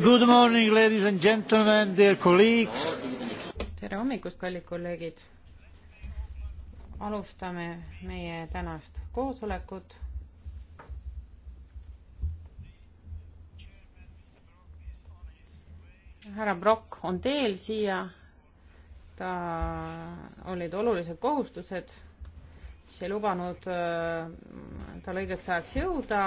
Good morning, ladies and gentlemen, dear colleagues. tere hommikust, kallid kolleegid. alustame meie tänast koosolekut. härra Brock on teel siia. ta, olid olulised kohustused, mis ei lubanud äh, tal õigeks ajaks jõuda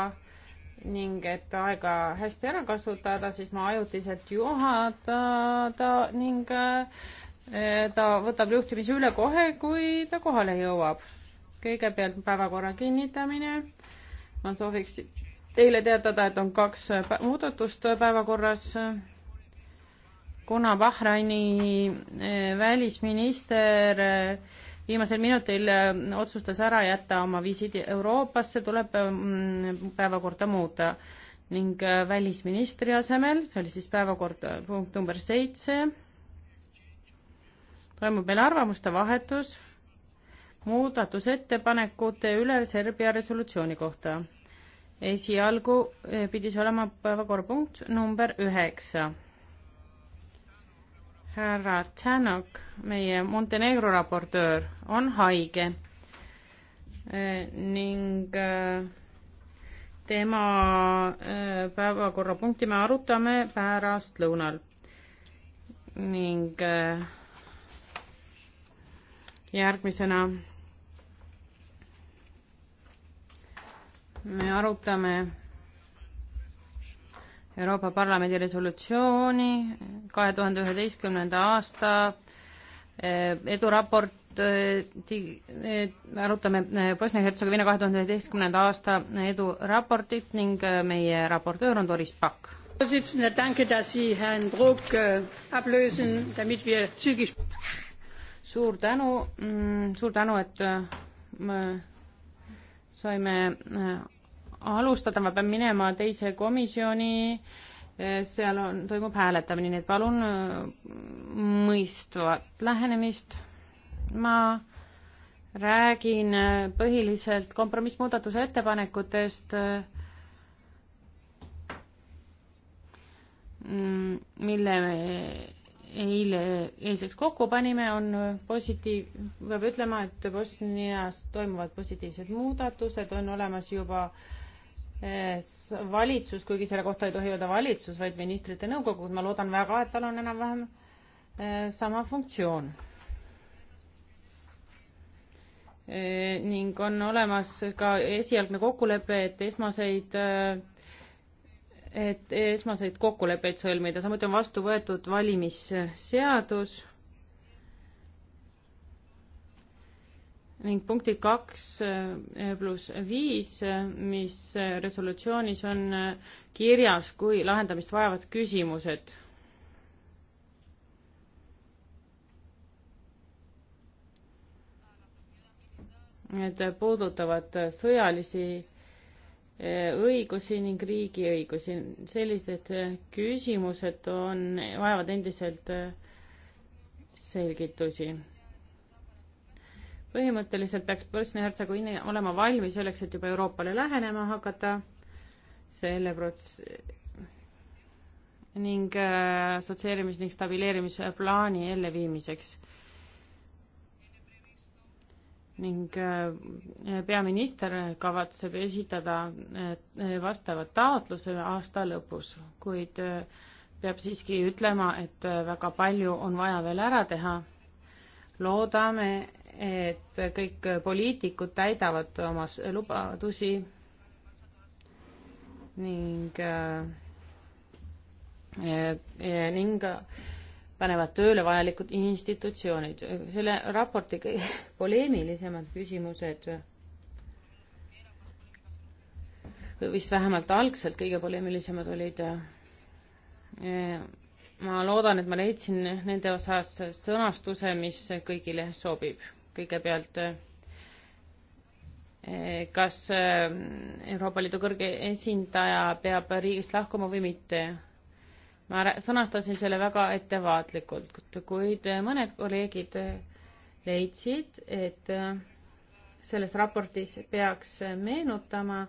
ning et aega hästi ära kasutada, siis ma ajutiselt juhatan ta ning eh, ta võtab juhtimise üle kohe, kui ta kohale jõuab. kõigepealt päevakorra kinnitamine. ma sooviks teile teatada, et on kaks muudatust päevakorras. kuna Bahraini eh, välisminister eh, viimasel minutil äh, otsustas ära jätta oma visiidi Euroopasse, tuleb mm, päevakorda muuta ning äh, välisministri asemel, see oli siis päevakord äh, punkt number seitse, toimub meil arvamuste vahetus muudatusettepanekute üle Serbia resolutsiooni kohta. esialgu pidi see olema päevakorrapunkt number üheksa härra Tšanok, meie Montenegro raportöör, on haige eh, ning eh, tema eh, päevakorrapunkti me arutame pärastlõunal ning järgmisena me arutame Euroopa Parlamendi resolutsiooni kahe tuhande üheteistkümnenda aasta eh, eduraporti, eh, eh, arutame Bosnia-Hertsegoviina kahe tuhande üheteistkümnenda aasta eduraportit ning meie raportöör on Doris Pakk. suur tänu, mm, suur tänu, et me saime alustada, ma pean minema teise komisjoni, eh, seal on, toimub hääletamine, nii et palun eh, mõistvat lähenemist. ma räägin eh, põhiliselt kompromissmuudatuse ettepanekutest, mm, mille me eile, eilseks kokku panime, on positiiv, peab ütlema, et Bosnias toimuvad positiivsed muudatused, on olemas juba äh, valitsus, kuigi selle kohta ei tohi öelda valitsus, vaid ministrite nõukogu, ma loodan väga, et tal on enam-vähem eh, sama funktsioon. Eh, ning on olemas ka esialgne kokkulepe, et esmaseid, eh, et esmaseid kokkuleppeid sõlmida, samuti on vastu võetud valimisseadus ning punktid kaks eh, pluss viis, eh, mis eh, resolutsioonis on kirjas kui lahendamist vajavad küsimused. Need puudutavad sõjalisi õigusi ning riigiõigusi. sellised küsimused on, vajavad endiselt selgitusi põhimõtteliselt peaks Bosnia-Hertsegoviini olema valmis selleks, et juba Euroopale lähenema hakata selle prots- ning äh, assotsieerimis- ning stabileerimisplaani elluviimiseks. ning äh, peaminister kavatseb esitada äh, vastava taotluse aasta lõpus, kuid äh, peab siiski ütlema, et äh, väga palju on vaja veel ära teha. loodame, et kõik poliitikud täidavad oma lubadusi ning äh, ning panevad tööle vajalikud institutsioonid. selle raporti kõige poleemilisemad küsimused, vist vähemalt algselt kõige poleemilisemad olid äh,, ma loodan, et ma leidsin nende osas sõnastuse, mis kõigile sobib kõigepealt eh, kas eh, Euroopa Liidu kõrge esindaja peab riigist lahkuma või mitte. ma sõnastasin selle väga ettevaatlikult, kuid mõned kolleegid leidsid, et selles raportis peaks meenutama,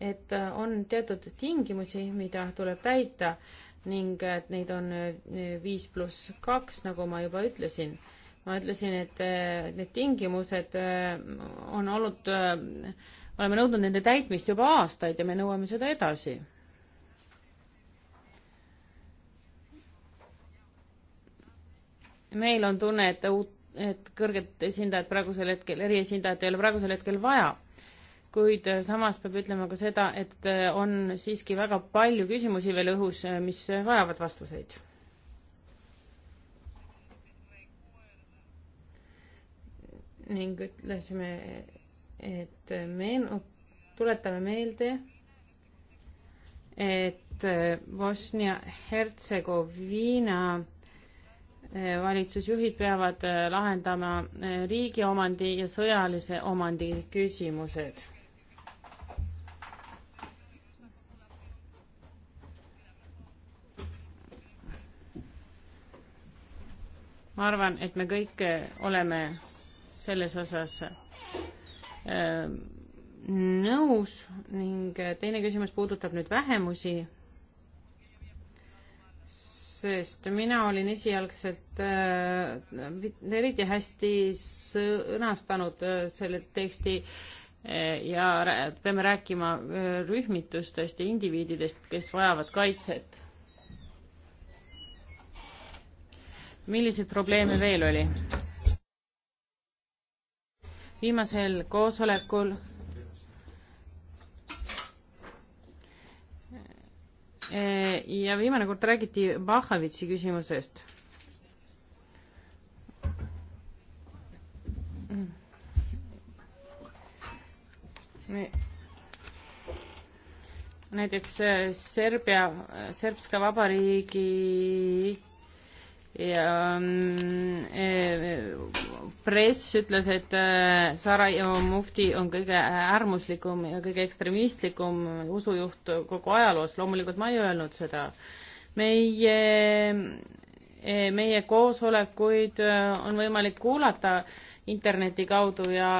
et on teatud tingimusi, mida tuleb täita ning et neid on viis pluss kaks, nagu ma juba ütlesin ma ütlesin, et äh, need tingimused äh, on olnud, äh, oleme nõudnud nende täitmist juba aastaid ja me nõuame seda edasi. meil on tunne, et uut, et kõrget esindajat praegusel hetkel, eriesindajat ei ole praegusel hetkel vaja. kuid samas peab ütlema ka seda, et on siiski väga palju küsimusi veel õhus, mis vajavad vastuseid ning ütlesime, et meenu-, tuletame meelde, et Bosnia-Hertsegoviina eh, valitsusjuhid peavad eh, lahendama eh, riigi omandi ja sõjalise omandi küsimused. ma arvan, et me kõik oleme selles osas äh, nõus ning äh, teine küsimus puudutab nüüd vähemusi, sest mina olin esialgselt äh, eriti hästi sõnastanud selle teksti ja peame rääkima rühmitustest ja indiviididest, kes vajavad kaitset. milliseid probleeme veel oli? viimasel koosolekul eh, ja viimane kord räägiti Bahavitsi küsimusest. näiteks eh, Serbia, Serbska Vabariigi ja mm, e, e, press ütles, et e, Sarajevo mufti on kõige äärmuslikum ja kõige ekstremistlikum usujuht kogu ajaloos, loomulikult ma ei öelnud seda. meie, meie koosolekuid on võimalik kuulata interneti kaudu ja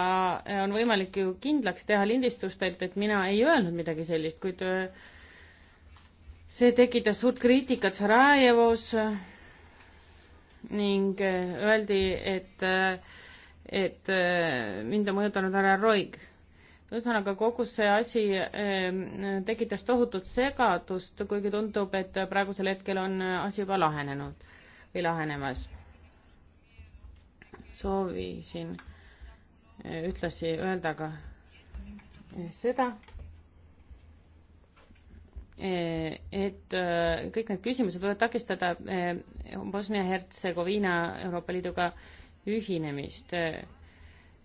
on võimalik ju kindlaks teha lindistustelt, et mina ei öelnud midagi sellist, kuid see tekitas suurt kriitikat Sarajevos ning eh, öeldi, et, eh, et eh, mind on mõjutanud härra Roig. ühesõnaga, kogu see asi tekitas tohutut segadust, kuigi tundub, et praegusel hetkel on asi juba lahenenud või lahenemas. soovisin ühtlasi öelda ka seda, Eh, et eh, kõik need küsimused võivad takistada eh, Bosnia-Hertsegoviina Euroopa Liiduga ühinemist.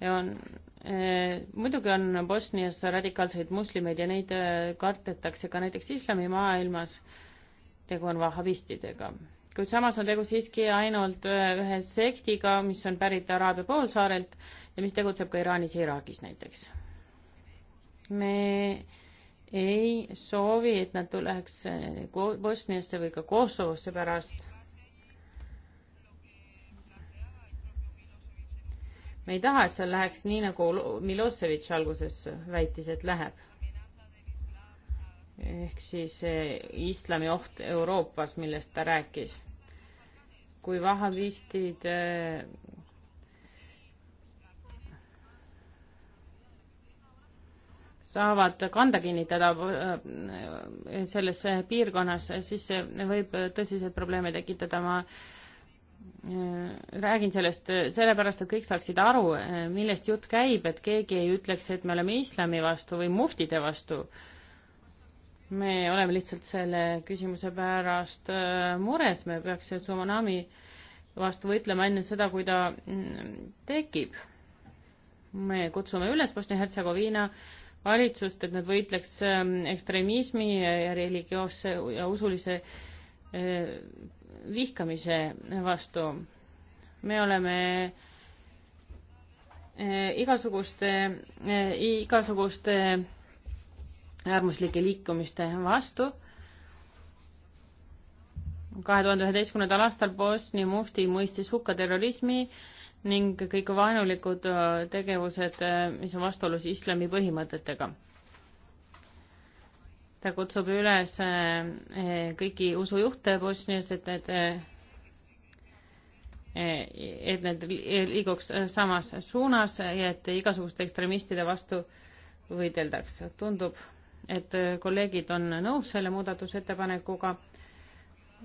on, muidugi on Bosnias radikaalseid moslemeid ja neid kardetakse ka näiteks islamimaailmas, tegu on vahabistidega. kuid samas on tegu siiski ainult ühe sektiga, mis on pärit Araabia poolsaarelt ja mis tegutseb ka Iraanis ja Iraagis näiteks. me ei soovi, et nad tuleks eh, Bosniasse või ka Kosovosse pärast. me ei taha, et seal läheks nii, nagu Milosevic alguses väitis, et läheb. ehk siis eh, islami oht Euroopas, millest ta rääkis. kui vahabistid eh, saavad kanda kinnitada äh, selles piirkonnas, siis see võib tõsiseid probleeme tekitada, ma äh, räägin sellest sellepärast, et kõik saaksid aru, äh, millest jutt käib, et keegi ei ütleks, et me oleme islami vastu või muftide vastu. me oleme lihtsalt selle küsimuse pärast mures, me peaks tsunami vastu võitlema enne seda, kui ta mm, tekib. me kutsume üles Bosnia-Hertsegoviina valitsust, et nad võitleks ähm, ekstremismi ja religioosse ja usulise äh, vihkamise vastu. me oleme äh, igasuguste, äh, igasuguste äärmuslike liikumiste vastu. kahe tuhande üheteistkümnendal aastal Bosnia mufti mõistis hukka terrorismi, ning kõik vaenulikud äh, tegevused, äh, mis on vastuolus islami põhimõtetega. ta kutsub üles äh, kõiki usujuhte Bosnias, et need, et need liiguks samas suunas ja et igasuguste ekstremistide vastu võideldaks. tundub, et kolleegid on nõus selle muudatusettepanekuga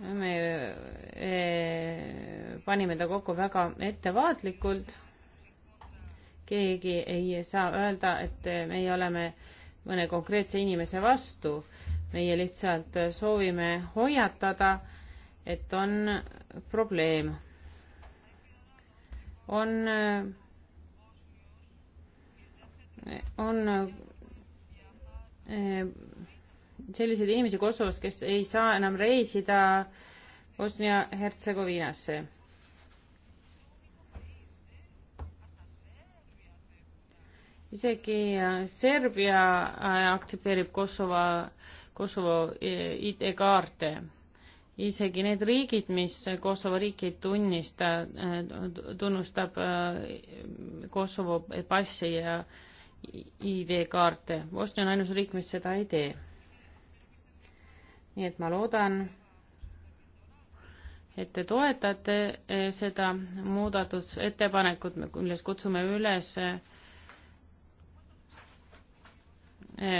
me e, panime ta kokku väga ettevaatlikult. keegi ei saa öelda, et meie oleme mõne konkreetse inimese vastu. meie lihtsalt soovime hoiatada, et on probleem. on, on e, selliseid inimesi Kosovos, kes ei saa enam reisida Bosnia-Hertsegoviinasse. isegi äh, Serbia äh, aktsepteerib Kosovo, Kosovo äh, ID-kaarte. isegi need riigid, mis Kosovo riiki ei tunnista, tunnustab Kosovo passi ja ID-kaarte. Bosnia on ainus riik, mis seda ei tee nii et ma loodan, et te toetate eh, seda muudatusettepanekut, milles kutsume üles, eh,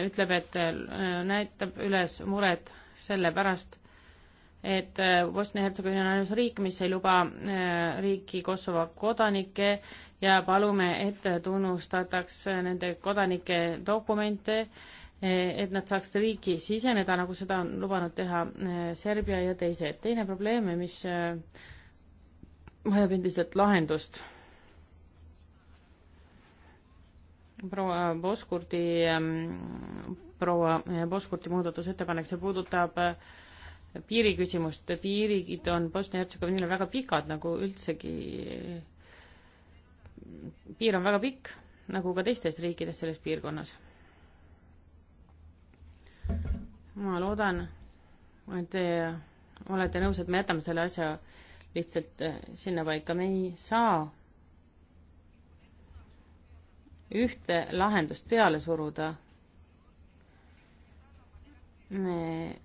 ütleb, et eh, näitab üles muret selle pärast, et Bosnia-Hertsegoviina on ainus riik, mis ei luba riiki Kosovo kodanikke ja palume, et tunnustataks nende kodanike dokumente äh, et nad saaks riiki siseneda, nagu seda on lubanud teha eh, Serbia ja teised. teine probleem, mis eh, vajab endiselt lahendust. proua Boskurdi, eh, proua Boskurdi muudatusettepanek, see puudutab piiriküsimust, piirid on Bosnia-Hertsegoviinil väga pikad, nagu üldsegi, piir on väga pikk, nagu ka teistes riikides selles piirkonnas ma loodan, et te olete nõus, et me jätame selle asja lihtsalt eh, sinnapaika, me ei saa ühte lahendust peale suruda. me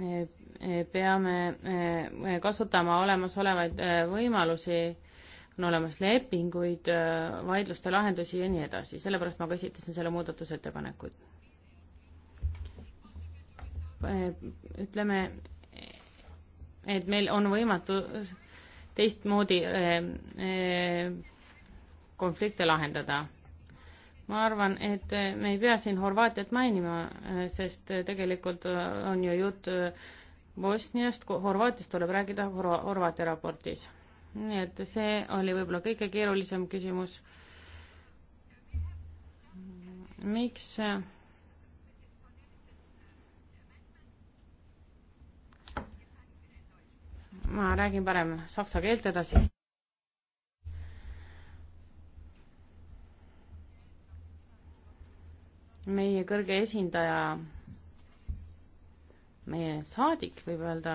eh, peame eh, kasutama olemasolevaid võimalusi, on olemas lepinguid, vaidluste lahendusi ja nii edasi, sellepärast ma ka esitasin selle muudatusettepanekuid Eh, ütleme, et meil on võimatu teistmoodi eh, eh, konflikte lahendada. ma arvan, et me ei pea siin Horvaatiat mainima, sest tegelikult on ju jutt Bosniast, Horvaatiast tuleb rääkida Horva-, Horvaatia raportis. nii et see oli võib-olla kõige keerulisem küsimus. miks ma räägin parem saksa keelt edasi. meie kõrge esindaja, meie saadik, võib öelda,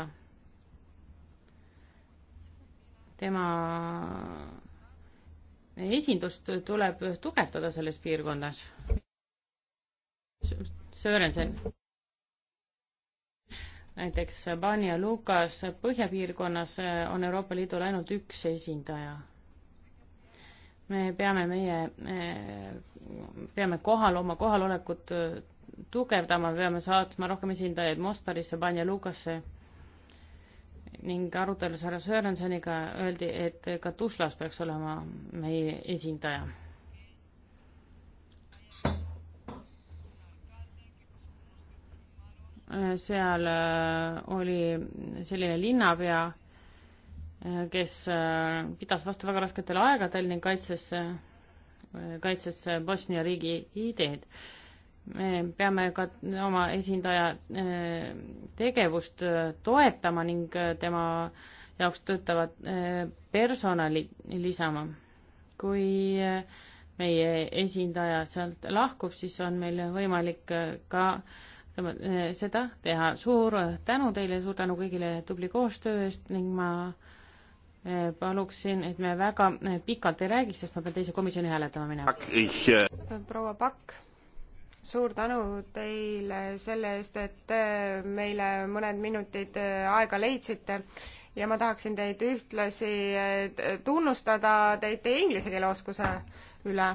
tema esindust tuleb tugevdada selles piirkonnas. Sörensen näiteks Banja Lukas põhjapiirkonnas eh, on Euroopa Liidul ainult üks esindaja. me peame meie, eh, peame kohal, oma kohalolekut eh, tugevdama, peame saatma rohkem esindajaid Mostarisse, Banja Lukasse ning arutelus härra Sörensoniga öeldi, et ka Tuzlas peaks olema meie esindaja Äh, seal äh, oli selline linnapea, äh, kes pidas vastu väga rasketel aegadel ning kaitses, kaitses Bosnia riigi ideed. me peame ka oma esindaja tegevust toetama ning tema jaoks töötavat personali lisama. kui meie esindaja sealt lahkub, siis on meil võimalik ka äh, Eh, seda teha. suur tänu teile, suur tänu kõigile tubli koostöö eest ning ma eh, paluksin, et me väga eh, pikalt ei räägiks, sest ma pean teise komisjoni hääletama minema. proua Pakk, suur tänu teile selle eest, et meile mõned minutid aega leidsite ja ma tahaksin teid ühtlasi tunnustada teid teie inglise keele oskuse üle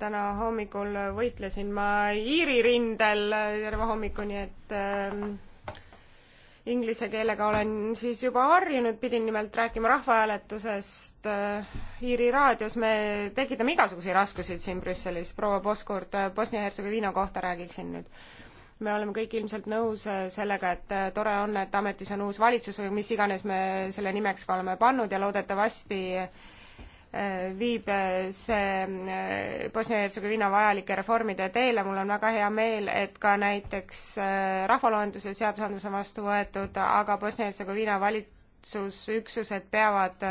täna hommikul võitlesin ma Iiri rindel terve hommiku, nii et äh, inglise keelega olen siis juba harjunud, pidin nimelt rääkima rahvahääletusest äh, Iiri raadios, me tekitame igasuguseid raskusi siin Brüsselis, proua Poskurt äh, Bosnia-Hertsegoviina kohta räägiksin nüüd me oleme kõik ilmselt nõus äh, sellega, et äh, tore on, et ametis on uus valitsus või mis iganes me selle nimeks ka oleme pannud ja loodetavasti äh, viib äh, see äh, Bosnia-Hertsegoviina vajalike reformide teele, mul on väga hea meel, et ka näiteks äh, rahvaloenduse seadusandlus on vastu võetud, aga Bosnia-Hertsegoviina valitsusüksused peavad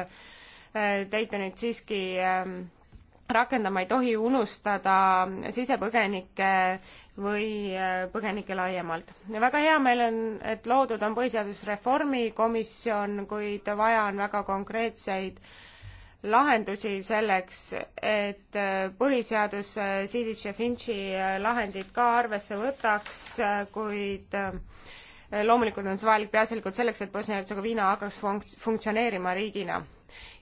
Daytonit siiski ähm, rakendama, ei tohi unustada sisepõgenikke või põgenikke laiemalt. ja väga hea meel on, et loodud on põhiseadusreformi komisjon, kuid vaja on väga konkreetseid äh, lahendusi selleks, et äh, põhiseadus äh, Sidic ja Finchi äh, lahendid ka arvesse võtaks, kuid loomulikult on see vajalik peaasjalikult selleks, et Bosnia-Hertsegoviina hakkaks funk-, funktsioneerima riigina.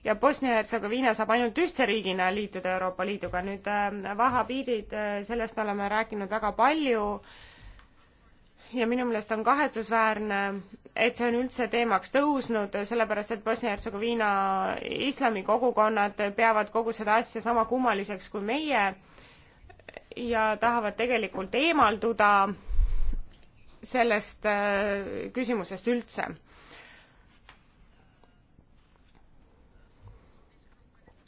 ja Bosnia-Hertsegoviina saab ainult ühtse riigina liituda Euroopa Liiduga, nüüd vahabiidid, sellest oleme rääkinud väga palju äh,, ja minu meelest on kahetsusväärne, et see on üldse teemaks tõusnud, sellepärast et Bosnia-Hertsegoviina islamikogukonnad peavad kogu seda asja sama kummaliseks kui meie ja tahavad tegelikult eemalduda sellest äh, küsimusest üldse.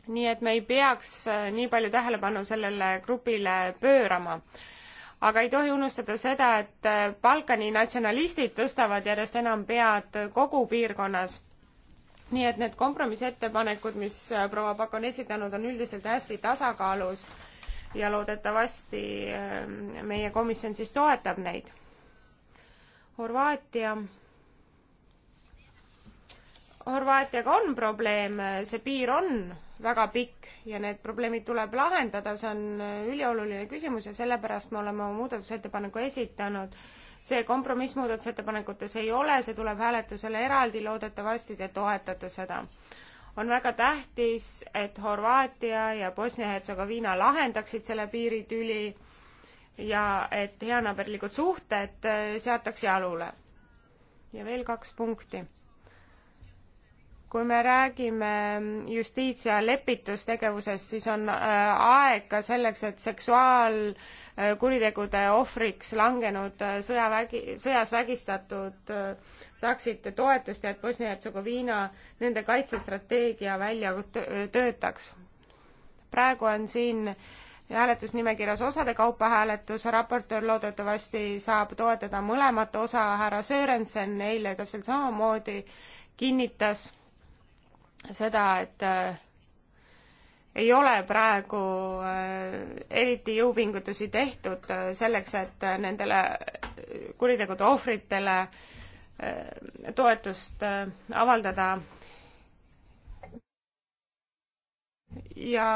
nii et me ei peaks äh, nii palju tähelepanu sellele grupile pöörama aga ei tohi unustada seda, et äh, Balkani natsionalistid tõstavad järjest enam pead kogu piirkonnas. nii et need kompromissettepanekud, mis äh, proua Pakk on esitanud, on üldiselt hästi tasakaalus ja loodetavasti äh, meie komisjon siis toetab neid. Horvaatia. Horvaatiaga on probleem, see piir on väga pikk ja need probleemid tuleb lahendada, see on äh, ülioluline küsimus ja sellepärast me oleme oma muudatusettepaneku esitanud. see kompromiss muudatusettepanekutes ei ole, see tuleb hääletusele eraldi, loodetavasti te toetate seda. on väga tähtis, et Horvaatia ja Bosnia-Hertsegoviina lahendaksid selle piiritüli ja et heanaberlikud suhted äh, seatakse jalule. ja veel kaks punkti kui me räägime justiits- ja lepitustegevusest, siis on äh, aeg ka selleks, et seksuaalkuritegude äh, ohvriks langenud äh, sõjavägi, sõjas vägistatud saaksid toetust ja et Bosnia-Hertsegoviina nende kaitsestrateegia välja töötaks. praegu on siin hääletusnimekirjas osade kaupa hääletus, raportöör loodetavasti saab toetada mõlemat osa, härra Sörensen eile täpselt samamoodi kinnitas seda, et äh, ei ole praegu äh, eriti jõupingutusi tehtud äh, selleks, et nendele kuritegude ohvritele toetust avaldada ja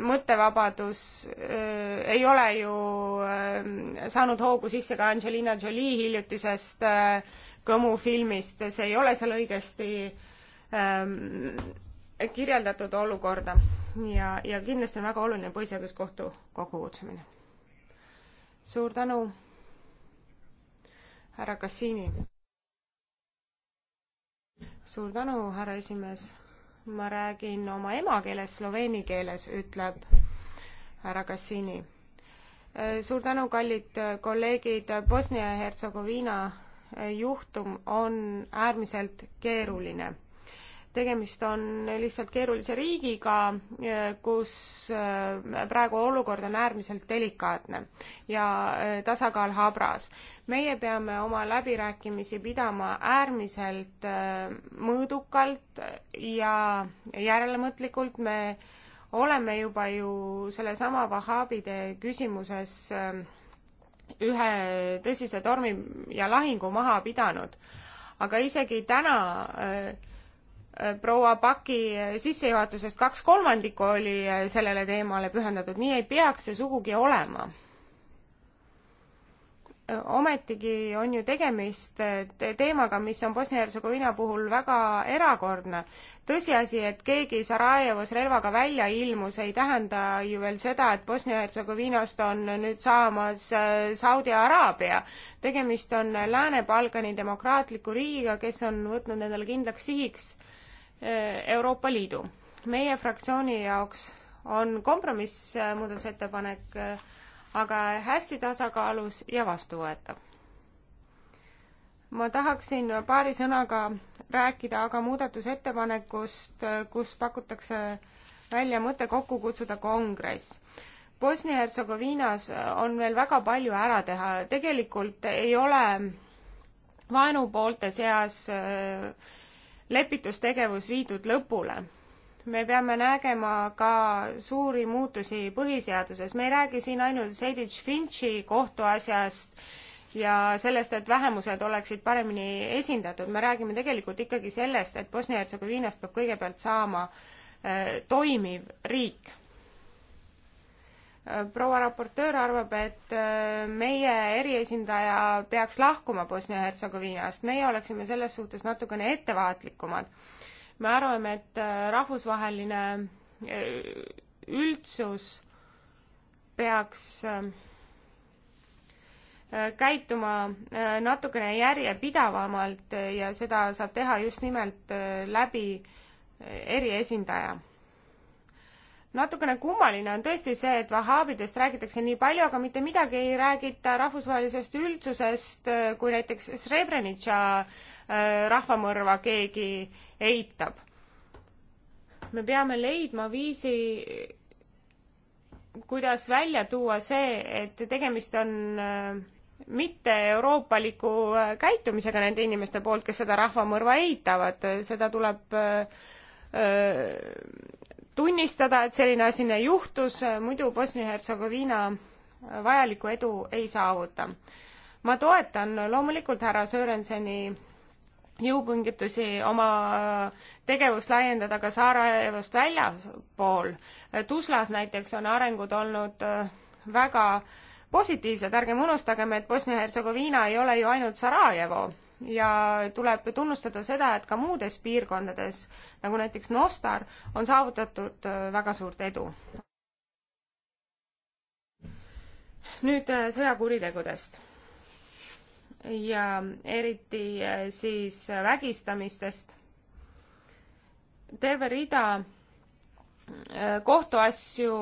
mõttevabadus äh, ei ole ju äh, saanud hoogu sisse ka Angelina Jolie hiljutisest äh, kõmufilmist, see ei ole seal õigesti äh, Ähm, kirjeldatud olukorda ja, ja kindlasti on väga oluline põhiseaduskohtu kokkukutsumine. suur tänu, härra Kassiini. suur tänu, härra esimees. ma räägin oma emakeeles, sloveeni keeles, ütleb härra Kassiini. Äh, suur tänu, kallid kolleegid, Bosnia ja Hertsegoviina äh, juhtum on äärmiselt keeruline tegemist on lihtsalt keerulise riigiga, eh, kus eh, praegu olukord on äärmiselt delikaatne ja eh, tasakaal habras. meie peame oma läbirääkimisi pidama äärmiselt mõõdukalt ja järelemõtlikult. me oleme juba ju sellesama Wahhabide küsimuses ühe tõsise tormi ja lahingu maha pidanud. aga isegi täna äh, Äh, proua Paki sissejuhatusest kaks kolmandikku oli äh, sellele teemale pühendatud, nii ei peaks see sugugi olema. Äh, ometigi on ju tegemist teemaga, mis on Bosnia-Hertsegoviina puhul väga erakordne. tõsiasi, et keegi Sarajevos relvaga välja ilmus, ei tähenda ju veel seda, et Bosnia-Hertsegoviinast on nüüd saamas Saudi Araabia. tegemist on Lääne-Balkani demokraatliku riigiga, kes on võtnud endale kindlaks sihiks Eh, Euroopa Liidu. meie fraktsiooni jaoks on kompromiss eh, muudatusettepanek eh, aga hästi tasakaalus ja vastuvõetav. ma tahaksin paari sõnaga rääkida aga muudatusettepanekust, kus pakutakse välja mõte kokku kutsuda kongress. Bosnia-Hertsegoviinas on veel väga palju ära teha, tegelikult ei ole vaenupoolte seas äh, lepitustegevus viidud lõpule. me peame nägema ka suuri muutusi põhiseaduses, me ei räägi siin ainult Seidich Finchi kohtuasjast ja sellest, et vähemused oleksid paremini esindatud, me räägime tegelikult ikkagi sellest, et Bosnia-Hertsegoviinast peab kõigepealt saama äh, toimiv riik proua raportöör arvab, et äh, meie eriesindaja peaks lahkuma Bosnia-Hertsegoviinast, meie oleksime selles suhtes natukene ettevaatlikumad. me arvame, et äh, rahvusvaheline äh, üldsus peaks käituma natukene järjepidavamalt ja seda saab teha just nimelt läbi eriesindaja natukene kummaline on tõesti see, et vahhaabidest räägitakse nii palju, aga mitte midagi ei räägita rahvusvahelisest üldsusest, kui näiteks Srebrenica äh, rahvamõrva keegi eitab. me peame leidma viisi, kuidas välja tuua see, et tegemist on äh, mitte euroopaliku äh, käitumisega nende inimeste poolt, kes seda rahvamõrva eitavad, seda tuleb öö, tunnistada, et selline asi juhtus, muidu Bosnia-Hertsegoviina vajalikku edu ei saavuta. ma toetan loomulikult härra Sörenseni jõupingutusi oma äh, tegevust laiendada ka Saarajevust väljapool. Tuzlas näiteks on arengud olnud äh, väga positiivsed, ärgem unustagem, et Bosnia-Hertsegoviina ei ole ju ainult Sarajevo ja tuleb tunnustada seda, et ka muudes piirkondades, nagu näiteks Nostar, on saavutatud äh, väga suurt edu. nüüd äh, sõjakuritegudest ja eriti äh, siis vägistamistest. terve rida kohtuasju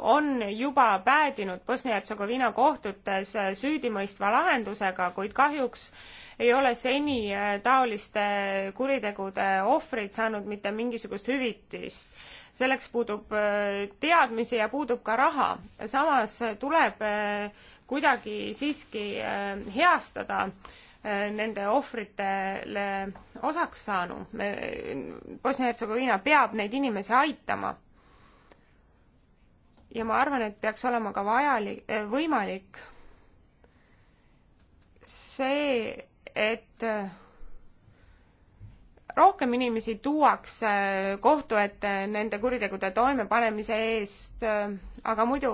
on juba päädinud Bosnia-Hertsegoviina kohtutes süüdimõistva lahendusega, kuid kahjuks ei ole seni äh, taoliste kuritegude ohvrid saanud mitte mingisugust hüvitist. selleks puudub äh, teadmisi ja puudub ka raha. samas tuleb äh, kuidagi siiski heastada nende ohvritele osaks saanu. Bosnia-Hertsegoviina peab neid inimesi aitama ja ma arvan, et peaks olema ka vajalik, eh, võimalik see, et eh, rohkem inimesi tuuakse eh, kohtu ette nende kuritegude toimepanemise eest, aga muidu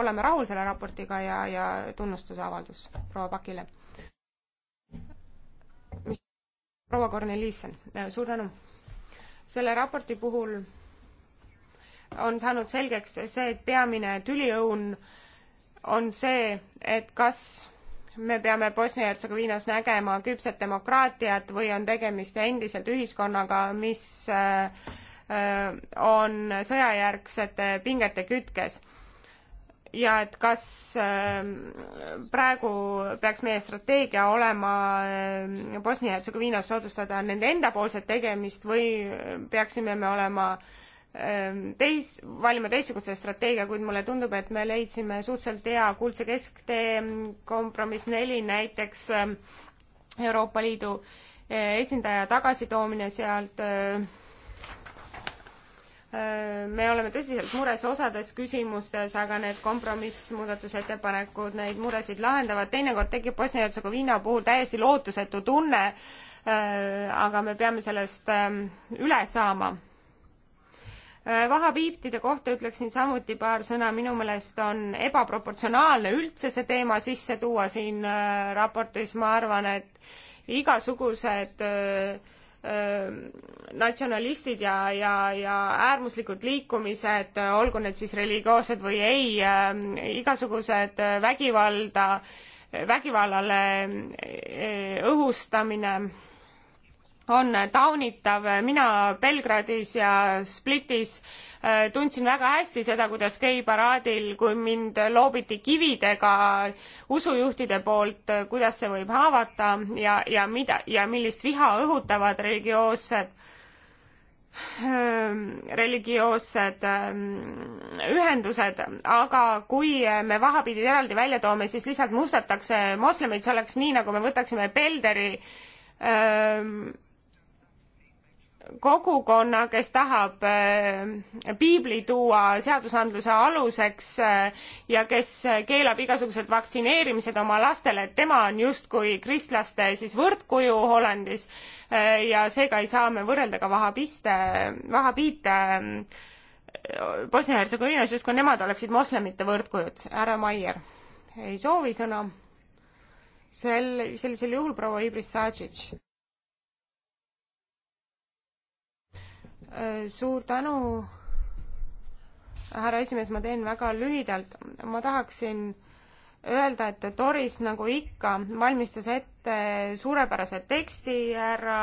oleme rahul selle raportiga ja, ja tunnustuse avaldus proua Pakile. proua Korneliisen, suur tänu. selle raporti puhul on saanud selgeks see, et peamine tüliõun on see, et kas me peame Bosnia-Hertsegoviinas nägema küpset demokraatiat või on tegemist endiselt ühiskonnaga, mis äh, on sõjajärgsete pingete kütkes. ja et kas äh, praegu peaks meie strateegia olema äh, Bosnia-Hertsegoviinas soodustada nende endapoolset tegemist või peaksime me olema äh, Ehm, teis, valima teistsuguse strateegia, kuid mulle tundub, et me leidsime suhteliselt hea kuldse kesktee, kompromiss neli näiteks ehm, Euroopa Liidu eh, esindaja tagasitoomine sealt. Eh, ehm, me oleme tõsiselt mures osades küsimustes, aga need kompromissmuudatusettepanekud neid muresid lahendavad. teinekord tekib Bosnia-Hertsegoviina puhul täiesti lootusetu tunne. Eh, aga me peame sellest üle saama Äh, vahapiiptide kohta ütleksin samuti paar sõna, minu meelest on ebaproportsionaalne üldse see teema sisse tuua siin äh, raportis, ma arvan, et igasugused öö, äh, öö, natsionalistid ja, ja, ja äärmuslikud liikumised, olgu need siis religioossed või ei, igasugused vägivalda, vägivallale öö, õhustamine on taunitav. mina Belgradis ja Splitis äh, tundsin väga hästi seda, kuidas geiparaadil, kui mind loobiti kividega usujuhtide poolt, äh, kuidas see võib haavata ja, ja mida ja millist viha õhutavad religioossed ähm, religioossed ähm, ühendused, aga kui me vahapidid eraldi välja toome, siis lihtsalt mustatakse moslemeid, see oleks nii, nagu me võtaksime Belderi öö, ähm, kogukonna, kes tahab äh, piibli tuua seadusandluse aluseks äh, ja kes keelab igasugused vaktsineerimised oma lastele, et tema on justkui kristlaste siis võrdkuju Hollandis äh, ja seega ei saa me võrrelda ka vahabiste, vahabiite Bosnia-Hertsegoviinas, justkui nemad oleksid moslemite võrdkujud. härra Maier ei soovi sõna. sel, sellisel juhul proua Ibris Sadžič Äh, suur tänu, härra esimees, ma teen väga lühidalt. ma tahaksin öelda, et Doris nagu ikka valmistas ette suurepärase teksti härra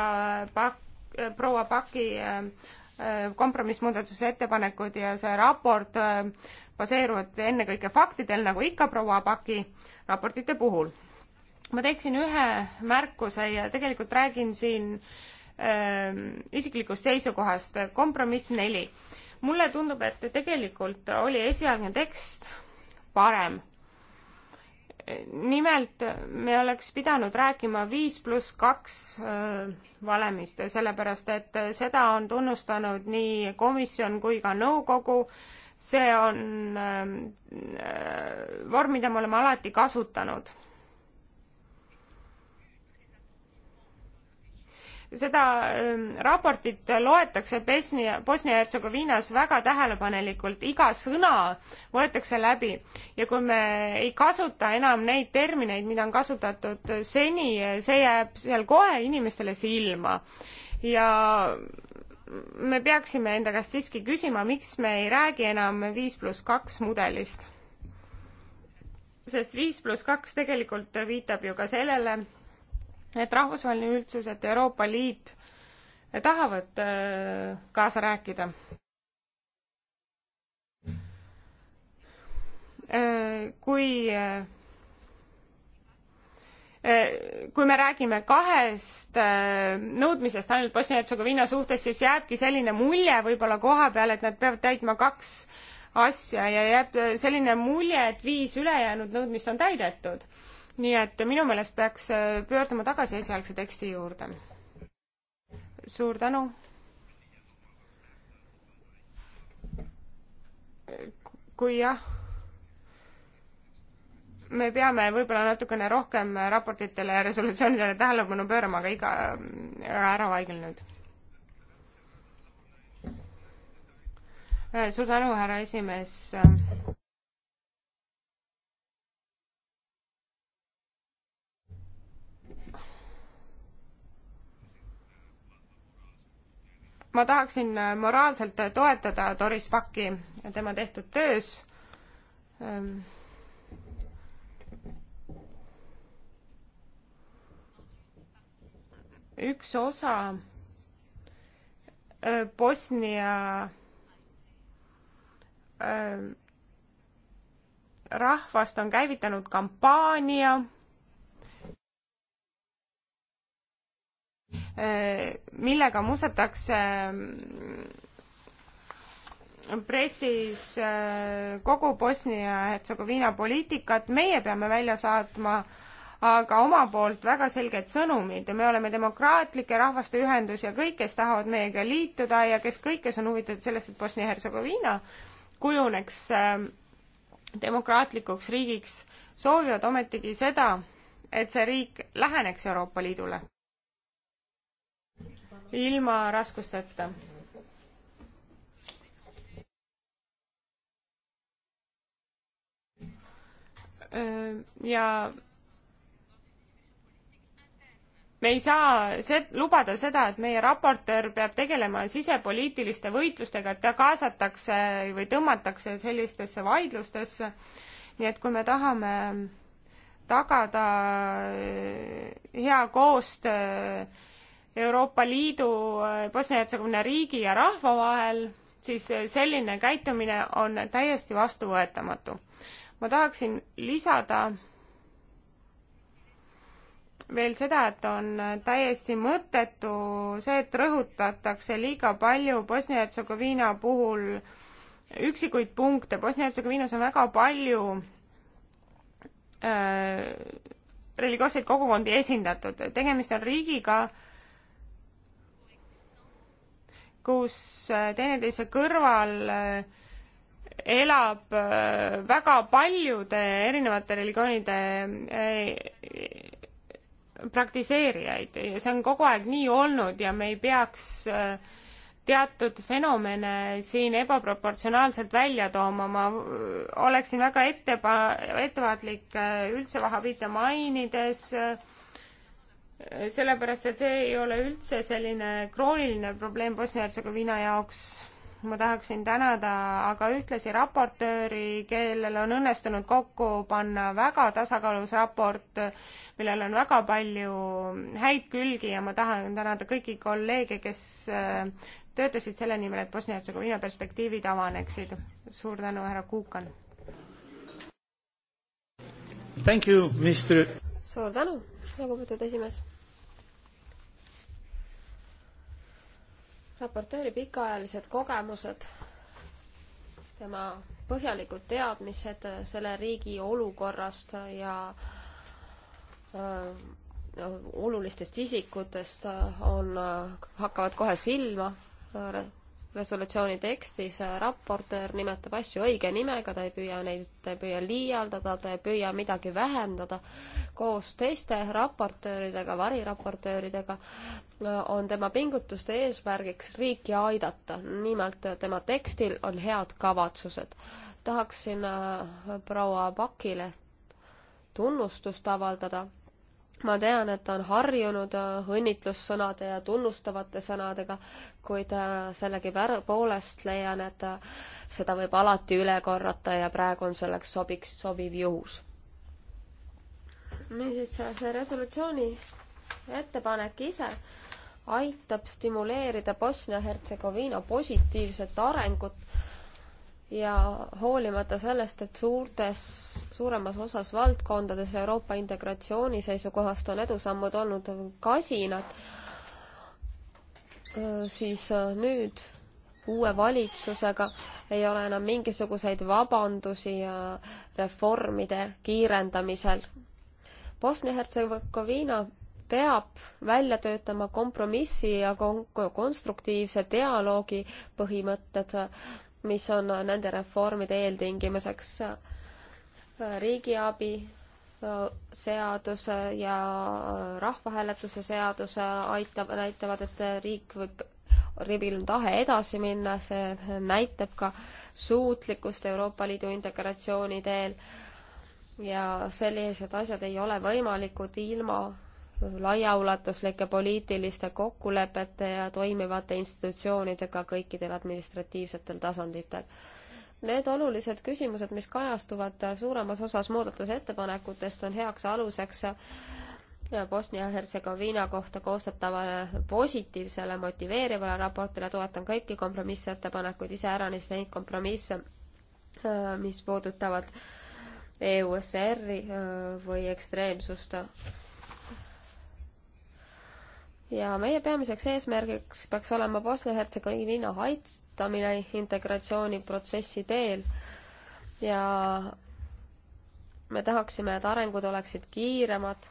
Pak-, äh, proua Paki äh, kompromissmuudatuse ettepanekud ja see raport baseeruvad ennekõike faktidel, nagu ikka proua Paki raportite puhul. ma teeksin ühe märkuse ja tegelikult räägin siin äh, Ähm, isiklikust seisukohast. kompromiss neli. mulle tundub, et tegelikult oli esialgne tekst parem. nimelt me oleks pidanud rääkima viis pluss kaks äh, valemist, sellepärast et seda on tunnustanud nii komisjon kui ka nõukogu see on äh, äh vorm, mida me oleme alati kasutanud seda ähm, raportit loetakse Bosnia, Bosnia-Hertsegoviinas väga tähelepanelikult, iga sõna võetakse läbi ja kui me ei kasuta enam neid termineid, mida on kasutatud seni, see jääb seal kohe inimestele silma ja me peaksime enda käest siiski küsima, miks me ei räägi enam viis pluss kaks mudelist. sest viis pluss kaks tegelikult viitab ju ka sellele, et rahvusvaheline üldsus, et Euroopa Liit tahavad äh, kaasa rääkida. Äh, kui äh, kui me räägime kahest nõudmisest ainult Bosnia-Hertsegoviina suhtes, siis jääbki selline mulje võib-olla koha peal, et nad peavad täitma kaks asja ja jääb selline mulje, et viis ülejäänud nõudmist on täidetud nii et minu meelest peaks äh, pöörduma tagasi esialgse teksti juurde. suur tänu. kui jah, me peame võib-olla natukene rohkem raportitele ja resolutsioonidele tähelepanu pöörama, aga iga, äh, ära vaigel nüüd. Äh, suur tänu, härra esimees ma tahaksin äh, moraalselt toetada Doris Paki ja tema tehtud töös ähm, üks osa äh, Bosnia äh, rahvast on käivitanud kampaania Äh, millega musetakse ähm, pressis äh, kogu Bosnia-Hertsegoviina poliitikat, meie peame välja saatma aga oma poolt väga selged sõnumid ja me oleme demokraatlike rahvaste ühendus ja kõik, kes tahavad meiega liituda ja kes kõik, kes on huvitatud sellest, et Bosnia-Hertsegoviina kujuneks ähm, demokraatlikuks riigiks, soovivad ometigi seda, et see riik läheneks Euroopa Liidule ilma raskusteta. ja me ei saa se-, lubada seda, et meie raportöör peab tegelema sisepoliitiliste võitlustega, et ta kaasatakse või tõmmatakse sellistesse vaidlustesse. nii et kui me tahame tagada äh, hea koostöö Euroopa Liidu, äh, Bosnia-Hertsegoviina riigi ja rahva vahel, siis äh, selline käitumine on täiesti vastuvõetamatu. ma tahaksin lisada veel seda, et on täiesti mõttetu see, et rõhutatakse liiga palju Bosnia-Hertsegoviina puhul üksikuid punkte. Bosnia-Hertsegoviinas on väga palju äh, religioosseid kogukondi esindatud. tegemist on riigiga äh,, kus äh, teineteise kõrval äh, elab äh, väga paljude erinevate religioonide praktiseerijaid ja see on kogu aeg nii olnud ja me ei peaks teatud fenomene siin ebaproportsionaalselt välja tooma, ma oleksin väga ettepa-, ettevaatlik üldse vahabiite mainides äh, sellepärast, et see ei ole üldse selline krooniline probleem Bosnia-Hertsegoviina jaoks. ma tahaksin tänada aga ühtlasi raportööri, kellel on õnnestunud kokku panna väga tasakaalus raport, millel on väga palju häid külgi ja ma tahan tänada kõiki kolleege, kes äh, töötasid selle nimel, et Bosnia-Hertsegoviina perspektiivid avaneksid. suur tänu, härra Kuukan! suur tänu! lugupeetud esimees. raportööri pikaajalised kogemused, tema põhjalikud teadmised selle riigi olukorrast ja öö, äh, olulistest isikutest on, hakkavad kohe silma äh, resolutsiooni tekstis äh, raportöör nimetab asju õige nimega, ta ei püüa neid, ta ei püüa liialdada, ta ei püüa midagi vähendada. koos teiste raportööridega, variraportööridega äh, on tema pingutuste eesmärgiks riiki aidata. nimelt äh, tema tekstil on head kavatsused. tahaksin proua Pakile tunnustust avaldada ma tean, et ta on harjunud äh, õnnitlussõnade ja tunnustavate sõnadega, kuid äh, sellegipoolest leian, et äh, seda võib alati üle korrata ja praegu on selleks sobiks, sobiv juhus. niisiis, see resolutsiooni ettepanek ise aitab stimuleerida Bosnia-Hertsegoviina positiivset arengut ja hoolimata sellest, et suurtes, suuremas osas valdkondades Euroopa integratsiooni seisukohast on edusammud olnud kasinad, siis nüüd uue valitsusega ei ole enam mingisuguseid vabandusi reformide kiirendamisel. Bosnia-Hertsegoviina peab välja töötama kompromissi ja kon-, konstruktiivse dialoogi põhimõtted mis on nende reformide eeltingimuseks. riigiabi seaduse ja rahvahääletuse seaduse aitab, näitavad, et riik võib, riigil on tahe edasi minna, see näitab ka suutlikkust Euroopa Liidu integratsiooni teel ja sellised asjad ei ole võimalikud ilma laiaulatuslike poliitiliste kokkulepete ja toimivate institutsioonidega kõikidel administratiivsetel tasanditel. Need olulised küsimused, mis kajastuvad suuremas osas muudatusettepanekutest, on heaks aluseks Bosnia-Hertsegoviina kohta koostatavale positiivsele motiveerivale raportile, toetan kõiki kompromissettepanekuid, iseäranis neid kompromisse, mis puudutavad EUSR-i äh, või ekstreemsust ja meie peamiseks eesmärgiks peaks olema Bosnia-Hertsegoviina aitamine integratsiooniprotsessi teel ja me tahaksime, et arengud oleksid kiiremad.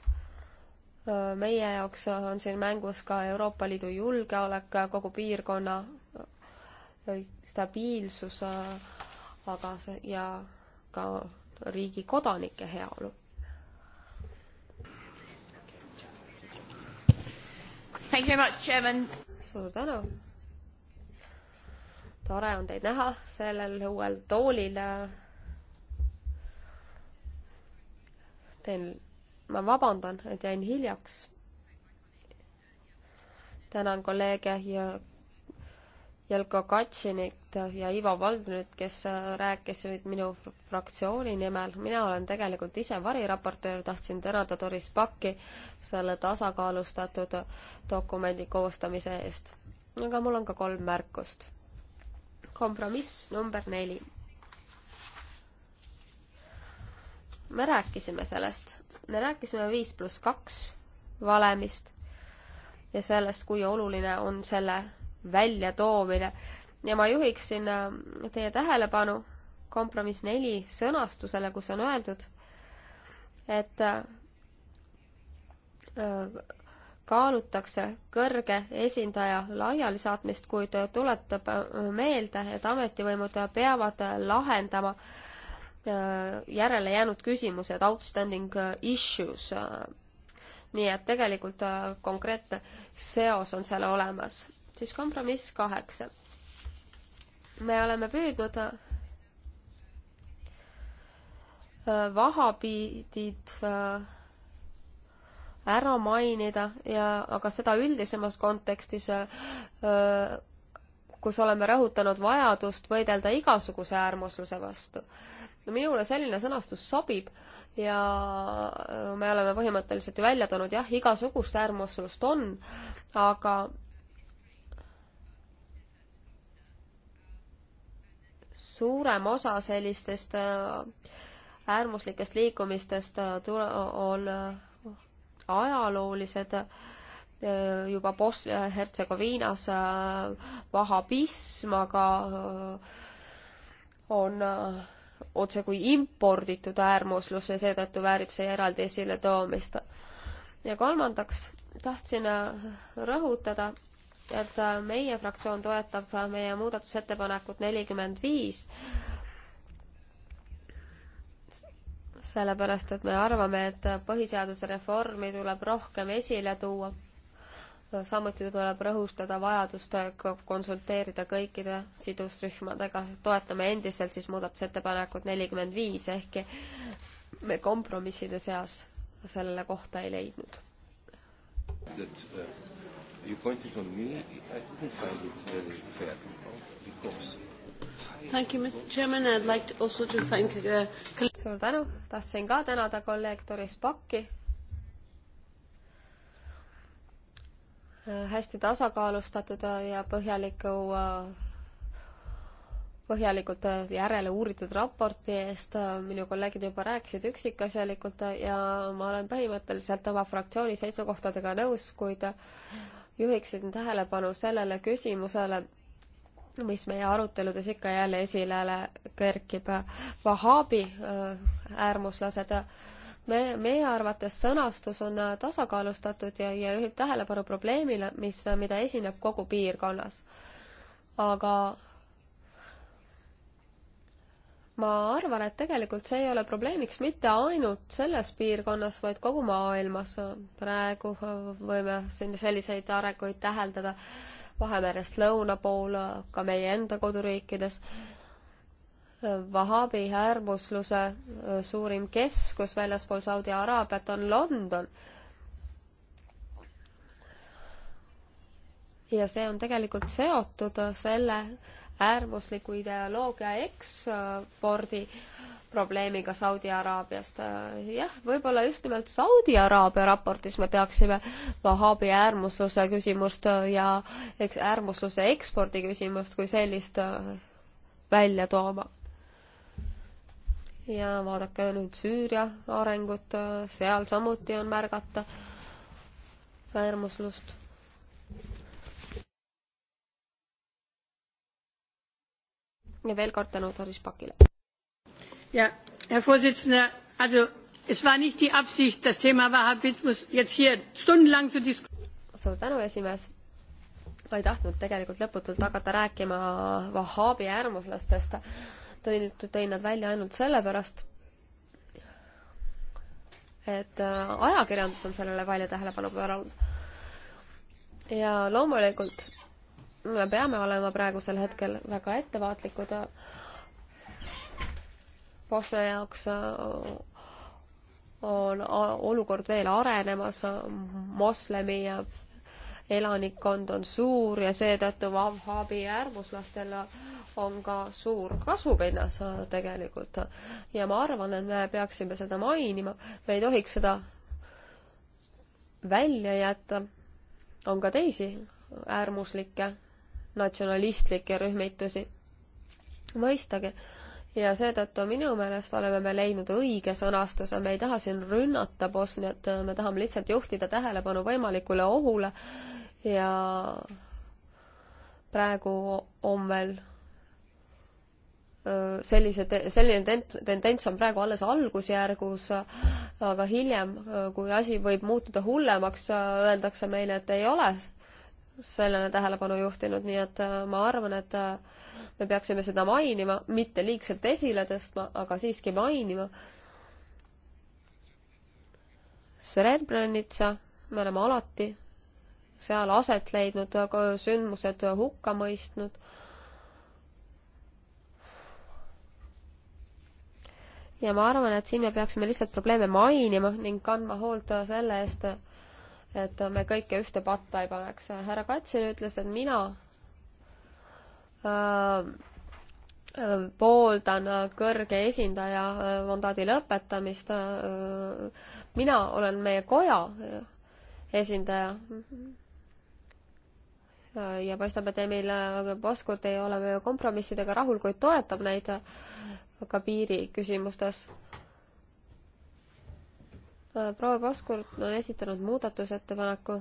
meie jaoks on siin mängus ka Euroopa Liidu julgeolek, kogu piirkonna stabiilsus, aga see ja ka riigi kodanike heaolu suur tänu. tore on teid näha sellel uuel toolil. teen, ma vabandan, et jäin hiljaks. tänan kolleege ja Jelko Katšinit ja Ivo Valdnut, kes äh, rääkisid minu fraktsiooni nimel. mina olen tegelikult ise variraportöör, tahtsin tänada Doris Pakki selle tasakaalustatud dokumendi koostamise eest. aga mul on ka kolm märkust. kompromiss number neli. me rääkisime sellest, me rääkisime viis pluss kaks valemist ja sellest, kui oluline on selle väljatoomine ja ma juhiksin äh, teie tähelepanu kompromiss neli sõnastusele, kus on öeldud, et äh, kaalutakse kõrge esindaja laialisaatmist, kuid tuletab äh, meelde, et ametivõimud peavad lahendama järele jäänud küsimused, outstanding issues. nii et tegelikult konkreetne seos on seal olemas. siis kompromiss kaheksa me oleme püüdnud äh, vahapiidid äh, ära mainida ja, aga seda üldisemas kontekstis, äh, kus oleme rõhutanud vajadust võidelda igasuguse äärmusluse vastu. no minule selline sõnastus sobib ja me oleme põhimõtteliselt ju välja toonud, jah, igasugust äärmuslust on, aga suurem osa sellistest äh, äärmuslikest liikumistest äh, on äh, ajaloolised juba Bosnia-Hertsegoviinas vahabism, aga on otsekui imporditud äärmuslus ja seetõttu väärib see eraldi esiletoomist. ja kolmandaks tahtsin rõhutada, et äh, meie fraktsioon toetab äh, meie muudatusettepanekut nelikümmend viis, sellepärast et me arvame, et põhiseaduse reformi tuleb rohkem esile tuua. samuti tuleb rõhustada vajadust konsulteerida kõikide sidusrühmadega, toetame endiselt siis muudatusettepanekut nelikümmend viis, ehkki me kompromisside seas sellele kohta ei leidnud. Uh You pointed on me. I couldn't find it very fair because. Thank you, Mr Chairman, I'd like to also to thank uh, suur tänu, tahtsin ka tänada kolleeg Doris Pakki. Äh, hästi tasakaalustatud äh, ja põhjaliku, äh, põhjalikult järele uuritud raporti eest. minu kolleegid juba rääkisid üksikasjalikult ja ma olen põhimõtteliselt oma fraktsiooni seisukohtadega nõus, kuid juhiksin tähelepanu sellele küsimusele, mis meie aruteludes ikka jälle esile kerkib, vahaabi äh, äärmuslased. me, meie arvates sõnastus on tasakaalustatud ja, ja juhib tähelepanu probleemile, mis, mida esineb kogu piirkonnas. aga ma arvan, et tegelikult see ei ole probleemiks mitte ainult selles piirkonnas, vaid kogu maailmas. praegu võime siin selliseid arenguid täheldada Vahemerest lõuna poole, ka meie enda koduriikides. Vahabi äärmusluse suurim keskus väljaspool Saudi Araabiat on London ja see on tegelikult seotud selle äärmusliku ideoloogia ekspordi probleemiga Saudi Araabiast. jah, võib-olla just nimelt Saudi Araabia raportis me peaksime vahaabi äärmusluse küsimust ja eks äärmusluse ekspordi küsimust kui sellist välja tooma. ja vaadake nüüd Süüria arengut, seal samuti on märgata äärmuslust ja veel kord tänu Doris Pakile. ja, härra Vorsitzende, also es war nicht die Absicht, das Thema Wahhabismus jetzt hier stundenlang zu diskutieren. suur tänu, esimees ma ei tahtnud tegelikult lõputult hakata rääkima vahhaabi äärmuslastest, tõin, tõin nad välja ainult sellepärast, et äh, ajakirjandus on sellele palju tähelepanu pööranud. ja loomulikult me peame olema praegusel hetkel väga ettevaatlikud. Bosnia jaoks äh, on äh, olukord veel arenemas, moslemi äh, elanikkond on suur ja seetõttu Wahhabi äärmuslastel on ka suur kasvupinnas tegelikult. ja ma arvan, et me peaksime seda mainima, me ei tohiks seda välja jätta. on ka teisi äärmuslikke natsionalistlikke rühmitusi. mõistagi. ja seetõttu minu meelest oleme me leidnud õige sõnastuse, me ei taha siin rünnata Bosniat, me tahame lihtsalt juhtida tähelepanu võimalikule ohule ja praegu on veel sellise, selline tendents on praegu alles algusjärgus, aga hiljem, kui asi võib muutuda hullemaks, öeldakse meile, et ei ole sellele tähelepanu juhtinud, nii et äh, ma arvan, et äh, me peaksime seda mainima, mitte liigselt esile tõstma, aga siiski mainima. Srebrenica, me oleme alati seal aset leidnud, sündmused hukka mõistnud. ja ma arvan, et siin me peaksime lihtsalt probleeme mainima ning kandma hoolt selle eest, et me kõike ühte patta ei paneks. härra Katsin ütles, et mina äh, äh pooldan kõrge esindaja äh, mandaadi lõpetamist. Äh, mina olen meie koja esindaja. ja paistab, et Emil Poskurt ei ole meie kompromissidega rahul, kuid toetab neid ka piiri küsimustes. Äh, proua Poskurt on esitanud muudatusettepaneku,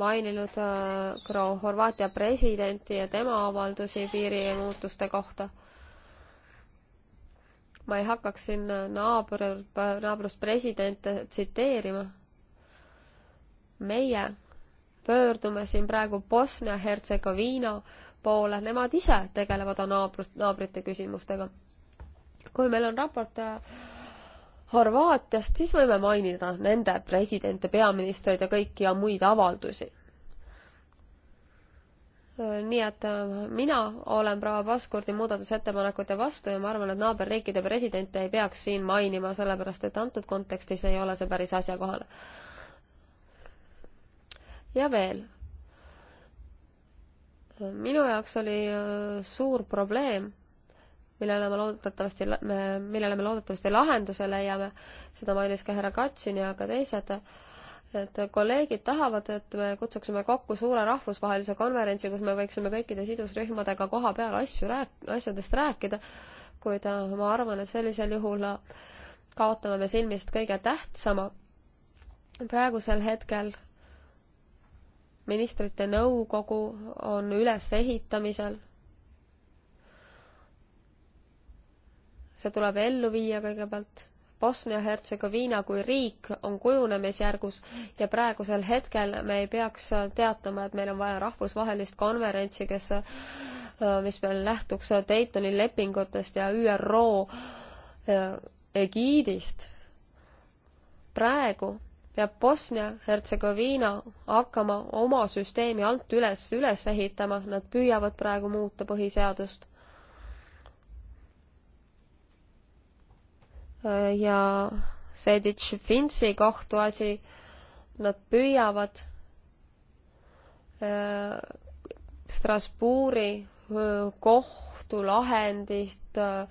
maininud äh, Horvaatia presidenti ja tema avaldusi piirimuutuste kohta ma ei hakkaks siin naabr, naabruspresidente tsiteerima. meie pöördume siin praegu Bosnia-Hertsegoviina poole, nemad ise tegelevad naabrus, naabrite küsimustega. kui meil on raport äh, Horvaatiast, siis võime mainida nende presidente, peaministreid ja kõiki ja muid avaldusi. nii et äh, mina olen proua Baskurdi muudatusettepanekute vastu ja ma arvan, et naaberriikide presidente ei peaks siin mainima, sellepärast et antud kontekstis ei ole see päris asjakohane. ja veel. minu jaoks oli äh, suur probleem millele me loodetavasti, millele me loodetavasti lahenduse leiame, seda mainis ka härra Katsin ja ka teised, et kolleegid tahavad, et me kutsuksime kokku suure rahvusvahelise konverentsi, kus me võiksime kõikide sidusrühmadega koha peal asju rääk-, asjadest rääkida, kuid äh, ma arvan, et sellisel juhul äh, kaotame me silmist kõige tähtsama. praegusel hetkel ministrite nõukogu on ülesehitamisel see tuleb ellu viia kõigepealt. Bosnia-Hertsegoviina kui riik on kujunemisjärgus ja praegusel hetkel me ei peaks teatama, et meil on vaja rahvusvahelist konverentsi, kes, mis meil lähtuks Daytoni lepingutest ja ÜRO egiidist. praegu peab Bosnia-Hertsegoviina hakkama oma süsteemi alt üles üles ehitama, nad püüavad praegu muuta põhiseadust ja Sedic-Finsi kohtuasi, nad püüavad äh, Strasbourgi äh, kohtulahendit äh,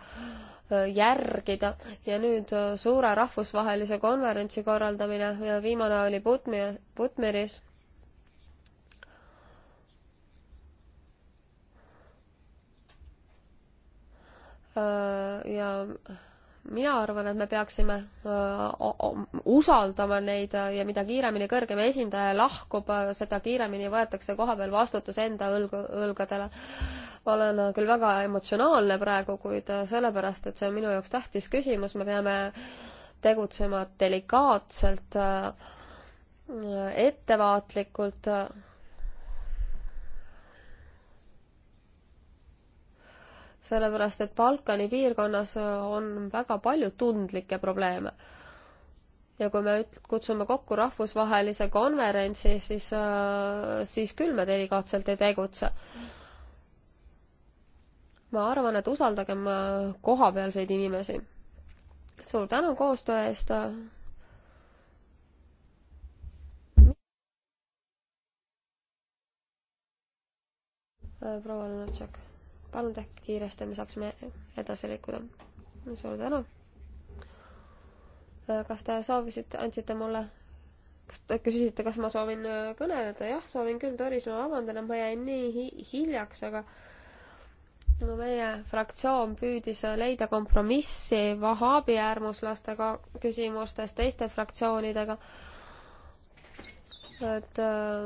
järgida ja nüüd suure rahvusvahelise konverentsi korraldamine ja viimane oli Putmi-, Putmeris. ja mina arvan, et me peaksime usaldama neid ja mida kiiremini kõrgem esindaja lahkub, seda kiiremini võetakse koha peal vastutus enda õlg-, õlgadele. ma olen küll väga emotsionaalne praegu, kuid sellepärast, et see on minu jaoks tähtis küsimus, me peame tegutsema delikaatselt, ettevaatlikult sellepärast et Balkani piirkonnas on väga palju tundlikke probleeme. ja kui me üt-, kutsume kokku rahvusvahelise konverentsi, siis, äh, siis küll me delikaatselt ei tegutse. ma arvan, et usaldagem äh, kohapealseid inimesi. suur tänu koostöö eest äh. proua Lunatšak palun tehke kiiresti, me saaksime edasi liikuda. suur tänu. Äh, kas te soovisite, andsite mulle, kas te küsisite, kas ma soovin äh, kõneleda? jah, soovin küll, Doris, ma vabandan, et ma jäin nii hi hiljaks, aga no meie fraktsioon püüdis äh, leida kompromissi vahaabi äärmuslastega küsimustes teiste fraktsioonidega. et äh,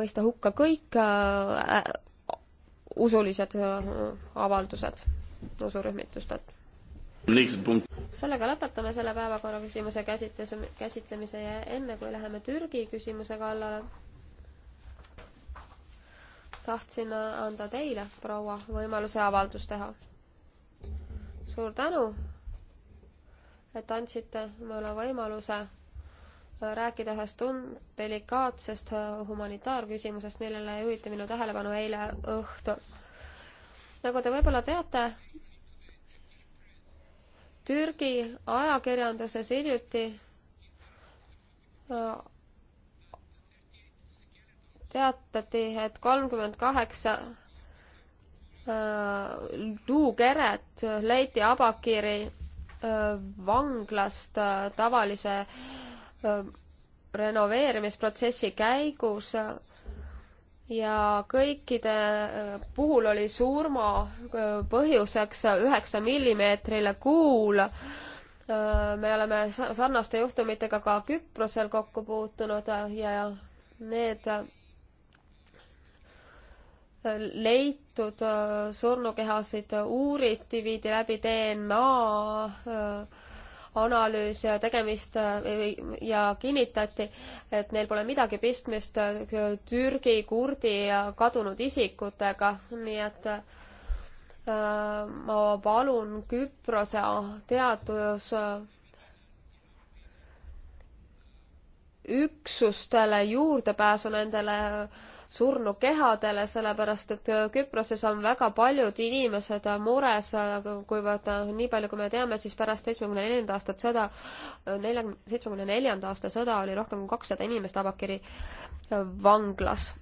mõista hukka kõik äh, usulised äh, avaldused usurühmitustelt. sellega lõpetame selle päevakorraküsimuse käsitluse, käsitlemise ja enne kui läheme Türgi küsimuse kallale, tahtsin äh, anda teile, proua, võimaluse avaldus teha. suur tänu, et andsite mulle võimaluse rääkida ühest tund-, delikaatsest humanitaarküsimusest, millele juhiti minu tähelepanu eile õhtul. nagu te võib-olla teate, Türgi ajakirjanduses hiljuti äh, teatati, et kolmkümmend kaheksa äh, luukeret leiti Abakiri äh, vanglast tavalise äh, renoveerimisprotsessi käigus ja kõikide äh, puhul oli surma äh, põhjuseks üheksa millimeetrile kuul. Äh, me oleme sarnaste juhtumitega ka Küprosel kokku puutunud ja need leitud surnukehasid uuriti, viidi läbi DNA analüüs ja tegemist ja kinnitati, et neil pole midagi pistmist Türgi, kurdi ja kadunud isikutega, nii et äh, ma palun Küprose teadus äh, üksustele juurdepääsu nendele surnukehadele, sellepärast et äh, Küproses on väga paljud inimesed äh, mures, äh, kuivõrd nii palju, kui me teame, siis pärast seitsmekümne neljandat aastat sõda, neljakümne, seitsmekümne neljanda aasta sõda oli rohkem kui kakssada inimest Abakiri vanglas.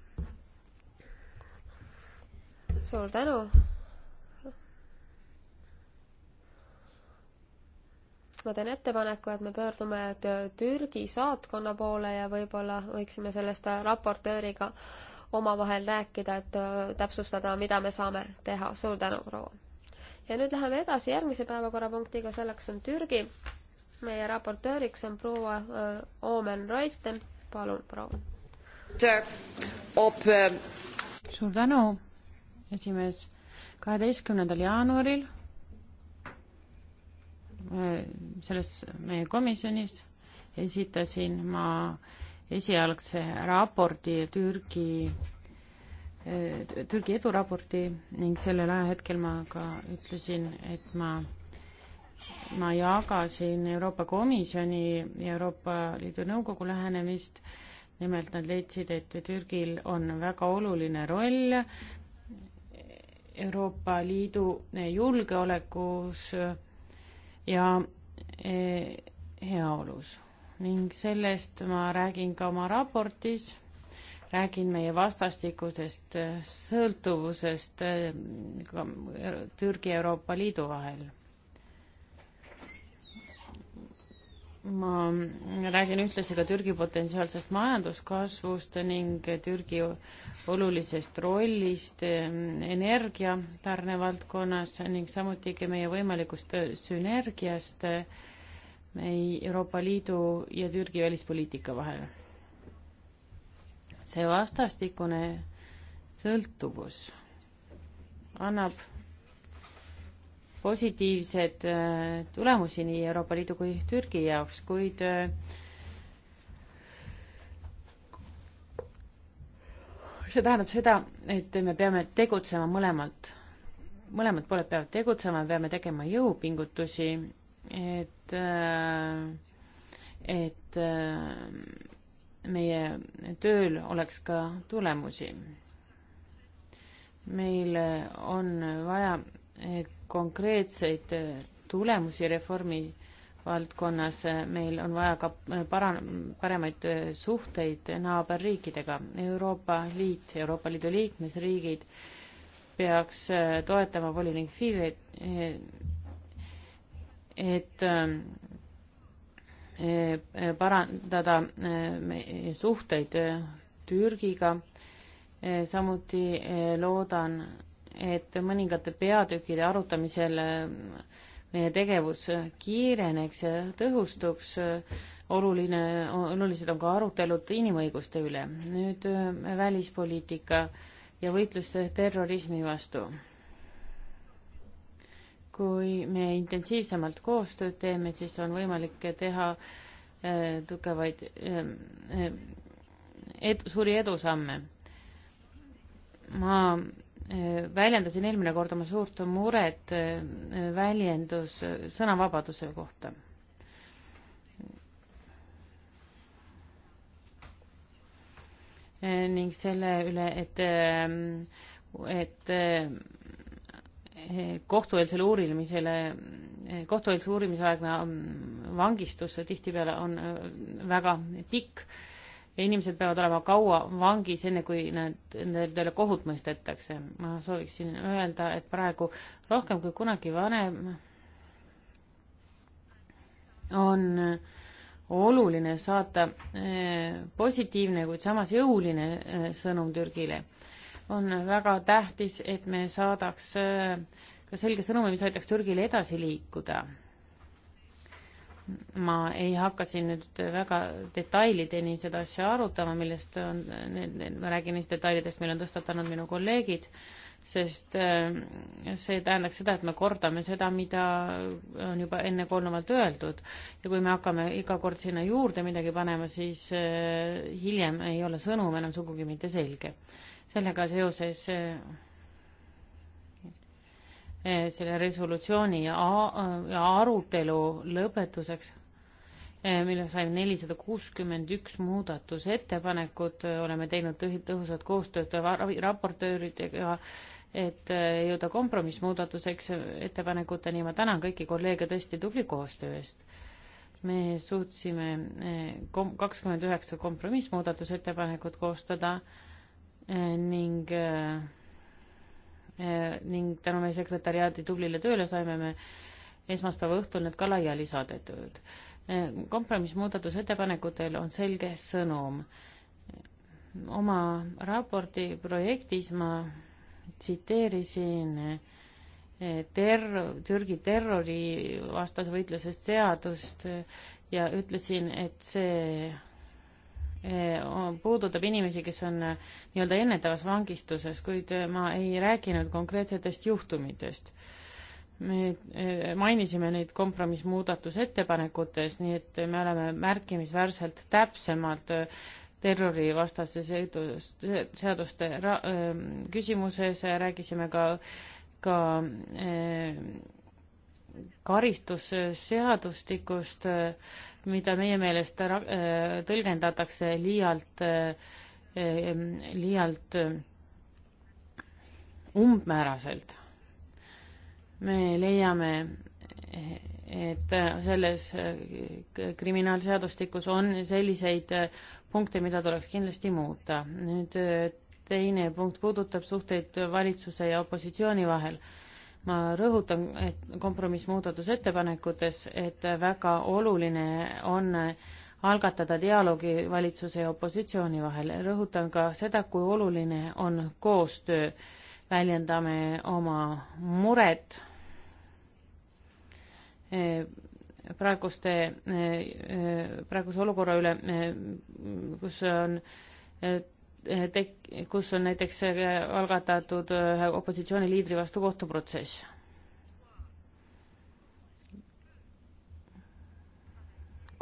suur tänu. ma teen ettepaneku, et me pöördume Türgi saatkonna poole ja võib-olla võiksime sellest raportööriga äh, omavahel rääkida, et äh, täpsustada, mida me saame teha. suur tänu, proua! ja nüüd läheme edasi järgmise päevakorrapunktiga, selleks on Türgi. meie raportööriks on proua äh, Oomen Reuten. palun, proua! Äh, suur tänu, esimees. kaheteistkümnendal jaanuaril selles meie komisjonis esitasin ma äh, esialgse raporti Türgi, eh, Türgi eduraporti ning sellel ajahetkel ma ka ütlesin, et ma, ma jagasin Euroopa Komisjoni ja Euroopa Liidu Nõukogu lähenemist, nimelt nad leidsid, et Türgil on väga oluline roll Euroopa Liidu julgeolekus ja eh, heaolus ning sellest ma räägin ka oma raportis, räägin meie vastastikusest äh, sõltuvusest äh, äh, Türgi ja Euroopa Liidu vahel. ma räägin ühtlasi ka Türgi potentsiaalsest majanduskasvust ning Türgi olulisest rollist energiatarne valdkonnas ning samuti meie võimalikust sünergiast äh, ei Euroopa Liidu ja Türgi välispoliitika vahel. see vastastikune sõltuvus annab positiivseid äh, tulemusi nii Euroopa Liidu kui Türgi jaoks, kuid äh, see tähendab seda, et me peame tegutsema mõlemalt, mõlemad pooled peavad tegutsema, peame tegema jõupingutusi et, äh, et äh, meie tööl oleks ka tulemusi. meil on vaja konkreetseid tulemusi reformi valdkonnas, meil on vaja ka para-, paremaid suhteid naaberriikidega. Euroopa Liit, Euroopa Liidu liikmesriigid peaks toetama volinik Filet et ähm, äh, parandada äh, meie suhteid äh, Türgiga. samuti loodan, et mõningate peatükkide arutamisel meie tegevus kiireneks ja tõhustuks. oluline, olulised on ka arutelud inimõiguste üle. nüüd välispoliitika ja võitlus terrorismi vastu kui me intensiivsemalt koostööd teeme, siis on võimalik teha äh, tugevaid ähm, äh, edu, suuri edusamme. ma äh, väljendasin eelmine kord oma suurt muret väljendus sõnavabaduse kohta. ning selle üle, et, ähm, et kohtueelsele uurimisele, kohtueelse uurimise aegne mm, vangistus tihtipeale on mm, väga pikk ja inimesed peavad olema kaua vangis, enne kui nad, nendele kohut mõistetakse. ma sooviksin öelda, et praegu rohkem kui kunagi varem on oluline saata eh, positiivne, kuid samas jõuline eh, sõnum Türgile on väga tähtis, et me saadaks äh, ka selge sõnumi, mis aitaks Türgil edasi liikuda. ma ei hakka siin nüüd väga detailideni seda asja arutama, millest on, ma räägin neist detailidest, mille on tõstatanud minu kolleegid, sest äh, see tähendaks seda, et me kordame seda, mida on juba enne kolmavalt öeldud ja kui me hakkame iga kord sinna juurde midagi panema, siis äh, hiljem ei ole sõnum enam sugugi mitte selge sellega seoses eh, eh, selle resolutsiooni ja arutelu lõpetuseks, eh, mille sai nelisada kuuskümmend üks muudatusettepanekut, oleme teinud tõhusat koostööd raportööridega, et jõuda kompromissmuudatuseks ettepanekuteni. ma tänan kõiki kolleege tõesti tubli koostöö eest. me suutsime kakskümmend üheksa kompromissmuudatusettepanekut koostada Äh, ning äh, äh, ning tänu meie sekretäriaadi tublile tööle saime me esmaspäeva õhtul need ka laiali saadetud. kompromissmuudatusettepanekutel on selge sõnum. oma raporti projektis ma tsiteerisin terror, Türgi terrorivastase võitluse seadust ja ütlesin, et see Eh, puudutab inimesi, kes on eh, nii-öelda ennetavas vangistuses, kuid eh, ma ei rääkinud konkreetsetest juhtumitest. me mainisime neid kompromissmuudatusettepanekutes, nii et me oleme märkimisväärselt täpsemalt terrorivastase seaduste ra-, küsimuses, rääkisime ka, ka karistusseadustikust äh, mida meie meelest äh, tõlgendatakse liialt, äh, liialt äh, umbmääraselt. me leiame, et selles kriminaalseadustikus on selliseid punkte, mida tuleks kindlasti muuta. nüüd teine punkt puudutab suhteid valitsuse ja opositsiooni vahel ma rõhutan, et kompromissmuudatusettepanekutes, et väga oluline on algatada dialoogi valitsuse ja opositsiooni vahel. rõhutan ka seda, kui oluline on koostöö. väljendame oma muret e, praeguste, e, e, praeguse olukorra üle, kus on tek-, kus on näiteks äh, algatatud ühe äh, opositsiooniliidri vastu kohtuprotsess.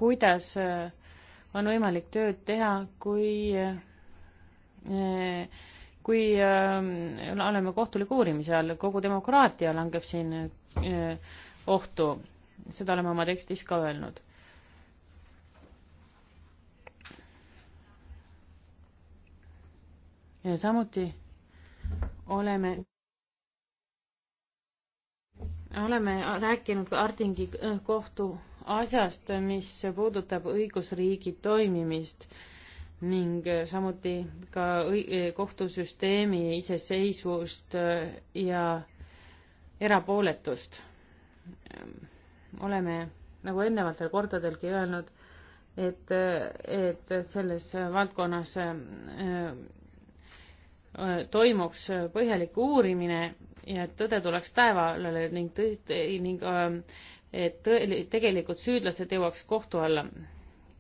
kuidas äh, on võimalik tööd teha, kui, kui oleme kohtuliku uurimise all, kogu demokraatia langeb siin ohtu, seda oleme oma tekstis ka öelnud samuti oleme oleme rääkinud ka Artingi äh, kohtu asjast, mis puudutab õigusriigi toimimist ning äh, samuti ka äh, kohtusüsteemi iseseisvust ja erapooletust. Ähm, oleme nagu eelnevatel kordadelgi öelnud, et, et selles valdkonnas Äh, toimuks äh, põhjalik uurimine ja tõde tuleks päevale ning tõ-, ning äh, et tõ-, tegelikult süüdlased jõuaks kohtu alla,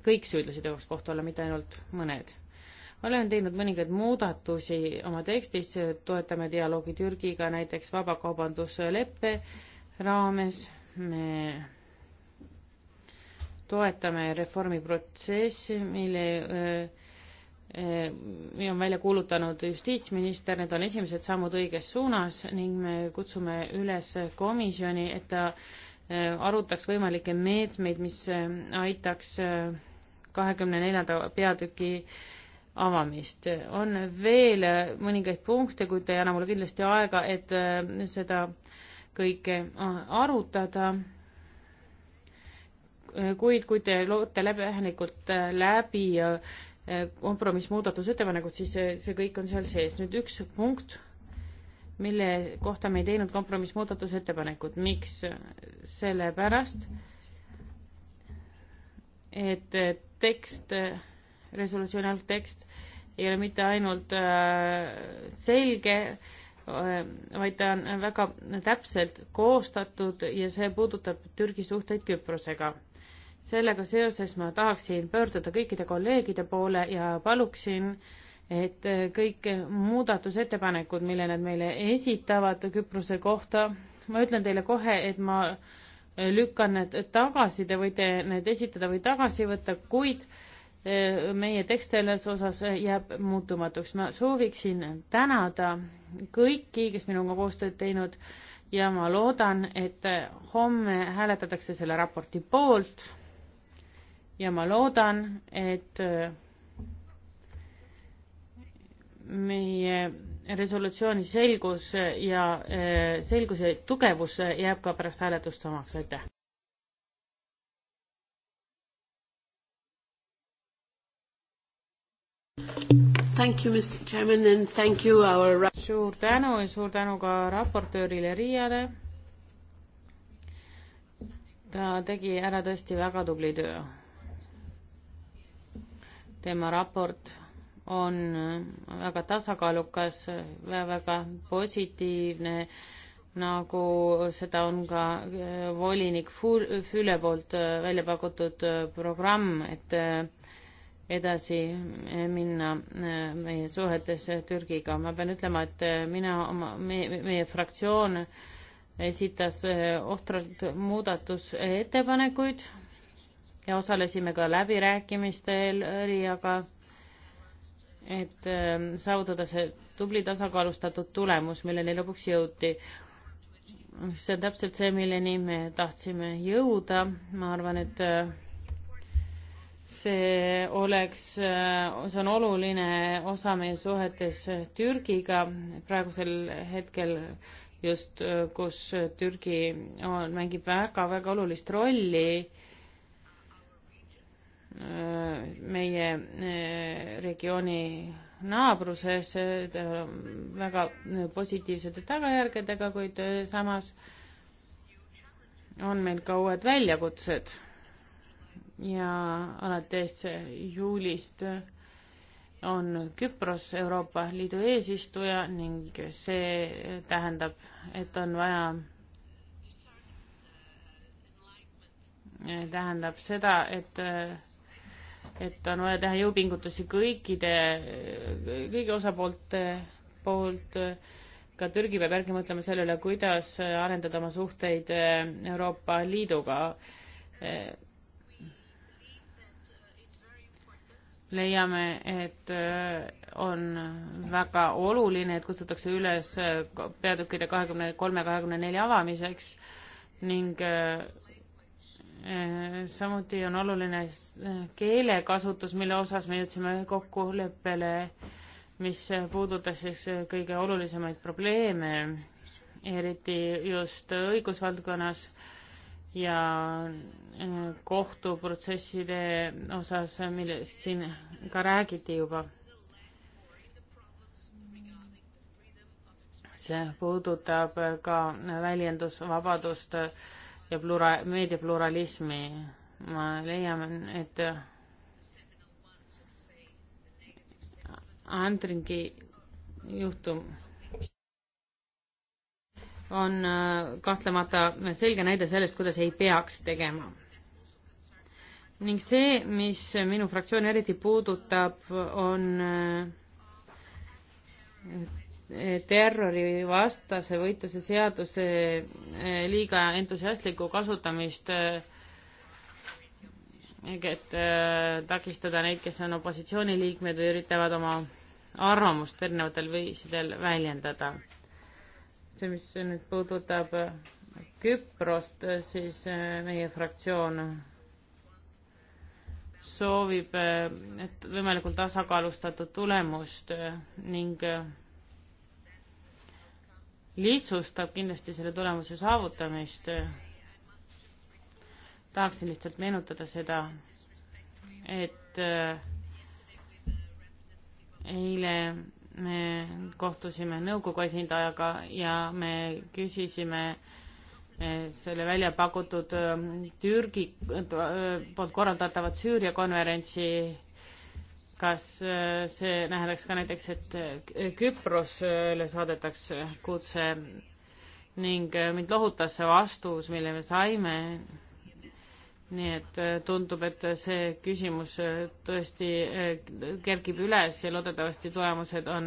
kõik süüdlased jõuaks kohtu alla, mitte ainult mõned. olen teinud mõningaid muudatusi oma tekstis, toetame dialoogi Türgiga näiteks vabakaubandusleppe raames, me toetame reformiprotsessi, mille öö, Äh, on välja kuulutanud justiitsminister, need on esimesed sammud õiges suunas ning me kutsume üles komisjoni, et ta äh, arutaks võimalikke meetmeid, mis äh, aitaks kahekümne neljanda peatüki avamist. on veel mõningaid punkte, kuid ei anna mulle kindlasti aega, et seda kõike arutada. kuid kui te loote läbiähelikult läbi, läbi kompromissmuudatusettepanekut, siis see, see kõik on seal sees. nüüd üks punkt, mille kohta me ei teinud kompromissmuudatusettepanekut. miks? sellepärast, et tekst, resolutsiooni algtekst ei ole mitte ainult äh, selge, äh, vaid ta on väga täpselt koostatud ja see puudutab Türgi suhteid Küprosega sellega seoses ma tahaksin pöörduda kõikide kolleegide poole ja paluksin, et äh, kõik muudatusettepanekud, mille nad meile esitavad Küprose kohta, ma ütlen teile kohe, et ma äh, lükkan need tagasi, te võite need esitada või tagasi võtta, kuid äh, meie tekst selles osas jääb muutumatuks. ma sooviksin tänada kõiki, kes minuga koostööd teinud ja ma loodan, et homme hääletatakse selle raporti poolt ja ma loodan, et äh, meie resolutsiooni selgus ja äh, selguse tugevus jääb ka pärast hääletust samaks, aitäh. Thank you, Mr Chairman and thank you our suur tänu ja suur tänu ka raportöörile Riiale. ta tegi ära tõesti väga tubli töö tema raport on väga tasakaalukas, väga positiivne, nagu seda on ka äh, volinik Füle poolt äh, välja pakutud äh, programm, et edasi minna meie suhetes Türgiga. ma pean ütlema, et mina oma, meie, meie fraktsioon esitas ohtralt muudatusettepanekuid ja osalesime ka läbirääkimistel Õriaga, et ähm, saavutada see tubli tasakaalustatud tulemus, milleni lõpuks jõuti. see on täpselt see, milleni me tahtsime jõuda, ma arvan, et äh, see oleks, äh, see on oluline osa meie suhetes Türgiga praegusel hetkel just, äh, kus Türgi on, mängib väga-väga olulist rolli äh, meie e, regiooni naabruses e, väga positiivsete tagajärgedega, kuid e, samas on meil ka uued väljakutsed. ja alates juulist on Küpros Euroopa Liidu eesistuja ning see tähendab, et on vaja tähendab seda, et et on vaja teha jõupingutusi kõikide, kõigi osapoolte poolt. ka Türgi peab järgi mõtlema selle üle, kuidas arendada oma suhteid Euroopa Liiduga. leiame, et on väga oluline, et kutsutakse üles peatükkide kahekümne kolme, kahekümne nelja avamiseks ning Äh, samuti on oluline äh, keelekasutus, mille osas me jõudsime kokkuleppele, mis äh, puudutas siis kõige olulisemaid probleeme, eriti just õigusvaldkonnas ja kohtuprotsesside osas, millest siin ka räägiti juba. see puudutab ka väljendusvabadust äh, ja plura-, meediapluralismi. ma leian, et Andringi juhtum on äh, kahtlemata selge näide sellest, kuidas ei peaks tegema. ning see, mis minu fraktsiooni eriti puudutab, on äh, terrorivastase võitluse seaduse eh, liiga entusiastlikku kasutamist, eh, et eh, takistada neid, kes on opositsiooniliikmed või üritavad oma arvamust erinevatel viisidel väljendada. see, mis nüüd puudutab Küprost, siis meie fraktsioon soovib, et võimalikult tasakaalustatud tulemust ning lihtsustab kindlasti selle tulemuse saavutamist. tahaksin lihtsalt meenutada seda, et äh, eile me kohtusime nõukogu esindajaga ja me küsisime äh, selle välja pakutud äh, Türgi poolt korraldatavat Süüria konverentsi kas äh, see tähendaks ka näiteks, et äh, Küprosele saadetaks kutse ning äh, mind lohutas see vastus, mille me saime. nii et tundub, et see küsimus tõesti kerkib üles ja loodetavasti tulemused on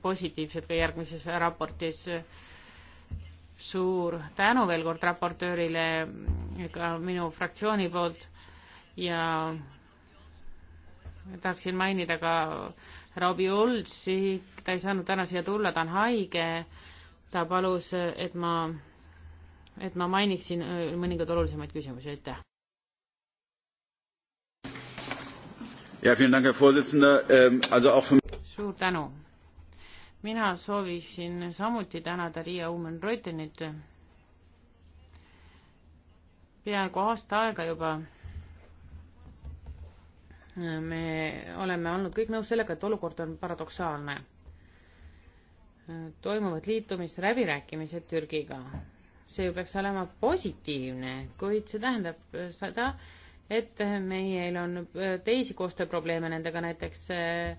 positiivsed ka järgmises raportis. suur tänu veel kord raportöörile ka minu fraktsiooni poolt ja tahaksin mainida ka Robbie Olsi, ta ei saanud täna siia tulla, ta on haige, ta palus, et ma, et ma mainiksin äh, mõningaid olulisemaid küsimusi, aitäh. Ähm, suur tänu. mina sooviksin samuti tänada Riia Umen-Reutenit peaaegu aasta aega juba me oleme olnud kõik nõus sellega, et olukord on paradoksaalne. toimuvad liitumisläbirääkimised Türgiga. see ju peaks olema positiivne, kuid see tähendab seda, et meil on teisi koostööprobleeme nendega, näiteks äh,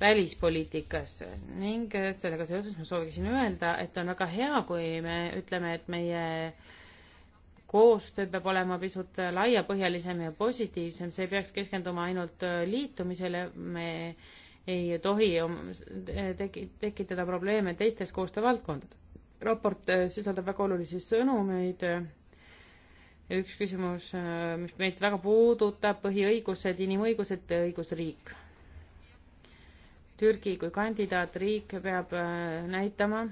välispoliitikas ning sellega seoses ma sooviksin öelda, et on väga hea, kui me ütleme, et meie äh, koostöö peab olema pisut laiapõhjalisem ja positiivsem, see ei peaks keskenduma ainult äh, liitumisele, me ei tohi teki-, tekitada probleeme teistes koostöövaldkondades. raport äh, sisaldab väga olulisi sõnumeid, äh, üks küsimus, mis meid väga puudutab, põhiõigused, inimõigused, õigusriik. Türgi kui kandidaatriik peab näitama,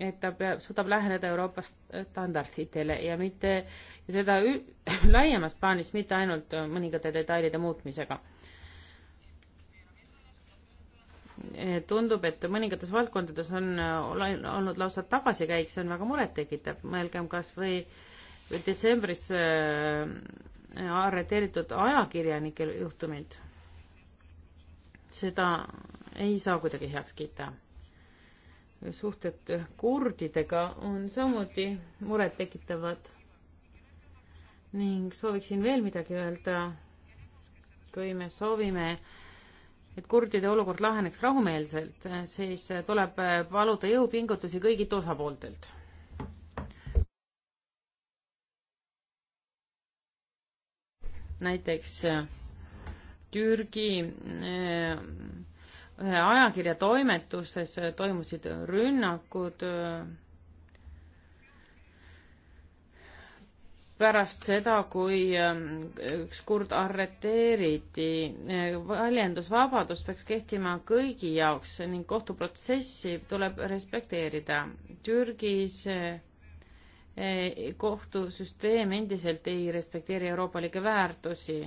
et ta peab, suudab läheneda Euroopa standarditele ja mitte ja seda ü, laiemas plaanis, mitte ainult mõningate detailide muutmisega. tundub, et mõningates valdkondades on olnud lausa tagasikäik, see on väga murettekitav, mõelgem kas või detsembris äh, arreteeritud ajakirjanike juhtumilt. seda ei saa kuidagi heaks kiita suhted kurdidega on samuti murettekitavad ning sooviksin veel midagi öelda. kui me soovime, et kurdide olukord laheneks rahumeelselt, siis tuleb paluda jõupingutusi kõigilt osapooltelt. näiteks Türgi äh, ajakirja toimetuses toimusid rünnakud. pärast seda, kui ähm, üks kurd arreteeriti, väljendusvabadus peaks kehtima kõigi jaoks ning kohtuprotsessi tuleb respekteerida. Türgis eh, kohtusüsteem endiselt ei respekteeri euroopalikke väärtusi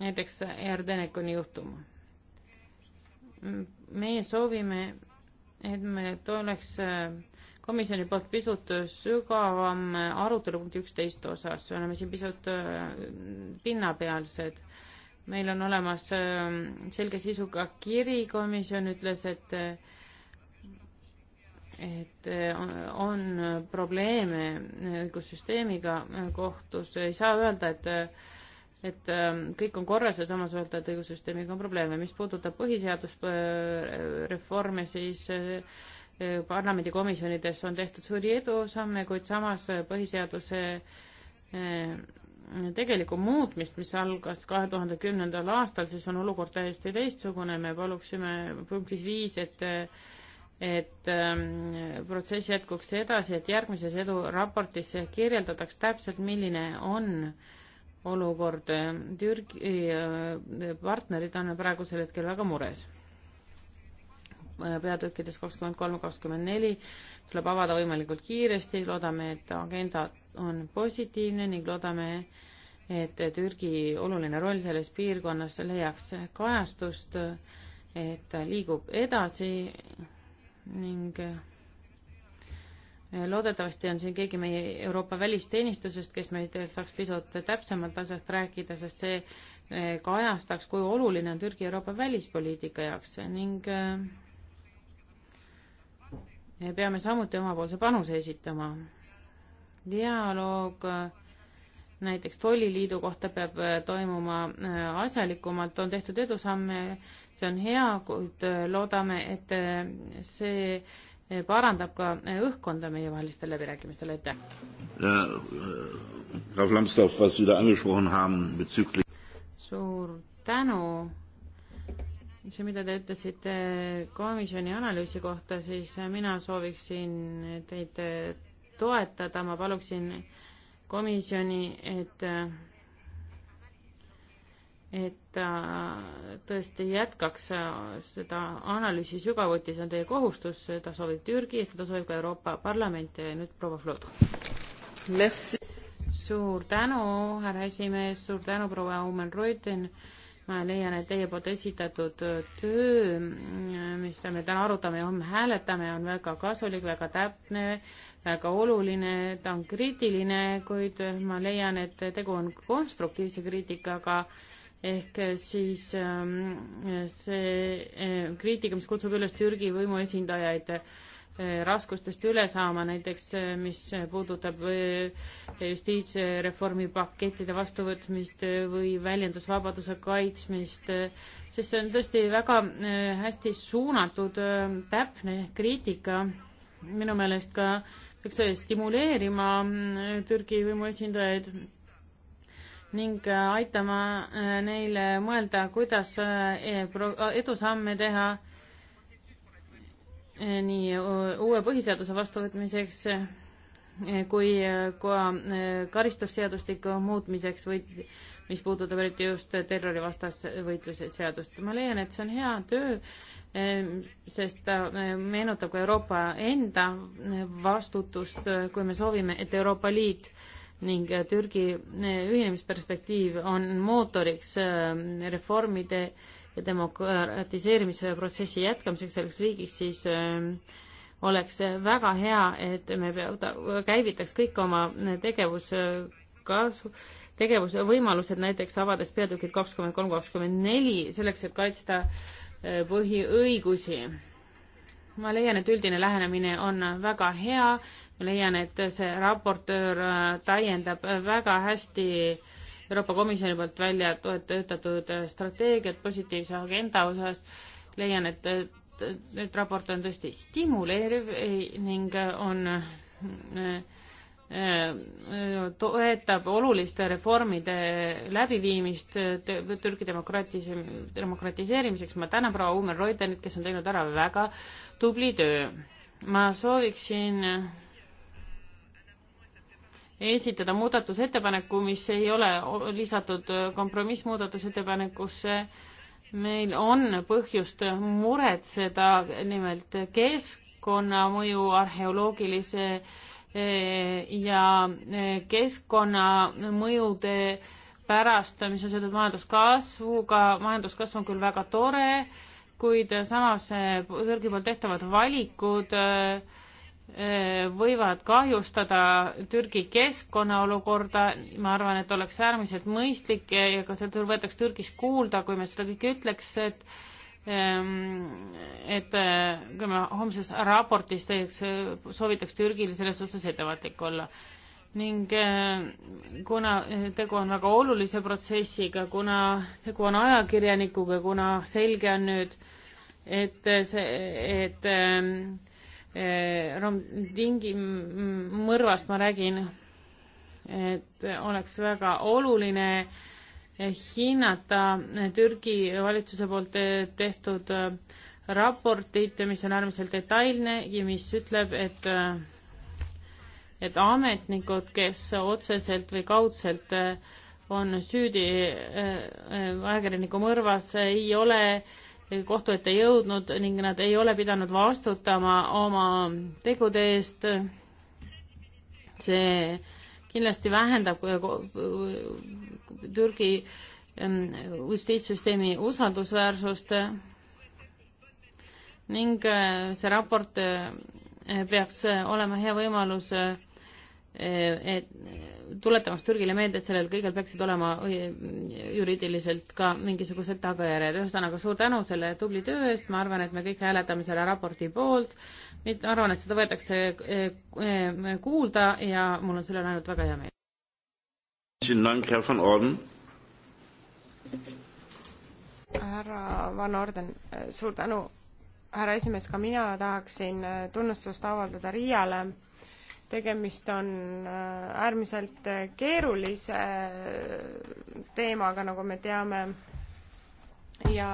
näiteks Jardenekoni juhtum. meie soovime, et me tuleks äh, komisjoni poolt pisut sügavam äh, arutelu punkti üksteist osas, oleme siin pisut äh, pinnapealsed. meil on olemas selge sisuga kiri, komisjon ütles, et et on, on probleeme õigussüsteemiga kohtus, ei saa öelda, et et ähm, kõik on korras ja samas öelda, et õigussüsteemiga on probleeme. mis puudutab põhiseadusreformi, äh, siis äh, äh, parlamendikomisjonides on tehtud suuri edusamme, kuid samas põhiseaduse tegelikku muutmist, mis algas kahe tuhande kümnendal aastal, siis on olukord täiesti teistsugune, me paluksime punktis viis, et et ähm, protsess jätkuks edasi, et järgmises eduraportis kirjeldataks täpselt, milline on äh, olukord. Türgi äh, partnerid on praegusel hetkel väga mures. peatükkides kakskümmend kolm, kakskümmend neli tuleb avada võimalikult kiiresti, loodame, et agenda on positiivne ning loodame, et Türgi oluline roll selles piirkonnas leiaks kajastust, et ta liigub edasi ning Eh, loodetavasti on siin keegi meie Euroopa välisteenistusest, kes meid eh, saaks pisut täpsemalt asjast rääkida, sest see eh, kajastaks, kui oluline on Türgi Euroopa välispoliitika jaoks ning me peame samuti omapoolse panuse esitama. dialoog näiteks tolliliidu kohta peab toimuma asjalikumalt, on tehtud edusamme, see on hea, kuid loodame, et see parandab ka õhkkonda meievahelistel läbirääkimistel, aitäh! Äh, suur tänu! see, mida te ütlesite komisjoni analüüsi kohta, siis mina sooviksin teid toetada, ma paluksin komisjoni, et et ta äh, tõesti jätkaks äh, seda analüüsi sügavuti, see on teie kohustus, seda soovib Türgi ja seda soovib ka Euroopa Parlament ja nüüd proua Flod. suur tänu, härra esimees, suur tänu, proua Omen Reuten. ma leian, et teie poolt esitatud äh, töö, mis me täna arutame ja homme hääletame, on väga kasulik, väga täpne, väga oluline, ta on kriitiline, kuid ma leian, et tegu on konstruktiivse kriitikaga ehk eh, siis ehm, see eh, kriitika, mis kutsub üles Türgi võimuesindajaid eh, raskustest üle saama, näiteks mis puudutab justiitsreformi pakettide vastuvõtmist või väljendusvabaduse kaitsmist, sest see on tõesti väga hästi suunatud täpne kriitika, minu meelest ka peaks stimuleerima mm, Türgi võimuesindajaid ning äh, aitama äh, neile mõelda, kuidas äh, e-, edusamme teha nii uue põhiseaduse vastuvõtmiseks kui ka karistusseadustiku muutmiseks või mis puudutab eriti just terrorivastast võitluse seadust. ma leian, et see on hea töö, sest ta meenutab ka Euroopa enda vastutust, kui me soovime, et Euroopa Liit äh, ning äh, Türgi äh, ühinemisperspektiiv on mootoriks äh, reformide ja demokratiseerimise protsessi jätkamiseks selles riigis, siis oleks väga hea, et me käivitaks kõik oma tegevuskasu, tegevuse võimalused, näiteks avades peatükid kakskümmend kolm, kakskümmend neli, selleks, et kaitsta põhiõigusi. ma leian, et üldine lähenemine on väga hea, leian, et see raportöör äh, täiendab äh, väga hästi Euroopa Komisjoni poolt välja töötatud äh, strateegiat positiivse agenda osas. leian, et, et, et raport on tõesti stimuleeriv ning on toetab oluliste reformide läbiviimist Türgi demokraatis-, demokratiseerimiseks. ma tänan proua Umer Reutenit, kes on teinud ära väga tubli töö. ma sooviksin esitada muudatusettepaneku, mis ei ole lisatud kompromissmuudatusettepanekusse. meil on põhjust muretseda nimelt keskkonnamõju arheoloogilise eh, ja eh, keskkonnamõjude pärast, mis on seotud majanduskasvuga, majanduskasv on küll väga tore, kuid samas Türgi eh, poolt tehtavad valikud äh, Eh, võivad kahjustada Türgi keskkonnaolukorda, ma arvan, et oleks äärmiselt mõistlik ja ka seda võetaks Türgis kuulda, kui me seda kõike ütleks, et ehm, et eh, kui me homses raportis teeks, soovitaks Türgil selles osas ettevaatlik olla. ning eh, kuna tegu on väga olulise protsessiga, kuna tegu on ajakirjanikuga, kuna selge on nüüd, et see, et ehm, Eh, Romdingi mõrvast ma räägin, et oleks väga oluline eh, hinnata eh, Türgi valitsuse poolt tehtud raportit, mis on äärmiselt detailne ja mis ütleb, et et ametnikud, kes otseselt või kaudselt on süüdi ajakirjaniku mõrvas, ei ole äh, kohtu ette jõudnud ning nad ei ole pidanud vastutama oma tegude eest. see kindlasti vähendab Türgi ähm, justiitssüsteemi usaldusväärsust ning äh, see raport äh, peaks äh, olema hea võimalus Eh, et tuletamaks Türgile meelde, et sellel kõigel peaksid olema eh, juriidiliselt ka mingisugused tagajärjed. ühesõnaga suur tänu selle tubli töö eest, ma arvan, et me kõik hääletame selle raporti poolt. ma arvan, et seda võetakse eh, kuulda ja mul on selle üle ainult väga hea meel. härra Van Orden, suur tänu, härra esimees, ka mina tahaksin tunnustust avaldada Riiale tegemist on äh, äärmiselt äh, keerulise äh, teemaga, nagu me teame, ja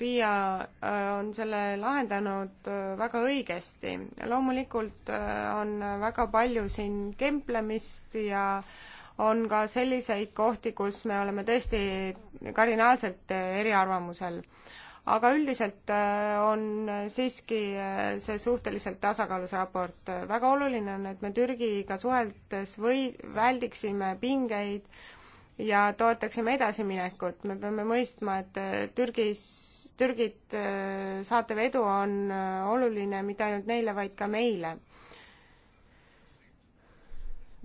Riia on selle lahendanud väga õigesti. loomulikult on väga palju siin kemplemist ja on ka selliseid kohti, kus me oleme tõesti kardinaalselt eriarvamusel aga üldiselt äh, on siiski äh, see suhteliselt tasakaalus raport. väga oluline on, et me Türgiga suheldes või väldiksime pingeid ja toetaksime edasiminekut. me peame mõistma, et äh, Türgis, Türgit saatev edu on oluline mitte ainult neile, vaid ka meile.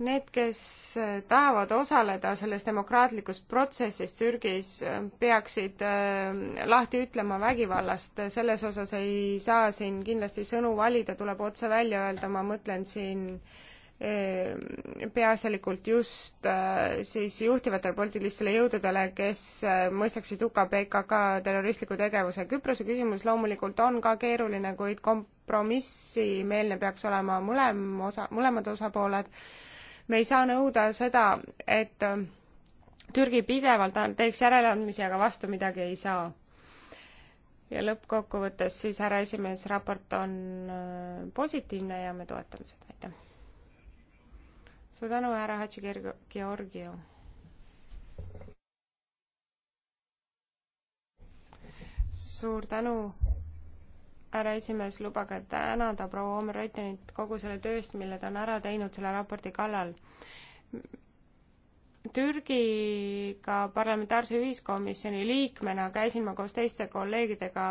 Need, kes äh, tahavad osaleda selles demokraatlikus protsessis Türgis, äh, peaksid äh, lahti ütlema vägivallast, selles osas ei saa siin kindlasti sõnu valida, tuleb otse välja öelda, ma mõtlen siin peaasjalikult just siis juhtivatele poliitilistele jõududele, kes mõistaksid hukka PKK terroristliku tegevuse. Küprose küsimus loomulikult on ka keeruline, kuid kompromissimeelne peaks olema mõlem osa, mõlemad osapooled me ei saa nõuda seda, et äh, Türgi pidevalt teeks järeleandmisi, aga vastu midagi ei saa. ja lõppkokkuvõttes siis härra esimees, raport on äh, positiivne ja me toetame seda, aitäh. suur tänu, härra Hatši-Georgiev. suur tänu härra esimees, lubage tänada proua Omer Reutenit kogu selle tööst, mille ta on ära teinud selle raporti kallal. Türgiga parlamentaarse ühiskomisjoni liikmena käisin ma koos teiste kolleegidega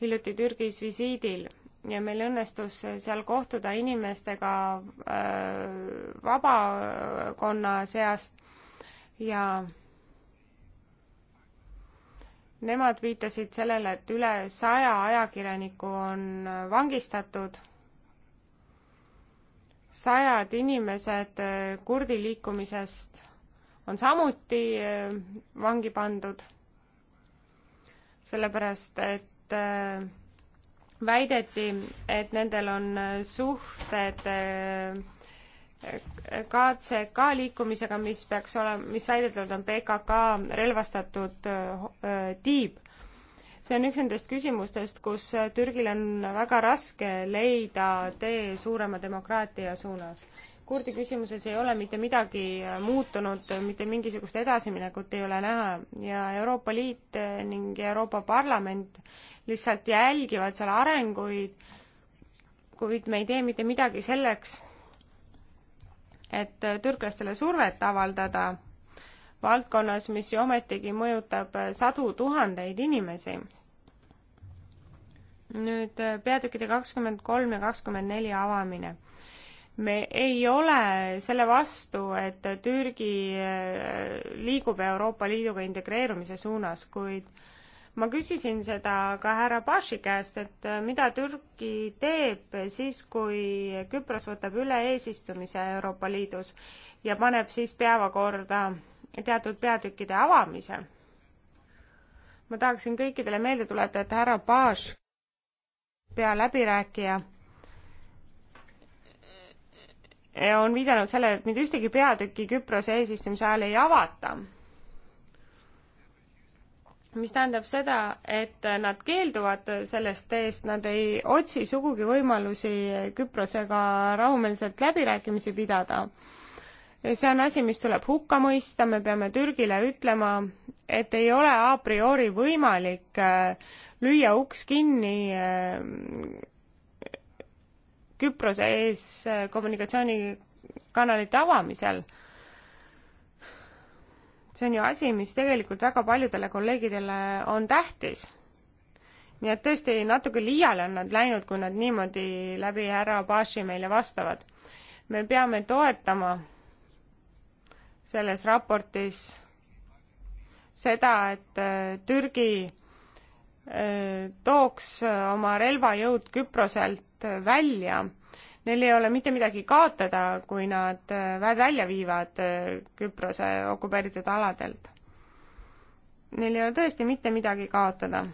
hiljuti Türgis visiidil ja meil õnnestus seal kohtuda inimestega äh, vabakonna seast ja Nemad viitasid sellele, et üle saja ajakirjaniku on vangistatud, sajad inimesed äh, kurdi liikumisest on samuti äh, vangi pandud, sellepärast et äh, väideti, et nendel on suhted KCK liikumisega, mis peaks olema, mis väidetavalt on PKK relvastatud eh, tiib. see on üks nendest küsimustest, kus Türgil on väga raske leida tee suurema demokraatia suunas. kurdi küsimuses ei ole mitte midagi muutunud, mitte mingisugust edasiminekut ei ole näha ja Euroopa Liit eh, ning Euroopa Parlament lihtsalt jälgivad seal arenguid, kuid me ei tee mitte midagi selleks et türklastele survet avaldada valdkonnas, mis ju ometigi mõjutab sadu tuhandeid inimesi. nüüd äh, peatükkide kakskümmend kolm ja kakskümmend neli avamine me ei ole selle vastu, et Türgi äh, liigub Euroopa Liiduga integreerumise suunas, kuid ma küsisin seda ka härra Bashi käest, et äh, mida Türgi teeb siis, kui Küpros võtab üle eesistumise Euroopa Liidus ja paneb siis päevakorda teatud peatükkide avamise. ma tahaksin kõikidele meelde tuletada, et härra Bash, pealäbirääkija, on viidanud sellele, et mitte ühtegi peatükki Küprose eesistumise ajal ei avata mis tähendab seda, et nad keelduvad sellest teest, nad ei otsi sugugi võimalusi Küprosega rahumeelselt läbirääkimisi pidada. see on asi, mis tuleb hukka mõista, me peame Türgile ütlema, et ei ole a priori võimalik äh, lüüa uks kinni äh, Küprose ees äh, kommunikatsioonikanalite avamisel see on ju asi, mis tegelikult väga paljudele kolleegidele on tähtis. nii et tõesti natuke liiale on nad läinud, kui nad niimoodi läbi härra Bashi meile vastavad. me peame toetama selles raportis seda, et äh, Türgi äh, tooks äh, oma relvajõud Küproselt välja Neil ei ole mitte midagi kaotada, kui nad äh, väed välja viivad äh, Küprose okupeeritud aladelt. Neil ei ole tõesti mitte midagi kaotada.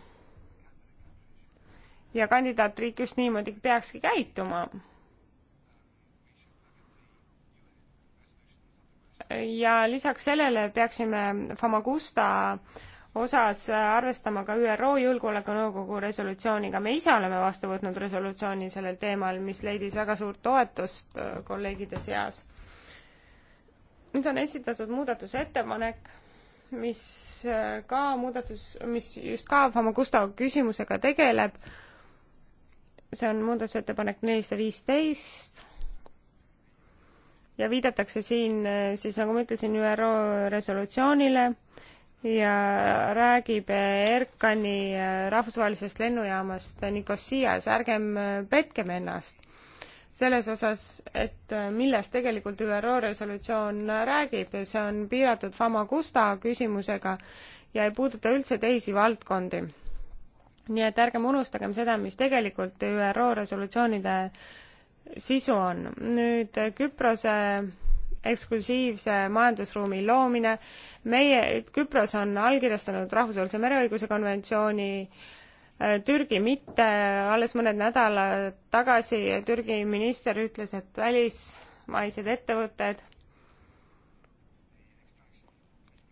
ja kandidaatriik just niimoodi peakski käituma ja lisaks sellele peaksime Famagusta osas arvestama ka ÜRO Julgeolekunõukogu resolutsiooniga. me ise oleme vastu võtnud resolutsiooni sellel teemal, mis leidis väga suurt toetust äh, kolleegide seas. nüüd on esitatud muudatusettepanek, mis äh, ka muudatus, mis just ka Famagusta küsimusega tegeleb. see on muudatusettepanek nelisada viisteist ja viidatakse siin äh, siis, nagu ma ütlesin, ÜRO resolutsioonile ja räägib Erkani äh, rahvusvahelisest lennujaamast Nicossias, ärgem äh, petkem ennast selles osas, et äh, millest tegelikult ÜRO resolutsioon räägib, see on piiratud Famagusta küsimusega ja ei puuduta üldse teisi valdkondi. nii et ärgem unustagem seda, mis tegelikult ÜRO resolutsioonide sisu on. nüüd Küprose eksklusiivse majandusruumi loomine, meie, Küpros on allkirjastanud rahvusvahelise mereõiguse konventsiooni, äh, Türgi mitte, alles mõned nädalad tagasi Türgi minister ütles, et välismaised ettevõtted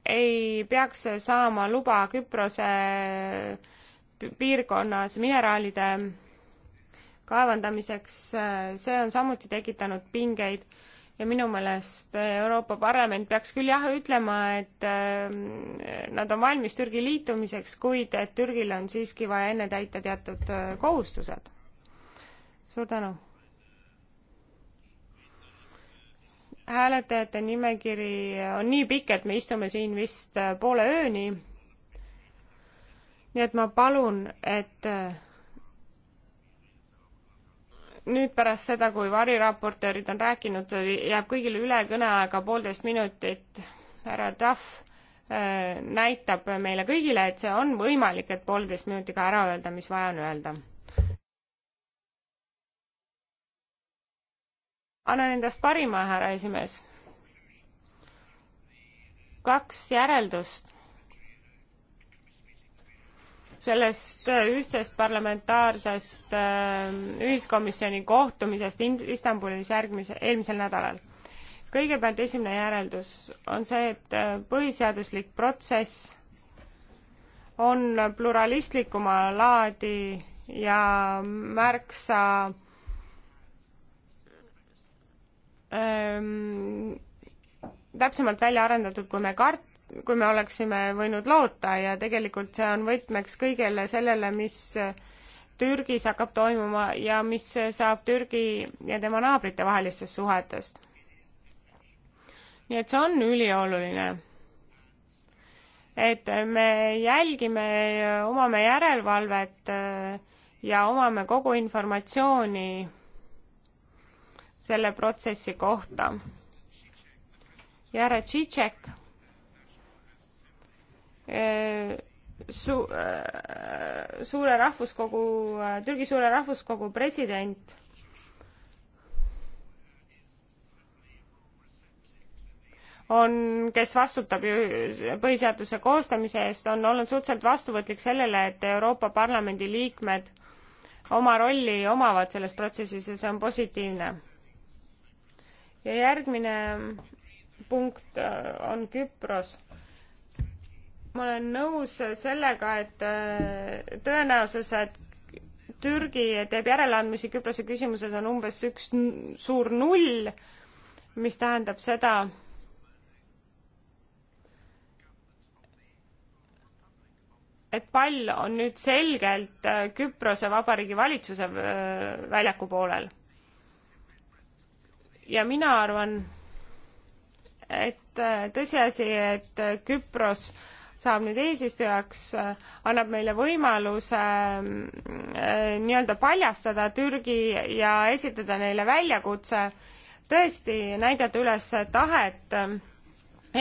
ei peaks saama luba Küprose piirkonnas mineraalide kaevandamiseks, äh, see on samuti tekitanud pingeid ja minu meelest äh, Euroopa Parlament peaks küll jah ütlema, et äh, nad on valmis Türgi liitumiseks, kuid et Türgil on siiski vaja enne täita teatud äh, kohustused. suur tänu. hääletajate nimekiri on nii pikk, et me istume siin vist poole ööni. nii et ma palun, et nüüd pärast seda, kui variraportöörid on rääkinud, jääb kõigile üle kõneaega poolteist minutit. härra Duff äh, näitab meile kõigile, et see on võimalik, et poolteist minutiga ära öelda, mis vaja on öelda. annan endast parima, härra esimees. kaks järeldust sellest äh, ühtsest parlamentaarsest äh, ühiskomisjoni kohtumisest Istanbulis järgmise, eelmisel nädalal. kõigepealt esimene järeldus on see, et äh, põhiseaduslik protsess on pluralistlikuma laadi ja märksa ähm, täpsemalt välja arendatud, kui me kart-, kui me oleksime võinud loota ja tegelikult see on võtmeks kõigele sellele, mis Türgis hakkab toimuma ja mis saab Türgi ja tema naabrite vahelistest suhetest. nii et see on ülioluline. et me jälgime, omame järelevalvet äh, ja omame kogu informatsiooni selle protsessi kohta. Jare Tšitšek Äh, su-, äh, suure rahvuskogu, äh, Türgi suure rahvuskogu president on, kes vastutab ju põhiseaduse koostamise eest, on olnud suhteliselt vastuvõtlik sellele, et Euroopa Parlamendi liikmed oma rolli omavad selles protsessis ja see on positiivne. ja järgmine punkt on Küpros ma olen nõus sellega, et äh, tõenäosus, et Türgi teeb järeleandmisi Küprose küsimuses, on umbes üks suur null, mis tähendab seda, et pall on nüüd selgelt äh, Küprose Vabariigi valitsuse äh, väljaku poolel. ja mina arvan, et tõsiasi, et Küpros äh, saab nüüd eesistujaks, annab meile võimaluse mm, nii-öelda paljastada Türgi ja esitada neile väljakutse, tõesti näidata üles tahet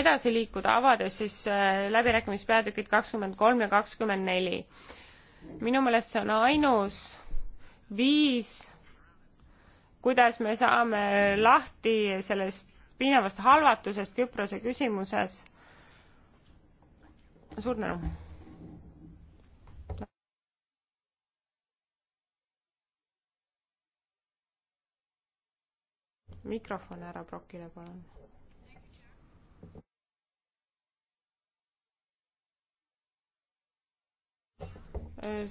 edasi liikuda, avades siis äh, läbirääkimispeatükid kakskümmend kolm ja kakskümmend neli. minu meelest see on ainus viis, kuidas me saame lahti sellest piinavast halvatusest Küprose küsimuses suur tänu. mikrofon härra Brokile, palun.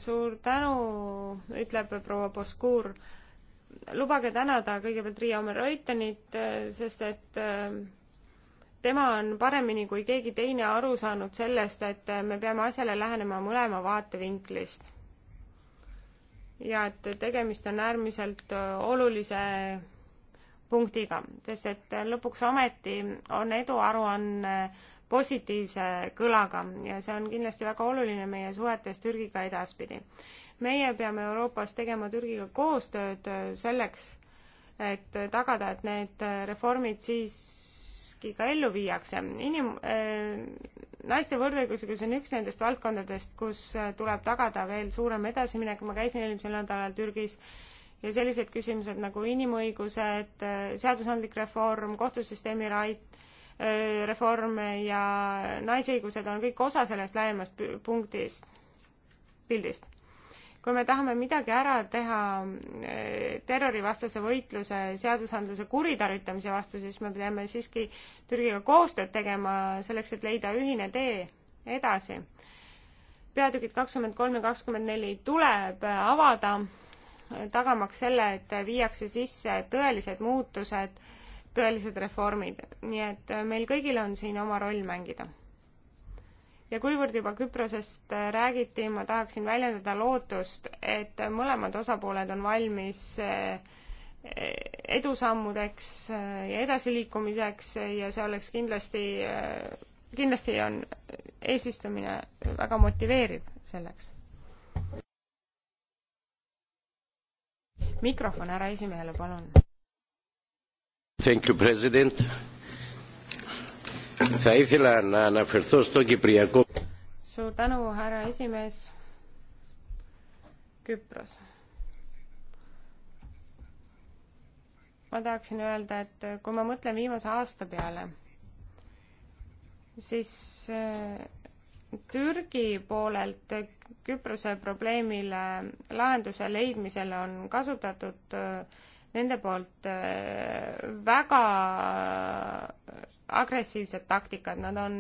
suur tänu, ütleb proua Boskuur. lubage tänada kõigepealt Riia Omer-Reutenit, sest et äh, tema on paremini kui keegi teine aru saanud sellest, et me peame asjale lähenema mõlema vaatevinklist. ja et tegemist on äärmiselt äh, olulise punktiga, sest et lõpuks ometi on eduaruanne positiivse kõlaga ja see on kindlasti väga oluline meie suhetes Türgiga edaspidi. meie peame Euroopas tegema Türgiga koostööd äh, selleks, et tagada, et need äh, reformid siis siiski ka ellu viiakse. inim- äh,, naiste võrdõiguslikkus on üks nendest valdkondadest, kus äh, tuleb tagada veel suurem edasiminek, ma käisin eelmisel nädalal Türgis ja sellised küsimused nagu inimõigused, äh, seadusandlik reform, kohtusüsteemi rait-, äh, reform ja naisõigused on kõik osa sellest laiemast punktist, pildist kui me tahame midagi ära teha eh, terrorivastase võitluse seadusandluse kuritarvitamise vastu, siis me peame siiski Türgiga koostööd tegema selleks, et leida ühine tee edasi. peatükid kakskümmend kolm ja kakskümmend neli tuleb avada, tagamaks selle, et viiakse sisse tõelised muutused, tõelised reformid, nii et meil kõigil on siin oma roll mängida ja kuivõrd juba Küprosest äh, räägiti, ma tahaksin väljendada lootust, et mõlemad osapooled on valmis äh, edusammudeks äh, ja edasiliikumiseks ja see oleks kindlasti, kindlasti on eesistumine väga motiveeriv selleks. mikrofon härra esimehele, palun. Thank you, president Θα ήθελα να αναφερθώ στο Κυπριακό. Suur tänu, härra esimees. Küpros. ma tahaksin öelda, et kui ma mõtlen viimase aasta peale, siis äh, Türgi poolelt Küprose probleemile lahenduse leidmisel on kasutatud äh, nende poolt äh, väga agressiivsed taktikad, nad on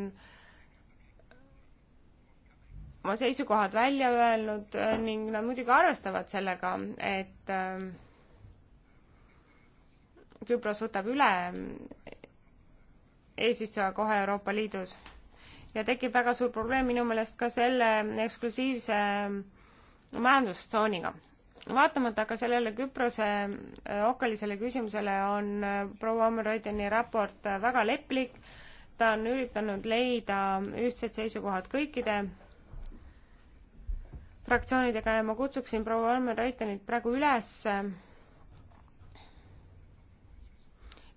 oma seisukohad välja öelnud äh, ning nad muidugi arvestavad sellega, et äh, Küpros võtab üle eesistuja kohe Euroopa Liidus ja tekib väga suur probleem minu meelest ka selle eksklusiivse majandustsooniga vaatamata aga sellele Küprose äh, okkalisele küsimusele on äh, proua Ammerreuteni raport äh, väga leplik, ta on üritanud leida ühtsed seisukohad kõikide fraktsioonidega ja ma kutsuksin proua Ammerreutenit praegu üles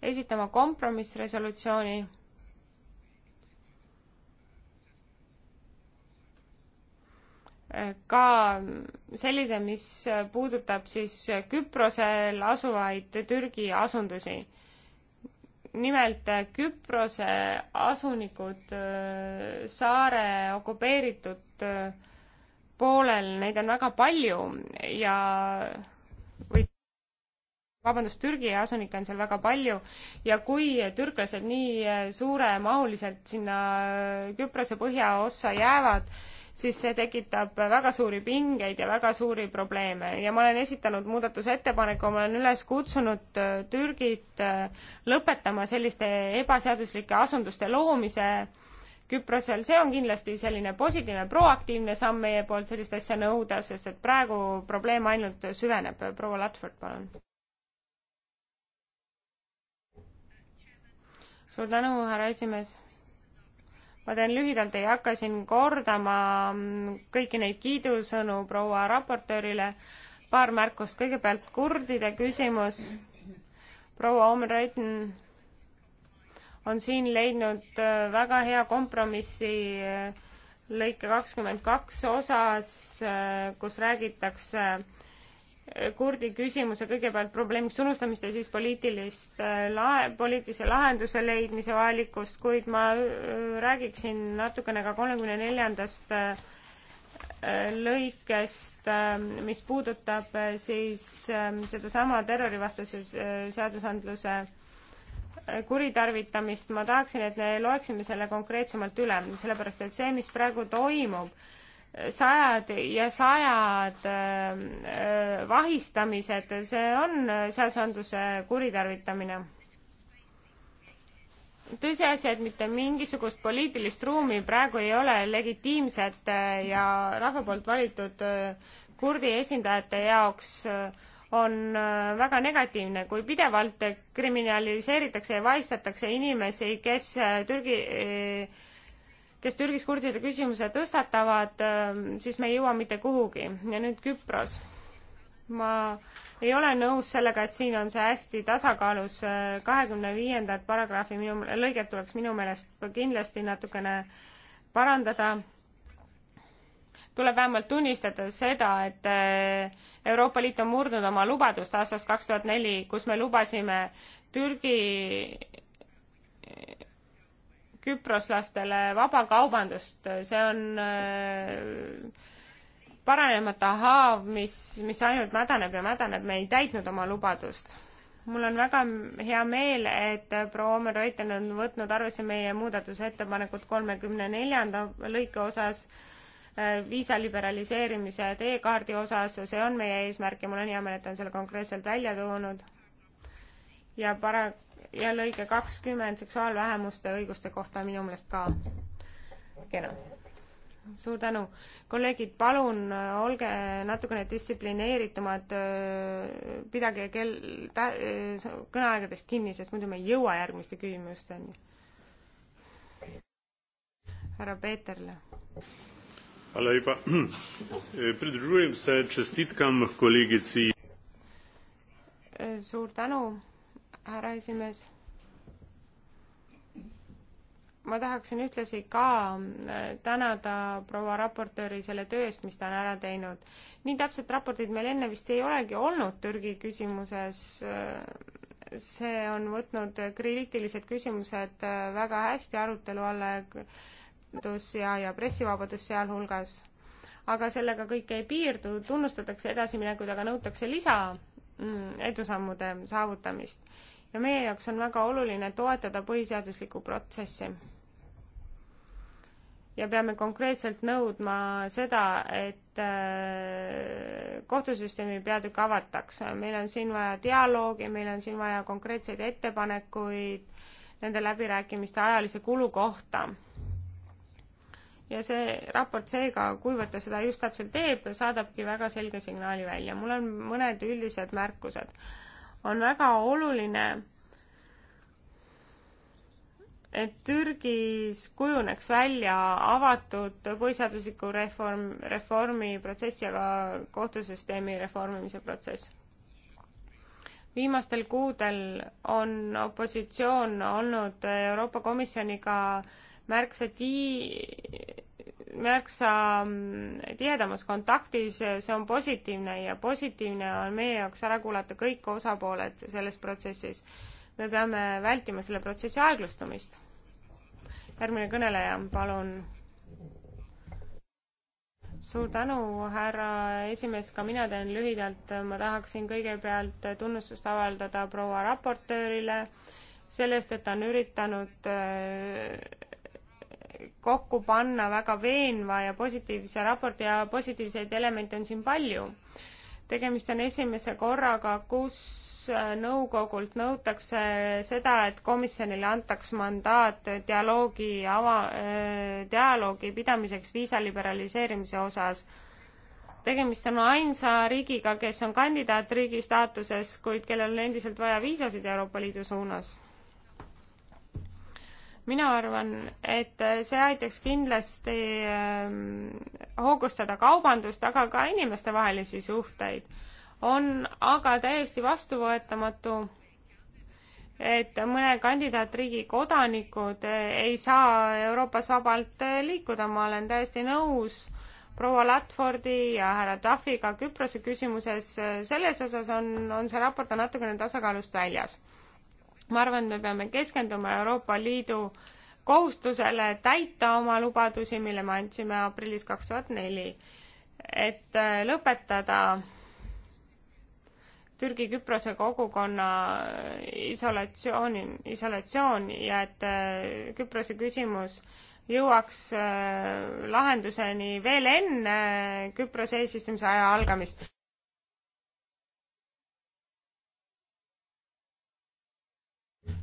esitama kompromissresolutsiooni ka sellise, mis puudutab siis Küprosel asuvaid Türgi asundusi. nimelt Küprose asunikud äh, saare okupeeritud äh, poolel, neid on väga palju ja või vabandust, Türgi asunikke on seal väga palju ja kui türklased nii äh, suuremahuliselt sinna Küprose põhjaossa jäävad, siis see tekitab väga suuri pingeid ja väga suuri probleeme ja ma olen esitanud muudatusettepaneku, ma olen üles kutsunud äh, Türgit äh, lõpetama selliste ebaseaduslike asunduste loomise Küprosel, see on kindlasti selline positiivne, proaktiivne samm meie poolt sellist asja nõuda, sest et praegu probleem ainult süveneb. proua Latford, palun. suur tänu, härra esimees ma teen lühidalt, ei hakka siin kordama kõiki neid kiidusõnu proua raportöörile, paar märkust, kõigepealt kurdide küsimus, proua Omreiten on siin leidnud äh, väga hea kompromissi äh, lõike kakskümmend kaks osas, äh, kus räägitakse kurdi küsimuse kõigepealt probleemiks unustamist ja siis poliitilist äh, lahe, poliitilise lahenduse leidmise vajalikkust, kuid ma äh, räägiksin natukene ka kolmekümne neljandast äh, lõikest, mis puudutab siis sedasama terrorivastase seadusandluse kuritarvitamist, ma tahaksin, et me loeksime selle konkreetsemalt üle, sellepärast et see, mis praegu toimub, sajad ja sajad äh, vahistamised, see on seadusandluse kuritarvitamine. tõsiasi, et mitte mingisugust poliitilist ruumi praegu ei ole legitiimsete äh, ja rahva poolt valitud äh, kurdi esindajate jaoks on väga negatiivne, kui pidevalt kriminaliseeritakse ja vahistatakse inimesi, kes Türgi kes Türgis kurdide küsimuse tõstatavad, ähm, siis me ei jõua mitte kuhugi. ja nüüd Küpros. ma ei ole nõus sellega, et siin on see hästi tasakaalus, äh, kahekümne viiendat paragrahvi minu, lõiget tuleks minu meelest kindlasti natukene parandada. tuleb vähemalt tunnistada seda, et äh, Euroopa Liit on murdnud oma lubadust aastast kaks tuhat neli, kus me lubasime Türgi küproslastele vabakaubandust, see on äh, paranemata haav, mis, mis ainult mädaneb ja mädaneb, me ei täitnud oma lubadust. mul on väga hea meel, et proua Omer Reuten on võtnud arvesse meie muudatusettepanekut kolmekümne neljanda lõike osas, äh, viisa liberaliseerimise teekaardi osas, see on meie eesmärk ja mul on hea meel, et ta on selle konkreetselt välja toonud ja para-, ja lõige kakskümmend seksuaalvähemuste õiguste kohta on minu meelest ka kena. suur tänu. kolleegid, palun äh, olge natukene distsiplineeritumad, äh, pidage kell, äh, kõneaegadest kinni, sest muidu me ei jõua järgmiste küsimusteni. härra Peeterle. Hvala lepa. Eh, pridružujem se čestitkam kolegici. Suur tänu härra esimees. ma tahaksin ühtlasi ka äh, tänada proua raportööri selle töö eest, mis ta on ära teinud. nii täpset raportit meil enne vist ei olegi olnud Türgi küsimuses. Äh, see on võtnud kriitilised küsimused äh, väga hästi arutelu alla ja, ja pressivabadus sealhulgas aga sellega kõik ei piirdu, tunnustatakse edasiminekuid, aga nõutakse lisa mm, edusammude saavutamist ja meie jaoks on väga oluline toetada põhiseaduslikku protsessi. ja peame konkreetselt nõudma seda, et äh, kohtusüsteemi peatükk avatakse, meil on siin vaja dialoogi, meil on siin vaja konkreetseid ettepanekuid nende läbirääkimiste ajalise kulu kohta ja see raport seega, kuivõrd ta seda just täpselt teeb, saadabki väga selge signaali välja. mul on mõned üldised märkused on väga oluline, et Türgis kujuneks välja avatud põhiseadusliku reform, reformi protsess ja ka kohtusüsteemi reformimise protsess. viimastel kuudel on opositsioon olnud Euroopa Komisjoniga äh, märksa ti-, märksa mm, tihedamas kontaktis, see on positiivne ja positiivne on meie jaoks ära kuulata kõik osapooled selles protsessis. me peame vältima selle protsessi aeglustumist. järgmine kõneleja, palun. suur tänu, härra esimees, ka mina teen lühidalt, ma tahaksin kõigepealt tunnustust avaldada proua raportöörile sellest, et ta on üritanud äh, kokku panna väga veenva ja positiivse raporti ja positiivseid elemente on siin palju. tegemist on esimese korraga, kus äh, nõukogult nõutakse seda, et komisjonile antaks mandaat dialoogi ava, äh, dialoogi pidamiseks viisa liberaliseerimise osas tegemist on ainsa riigiga, kes on kandidaatriigi staatuses, kuid kellel on endiselt vaja viisasid Euroopa Liidu suunas mina arvan, et see aitaks kindlasti ähm, hoogustada kaubandust, aga ka inimestevahelisi suhteid. on aga täiesti vastuvõetamatu, et mõne kandidaatriigi kodanikud ei saa Euroopas vabalt liikuda, ma olen täiesti nõus proua Latfordi ja härra Taffiga Küprose küsimuses, selles osas on, on see raport on natukene tasakaalust väljas ma arvan, et me peame keskenduma Euroopa Liidu kohustusele täita oma lubadusi, mille me andsime aprillis kaks tuhat neli, et äh, lõpetada Türgi-Küprose kogukonna äh, isolatsiooni, isolatsioon ja et äh, Küprose küsimus jõuaks lahenduseni veel enne Küprose eesistumise aja algamist.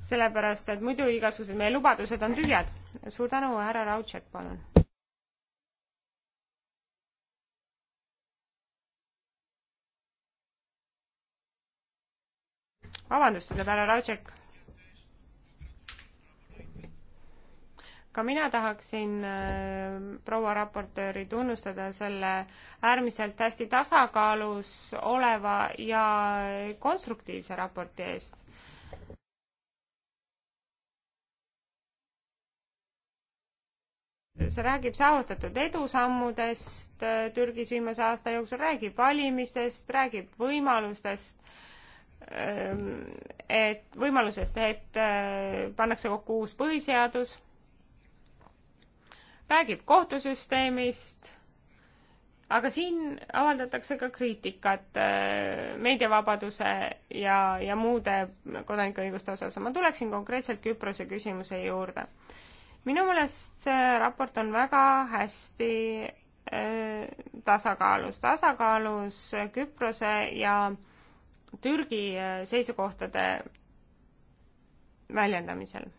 sellepärast et muidu igasugused meie lubadused on tühjad. suur tänu, härra Raudšek, palun. vabandust, ütleb härra Raudšek. ka mina tahaksin äh, proua raportööri tunnustada selle äärmiselt hästi tasakaalus oleva ja konstruktiivse raporti eest Äh. see räägib saavutatud edusammudest äh, Türgis viimase aasta jooksul, räägib valimistest, räägib võimalustest, ähm, et võimalusest, et äh, pannakse kokku uus põhiseadus, räägib kohtusüsteemist, aga siin avaldatakse ka kriitikat meediavabaduse ja, ja muude kodanikuõiguste osas. ma tuleksin konkreetselt Küprose küsimuse juurde minu meelest see raport on väga hästi äh, tasakaalus, tasakaalus Küprose ja Türgi äh, seisukohtade väljendamisel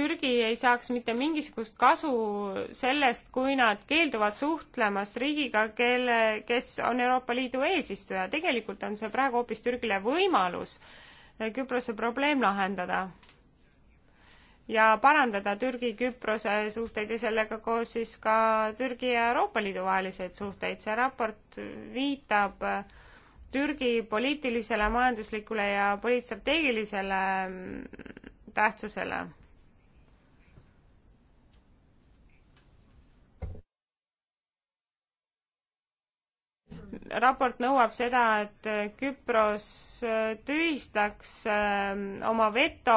Türgi ei saaks mitte mingisugust kasu sellest, kui nad keelduvad suhtlemast riigiga, kelle, kes on Euroopa Liidu eesistuja. tegelikult on see praegu hoopis Türgile võimalus eh, Küprose probleem lahendada ja parandada Türgi-Küprose suhteid ja sellega koos siis ka Türgi ja Euroopa Liidu vaheliseid suhteid. see raport viitab eh, Türgi poliitilisele, majanduslikule ja poliitstrateegilisele mm, tähtsusele raport nõuab seda, et Küpros äh, tühistaks ähm, oma veto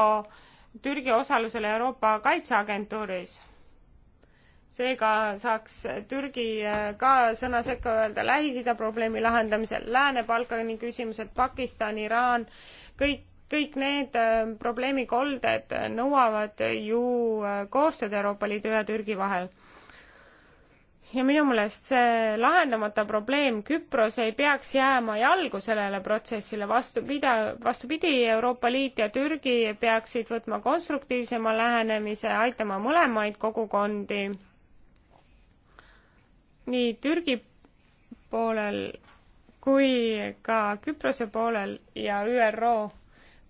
Türgi osalusele Euroopa Kaitseagentuuris. seega saaks Türgi äh, ka sõna sekka öelda Lähis-Ida probleemi lahendamisel, Lääne-Balkani küsimused, Pakistan, Iraan, kõik, kõik need ähm, probleemikolded nõuavad ju äh, koostööd Euroopa Liidu ja Türgi vahel ja minu meelest see lahendamata probleem Küpros ei peaks jääma jalgu sellele protsessile, vastupida-, vastupidi, Euroopa Liit ja Türgi peaksid võtma konstruktiivsema lähenemise, aitama mõlemaid kogukondi, nii Türgi poolel kui ka Küprose poolel ja ÜRO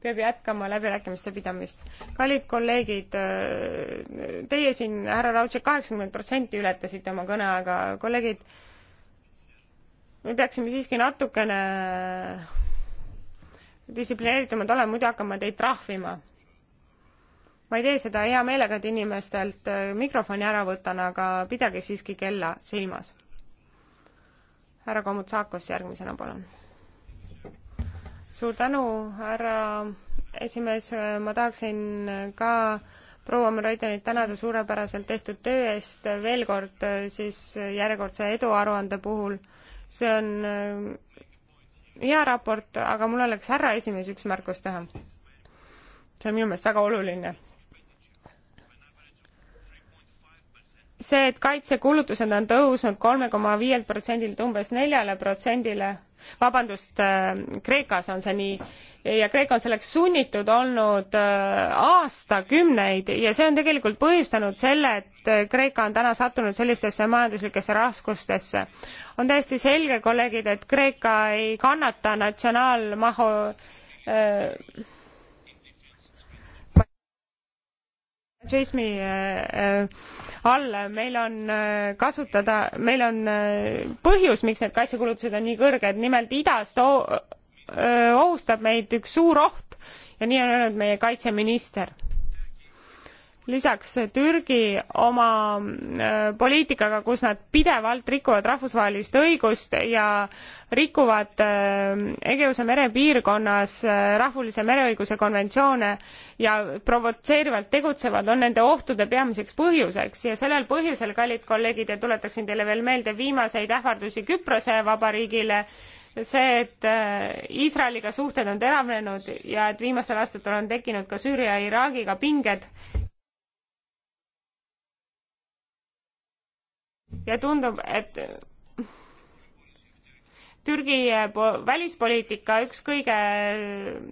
peab jätkama läbirääkimiste pidamist. kallid kolleegid, teie siin, härra Raudsepp, kaheksakümmend protsenti ületasite oma kõneaega, kolleegid, me peaksime siiski natukene distsiplineeritumad olema, muidu hakkame teid trahvima. ma ei tee seda hea meelega, et inimestelt mikrofoni ära võtan, aga pidage siiski kella silmas. härra Komutsakos järgmisena, palun suur tänu, härra esimees, ma tahaksin ka proua Mreidenit tänada suurepäraselt tehtud töö eest veel kord äh, siis järjekordse eduaruande puhul. see on äh, hea raport, aga mul oleks härra esimees üks märkus teha. see on minu meelest väga oluline see, et kaitsekulutused on tõusnud kolme koma viielt protsendilt umbes neljale protsendile, vabandust, äh, Kreekas on see nii, ja Kreeka on selleks sunnitud olnud äh, aastakümneid ja see on tegelikult põhjustanud selle, et äh, Kreeka on täna sattunud sellistesse majanduslikesse raskustesse. on täiesti selge, kolleegid, et Kreeka ei kannata natsionaalmahu äh, frantsismi äh, äh, all meil on äh, kasutada, meil on põhjus, miks need kaitsekulutused on nii kõrged, nimelt idast ohustab meid üks suur oht ja nii on öelnud meie kaitseminister lisaks Türgi oma äh, poliitikaga, kus nad pidevalt rikuvad rahvusvahelist õigust ja rikuvad äh, Egeuse mere piirkonnas äh, rahvulise mereõiguse konventsioone ja provotseerivalt tegutsevad, on nende ohtude peamiseks põhjuseks ja sellel põhjusel, kallid kolleegid, ja tuletaksin teile veel meelde viimaseid ähvardusi Küprose vabariigile, see, et Iisraeliga suhted on teravnenud ja et viimastel aastatel on tekkinud ka Süüria ja Iraagiga pinged ja tundub, et Türgi välispoliitika üks kõige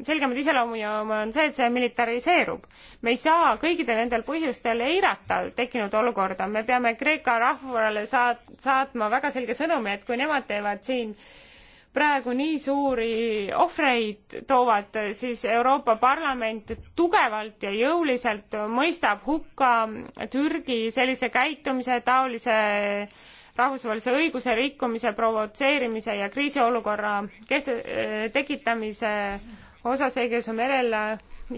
selgemaid iseloomujoome on see, et see militariseerub. me ei saa kõikidel nendel põhjustel eirata tekkinud olukorda, me peame Kreeka rahvale saat-, saatma väga selge sõnumi, et kui nemad teevad siin äh, praegu nii suuri ohvreid toovad, siis Euroopa Parlament tugevalt ja jõuliselt mõistab hukka Türgi sellise käitumise, taolise rahvusvahelise õiguse rikkumise, provotseerimise ja kriisiolukorra kehte-, tekitamise osas Egeuse merel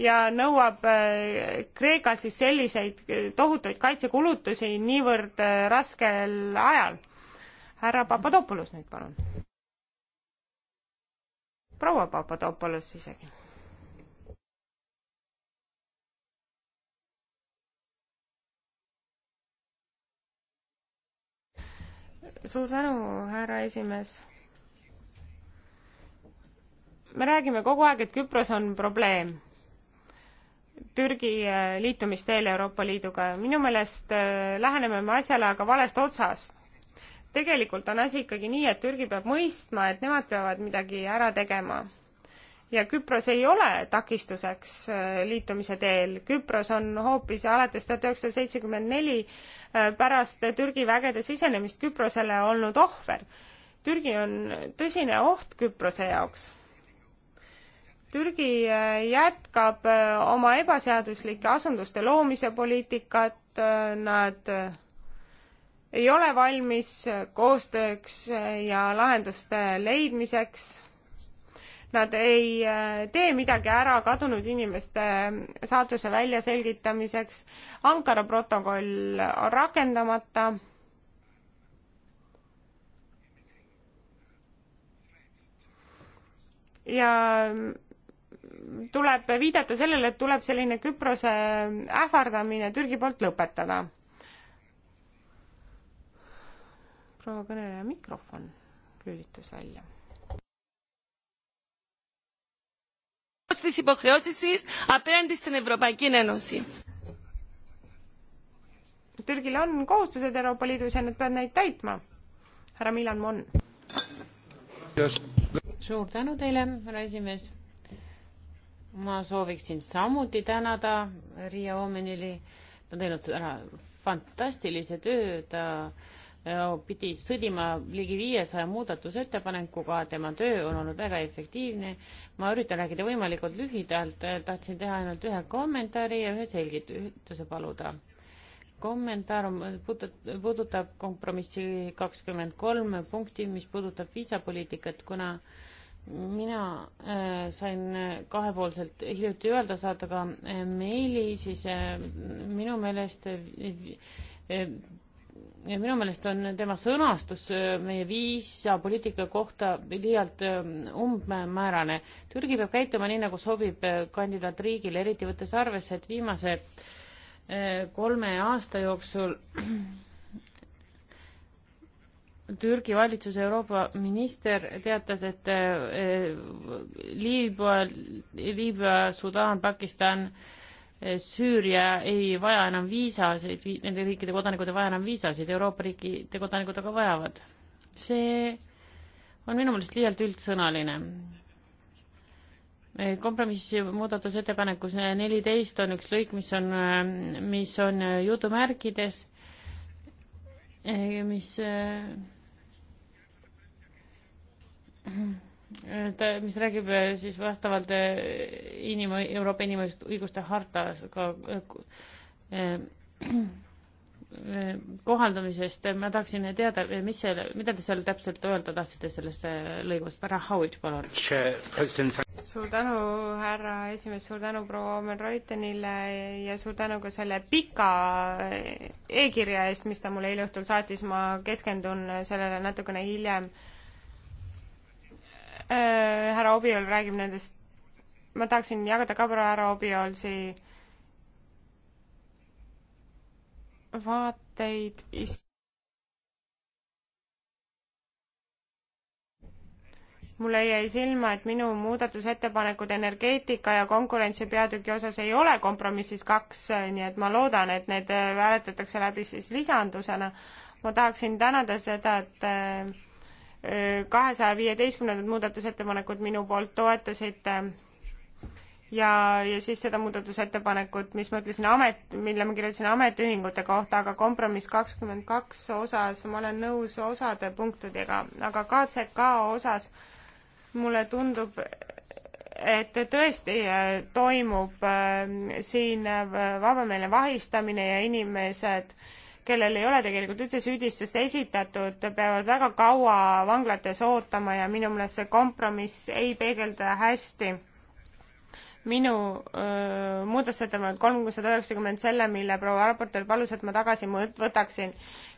ja nõuab äh, Kreekalt siis selliseid äh, tohutuid kaitsekulutusi niivõrd äh, raskel ajal. härra Papadopoulos nüüd palun proua Papadopoulos isegi. suur tänu, härra esimees. me räägime kogu aeg, et Küpros on probleem. Türgi äh, liitumisteel Euroopa Liiduga, minu meelest äh, läheneme me asjale aga valest otsast tegelikult on asi ikkagi nii, et Türgi peab mõistma, et nemad peavad midagi ära tegema. ja Küpros ei ole takistuseks äh, liitumise teel, Küpros on hoopis alates tuhat üheksasada seitsekümmend neli äh, pärast Türgi vägede sisenemist Küprosele olnud ohver. Türgi on tõsine oht Küprose jaoks. Türgi äh, jätkab oma ebaseaduslike asunduste loomise poliitikat, nad ei ole valmis koostööks ja lahenduste leidmiseks. Nad ei eh, tee midagi ära kadunud inimeste eh, saatuse väljaselgitamiseks. Ankara protokoll on rakendamata. ja tuleb viidata sellele, et tuleb selline Küprose ähvardamine Türgi poolt lõpetada proua kõneleja mikrofon lülitus välja. στις υποχρεώσεις της απέναντι στην Ευρωπαϊκή Ένωση. Türgil on kohustused Euroopa Liidus ja nad peavad neid täitma. härra Milan Mon. suur tänu teile, härra esimees. ma sooviksin samuti tänada Riia Oomenili. ta on teinud ära fantastilise töö, ta äh, Äh, pidi sõdima ligi viiesaja muudatusettepanekuga, tema töö on olnud väga efektiivne. ma üritan rääkida võimalikult lühidalt, äh, tahtsin teha ainult ühe kommentaari ja ühe selgituse paluda. kommentaar puudutab kompromissi kakskümmend kolm punkti, mis puudutab viisapoliitikat, kuna mina äh, sain kahepoolselt hiljuti öelda saada ka äh, meili, siis äh, minu meelest äh, äh ja minu meelest on tema sõnastus äh, meie viisapoliitika kohta liialt ähm, umbmäärane. Türgi peab käituma nii, nagu sobib äh, kandidaatriigile, eriti võttes arvesse, et viimase äh, kolme aasta jooksul Türgi valitsuse Euroopa minister teatas, et Liibüa, Liibüa, Sudaan, Pakistan äh, Süüria ei vaja enam viisasid, nende riikide kodanikud ei vaja enam viisasid, Euroopa riikide kodanikud aga vajavad. see on minu meelest liialt üldsõnaline. Eh, kompromissi muudatusettepanekus neliteist on üks lõik, mis on, eh, mis on eh, jutumärkides, mis ta, mis räägib eh, siis vastavalt eh, inim-, Euroopa inimõiguste hartaga eh, kohaldamisest, ma tahaksin teada, mis selle, mida te seal täpselt öelda tahtsite sellest lõigust, härra Howard, palun. suur tänu, härra esimees, suur tänu proua Omen Reutenile ja suur tänu ka selle pika e-kirja eest, mis ta mulle eile õhtul saatis, ma keskendun sellele natukene hiljem Äh, härra Obiol räägib nendest, ma tahaksin jagada ka praegu härra Obiolsi vaateid is-. mulle jäi silma, et minu muudatusettepanekud energeetika ja konkurentsi peatüki osas ei ole kompromissis kaks, nii et ma loodan, et need hääletatakse läbi siis lisandusena. ma tahaksin tänada seda, et äh, kahesaja viieteistkümnendat muudatusettepanekut minu poolt toetasite ja, ja siis seda muudatusettepanekut, mis ma ütlesin amet, mille ma kirjutasin ametiühingute kohta, aga kompromiss kakskümmend kaks osas ma olen nõus osade punktidega, aga KCK osas mulle tundub, et tõesti äh, toimub äh, siin äh, vabameelne vahistamine ja inimesed äh, kellel ei ole tegelikult üldse süüdistust esitatud, peavad väga kaua vanglates ootama ja minu meelest see kompromiss ei peegelda hästi minu äh, muudatusettepanek kolmsada üheksakümmend selle, mille proua raportöör palus, et ma tagasi võtaksin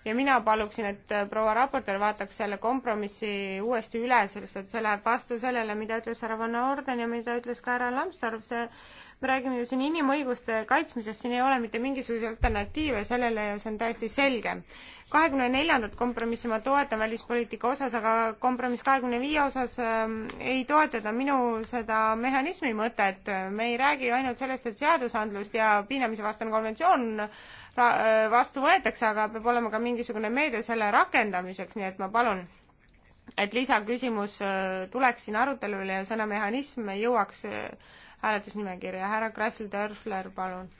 ja mina paluksin, et proua raportöör vaataks selle kompromissi uuesti üle, sest et see läheb vastu sellele, mida ütles härra Van Orden ja mida ütles ka härra Lambsdorff, see me räägime ju siin inimõiguste kaitsmisest, siin ei ole mitte mingisuguseid alternatiive sellele ja see on täiesti selge. kahekümne neljandat kompromissi ma toetan välispoliitika osas, aga kompromiss kahekümne viie osas äh, ei toetada minu seda mehhanismi mõtet. me ei räägi ju ainult sellest, et seadusandlust ja piinamise vastane konventsioon äh, vastu võetakse, aga peab olema ka mingisugune meede selle rakendamiseks, nii et ma palun et lisaküsimus äh, tuleks siin arutelule ja sõna mehhanism jõuaks äh, hääletusnimekirja. härra Krasl Dörfler, palun.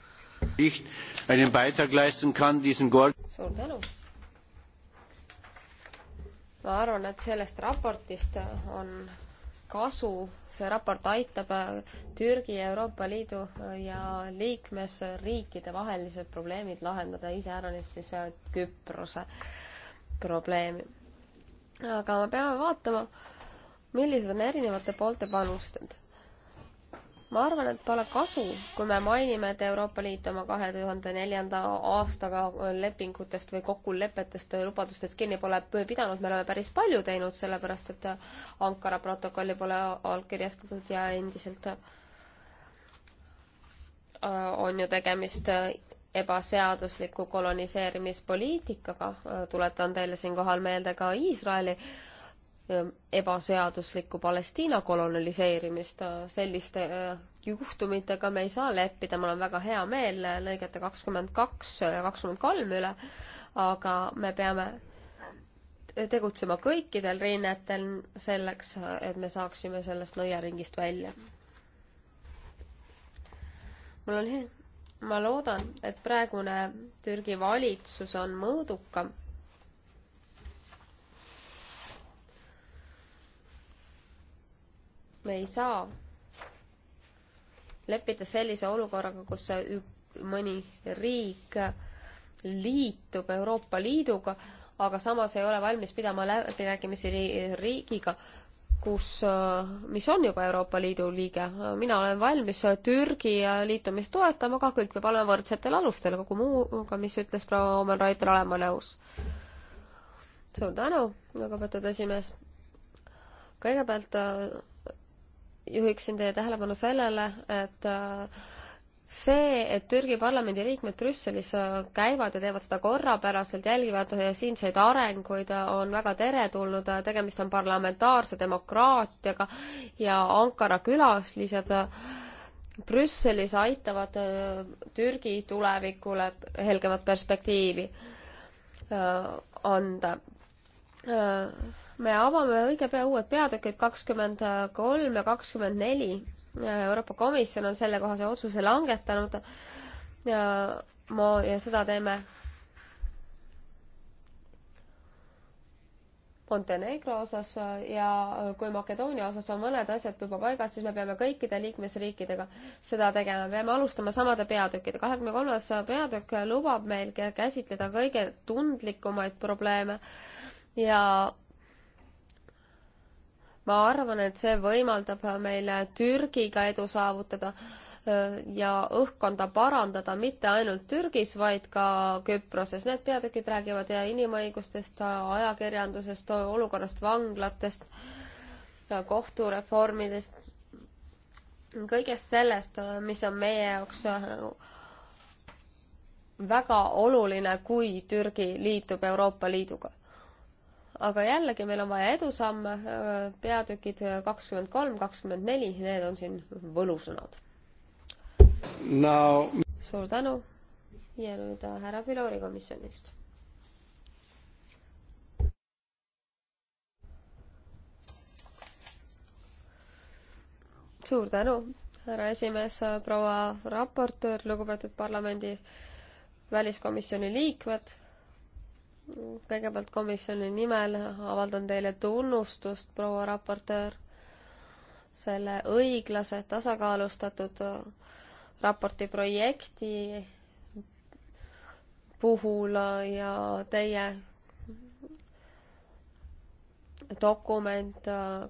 suur tänu. ma arvan, et sellest raportist on kasu, see raport aitab Türgi, Euroopa Liidu ja liikmesriikide vahelised probleemid lahendada, iseäranis siis äh, Küprose probleemi. aga me peame vaatama, millised on erinevate poolte panused ma arvan, et pole kasu, kui me mainime, et Euroopa Liit oma kahe tuhande neljanda aastaga lepingutest või kokkulepetest, lubadustest kinni pole pidanud, me oleme päris palju teinud, sellepärast et Ankara protokolli pole allkirjastatud ja endiselt äh, on ju tegemist äh, ebaseadusliku koloniseerimispoliitikaga, äh, tuletan teile siinkohal meelde ka Iisraeli Ähm, ebaseaduslikku Palestiina koloniseerimist, äh, selliste äh, juhtumitega me ei saa leppida, mul on väga hea meel äh, lõigete kakskümmend kaks ja kakskümmend kolm üle, aga me peame tegutsema kõikidel rinnetel selleks, et me saaksime sellest nõiaringist välja. mul on hea, ma loodan, et praegune Türgi valitsus on mõõdukam me ei saa leppida sellise olukorraga, kus mõni riik liitub Euroopa Liiduga, aga samas ei ole valmis pidama läbirääkimisi riigiga, kus, mis on juba Euroopa Liidu liige. mina olen valmis Türgi liitumist toetama, aga kõik peab olema võrdsetel alustel, kogu muuga, mis ütles proua Omen Reuter, olen ma nõus. suur tänu, lugupeetud esimees. kõigepealt juhiksin teie tähelepanu sellele, et äh, see, et Türgi parlamendi liikmed Brüsselis äh, käivad ja teevad seda korrapäraselt, jälgivad äh, siinseid arenguid, on väga teretulnud, tegemist on parlamentaarse demokraatiaga ja Ankara külalised Brüsselis aitavad Türgi tulevikule helgemat perspektiivi anda me avame õige pea uued peatükid kakskümmend kolm ja kakskümmend neli. Euroopa Komisjon on sellekohase otsuse langetanud ja ma, ja seda teeme Montenegro osas ja kui Makedoonia osas on mõned asjad juba paigas, siis me peame kõikide liikmesriikidega seda tegema, peame alustama samade peatükkidega. kahekümne kolmas peatükk lubab meil käsitleda kõige tundlikumaid probleeme ja ma arvan, et see võimaldab meile Türgiga edu saavutada ja õhkkonda parandada mitte ainult Türgis, vaid ka Küproses. Need peatükid räägivad inimõigustest, ajakirjandusest, olukorrast vanglatest, kohtureformidest, kõigest sellest, mis on meie jaoks väga oluline, kui Türgi liitub Euroopa Liiduga aga jällegi, meil on vaja edusamme, äh, peatükid kakskümmend kolm, kakskümmend neli, need on siin võlusõnad no.. suur tänu ja nüüd äh, härra Filori komisjonist. suur tänu, härra esimees, äh, proua raportöör, lugupeetud parlamendi väliskomisjoni liikmed kõigepealt komisjoni nimel avaldan teile tunnustust, proua raportöör, selle õiglase, tasakaalustatud äh, raporti projekti puhul äh, ja teie dokument äh,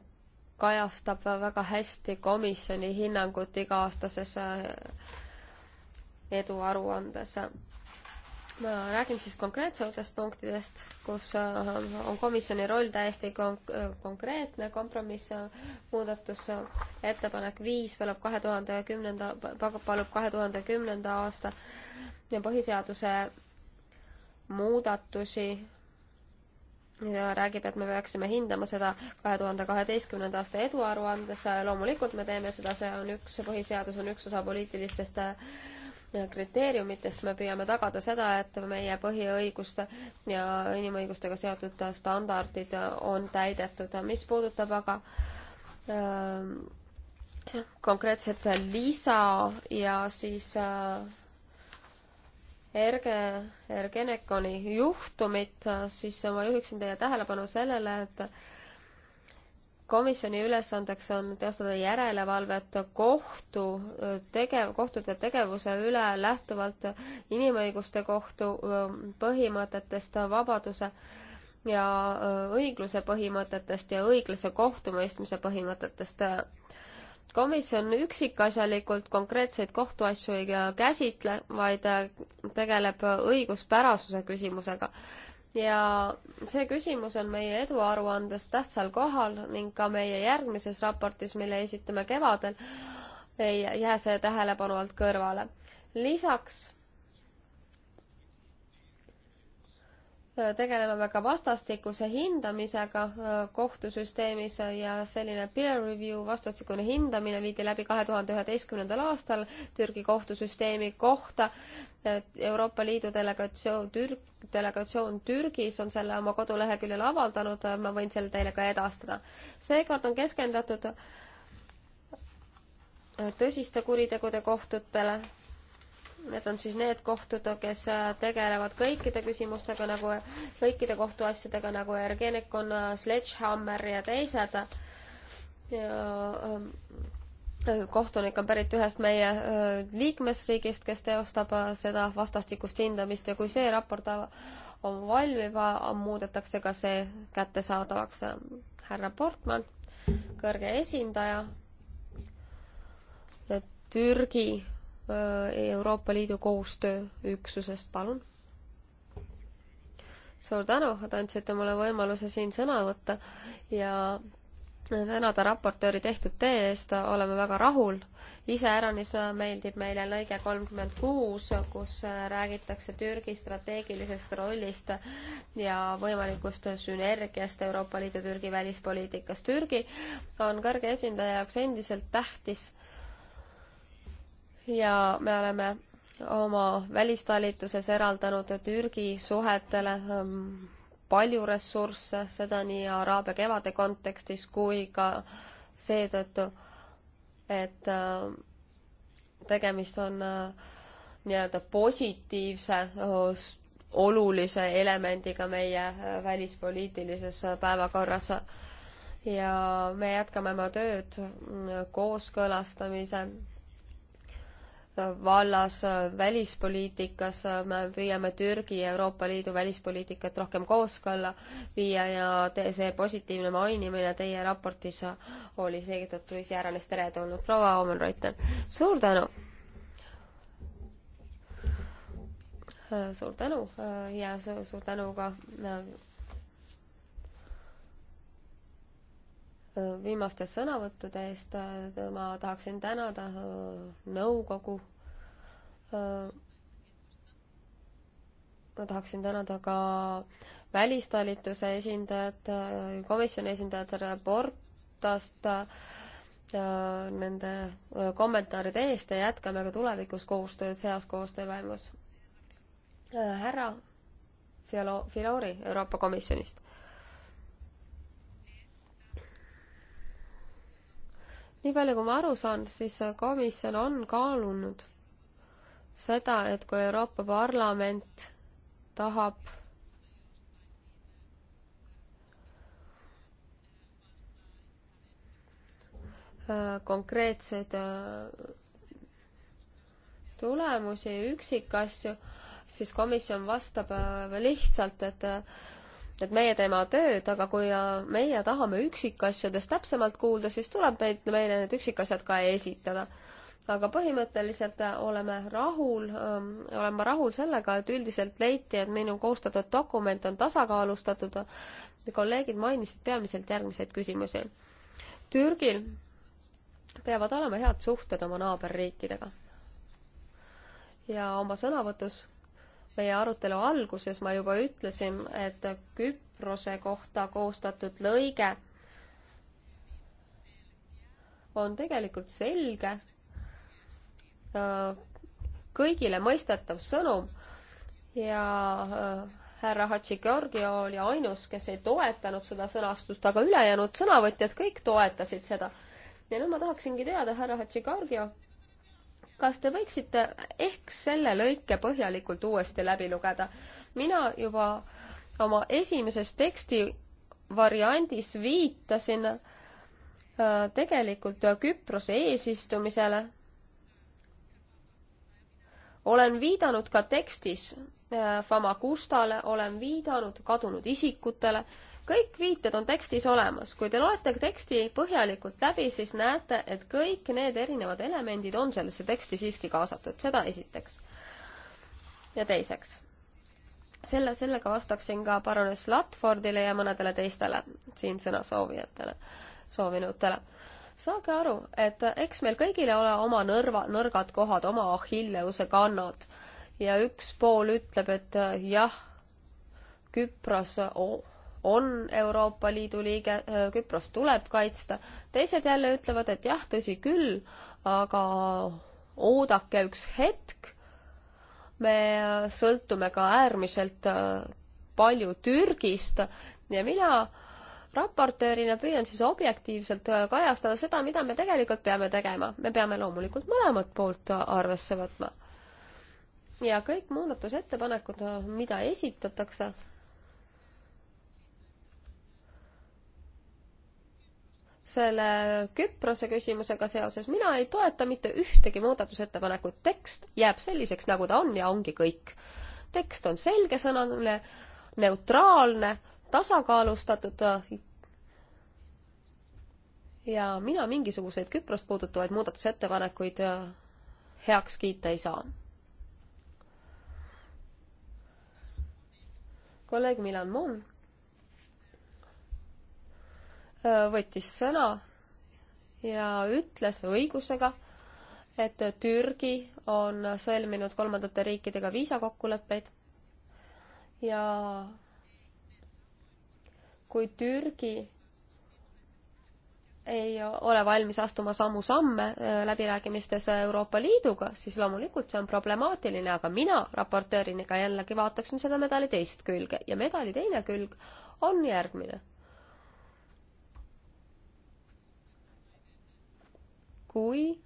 kajastab väga hästi komisjoni hinnangut iga-aastases eduaruandes ma räägin siis konkreetsetest punktidest, kus äh, on komisjoni roll täiesti konk-, äh, konkreetne kompromiss, äh, muudatus, ettepanek viis palub kahe tuhande kümnenda, palub kahe tuhande kümnenda aasta põhiseaduse muudatusi ja räägib, et me peaksime hindama seda kahe tuhande kaheteistkümnenda aasta eduaruandes, loomulikult me teeme seda, see on üks, põhiseadus on üks osa poliitilistest äh, kriteeriumitest me püüame tagada seda, et meie põhiõiguste ja inimõigustega seotud standardid on täidetud. mis puudutab aga äh, konkreetset lisa ja siis äh, Erge, Ergenekoni juhtumit, siis ma juhiksin teie tähelepanu sellele, et komisjoni ülesandeks on teostada järelevalvet kohtu tegev, kohtute tegevuse üle lähtuvalt inimõiguste kohtu põhimõtetest, vabaduse ja õigluse põhimõtetest ja õiglase kohtumõistmise põhimõtetest. komisjon üksikasjalikult konkreetseid kohtuasju ei käsitle, vaid äh, tegeleb õiguspärasuse küsimusega ja see küsimus on meie eduaruandes tähtsal kohal ning ka meie järgmises raportis, mille esitame kevadel, ei jää see tähelepanu alt kõrvale. lisaks tegeleme me ka vastastikuse hindamisega äh, kohtusüsteemis ja selline peer review vastastikune hindamine viidi läbi kahe tuhande üheteistkümnendal aastal Türgi kohtusüsteemi kohta. Euroopa Liidu delegatsioon Türk-, delegatsioon Türgis on selle oma koduleheküljel avaldanud, äh, ma võin selle teile ka edastada. seekord on keskendatud äh, tõsiste kuritegude kohtutele Need on siis need kohtud, kes äh, tegelevad kõikide küsimustega nagu, kõikide kohtuasjadega nagu Ergenekon, Sledgehammer ja teised. Ähm, kohtunik on pärit ühest meie äh, liikmesriigist, kes teostab äh, seda vastastikust hindamist ja kui see raport on valmiv, muudetakse ka see kättesaadavaks. härra Portman, kõrge esindaja, Türgi Äh, Euroopa Liidu koostööüksusest, palun. suur tänu, et andsite mulle võimaluse siin sõna võtta ja tänada raportööri tehtud tee eest, oleme väga rahul. iseäranis meeldib meile lõige kolmkümmend kuus, kus räägitakse Türgi strateegilisest rollist ja võimalikust sünergiast Euroopa Liidu Türgi välispoliitikas. Türgi on kõrge esindaja jaoks endiselt tähtis äh, ja me oleme oma välistalitluses eraldanud Türgi suhetele ähm, palju ressursse, seda nii Araabia kevade kontekstis kui ka seetõttu, et ähm, tegemist on äh, nii-öelda positiivse äh, olulise elemendiga meie äh, välispoliitilises päevakorras ja me jätkame oma tööd mm, kooskõlastamise vallas, välispoliitikas me püüame Türgi ja Euroopa Liidu välispoliitikat rohkem kooskõlla viia ja te, see positiivne mainimine teie raportis oli seetõttu iseäranis teretulnud. proua Omen-Reuten, suur tänu! suur tänu ja suur, suur tänu ka viimaste sõnavõttude eest. ma tahaksin tänada äh, nõukogu. Äh, ma tahaksin tänada ka välistalituse esindajat, äh, komisjoni esindajat härra Portast nende kommentaaride eest ja jätkame ka tulevikus koostööd heas koostöövaimus. härra Filo-, Filori Euroopa Komisjonist nii palju, kui ma aru saan, siis äh, komisjon on kaalunud seda, et kui Euroopa Parlament tahab äh, konkreetseid äh, tulemusi ja üksikasju, siis komisjon vastab lihtsalt, et et meie teeme tööd, aga kui äh, meie tahame üksikasjadest täpsemalt kuulda, siis tuleb meid, meile need üksikasjad ka esitada. aga põhimõtteliselt äh, oleme rahul, ähm, olen ma rahul sellega, et üldiselt leiti, et minu koostatud dokument on tasakaalustatud. kolleegid mainisid peamiselt järgmiseid küsimusi. Türgil peavad olema head suhted oma naaberriikidega. ja oma sõnavõtus meie arutelu alguses ma juba ütlesin, et Küprose kohta koostatud lõige on tegelikult selge, äh, kõigile mõistetav sõnum ja äh, härra Hatši Georgio oli ainus, kes ei toetanud seda sõnastust, aga ülejäänud sõnavõtjad kõik toetasid seda. ja nüüd ma tahaksingi teada, härra Hatši Georgio, kas te võiksite ehk selle lõike põhjalikult uuesti läbi lugeda? mina juba oma esimeses teksti variandis viitasin äh, tegelikult Küprose eesistumisele. olen viidanud ka tekstis äh, Famagustale, olen viidanud kadunud isikutele kõik viited on tekstis olemas. kui te loete teksti põhjalikult läbi, siis näete, et kõik need erinevad elemendid on sellesse teksti siiski kaasatud, seda esiteks. ja teiseks, selle, sellega vastaksin ka parunes Latfordile ja mõnedele teistele siin sõna soovijatele, soovinutele. saage aru, et eks meil kõigil ole oma nõrva, nõrgad kohad, oma Achilleuse kannad ja üks pool ütleb, et jah, Küpros oh, on Euroopa Liidu liige, äh, Küprost tuleb kaitsta. teised jälle ütlevad, et jah, tõsi küll, aga oodake üks hetk. me sõltume ka äärmiselt äh, palju Türgist ja mina raportöörina püüan siis objektiivselt äh, kajastada seda, mida me tegelikult peame tegema. me peame loomulikult mõlemat poolt arvesse võtma. ja kõik muudatusettepanekud, mida esitatakse, selle Küprose küsimusega seoses, mina ei toeta mitte ühtegi muudatusettepanekut, tekst jääb selliseks, nagu ta on ja ongi kõik. tekst on selgesõnaline, neutraalne, tasakaalustatud ja mina mingisuguseid Küprost puudutavaid muudatusettepanekuid äh, heaks kiita ei saa. kolleeg Milan Moon Äh, võttis sõna ja ütles õigusega, et Türgi on sõlminud kolmandate riikidega viisakokkuleppeid ja kui Türgi ei ole valmis astuma sammu samme äh, läbirääkimistes Euroopa Liiduga, siis loomulikult see on problemaatiline, aga mina raportöörina jällegi vaataksin seda medali teist külge ja medali teine külg on järgmine kui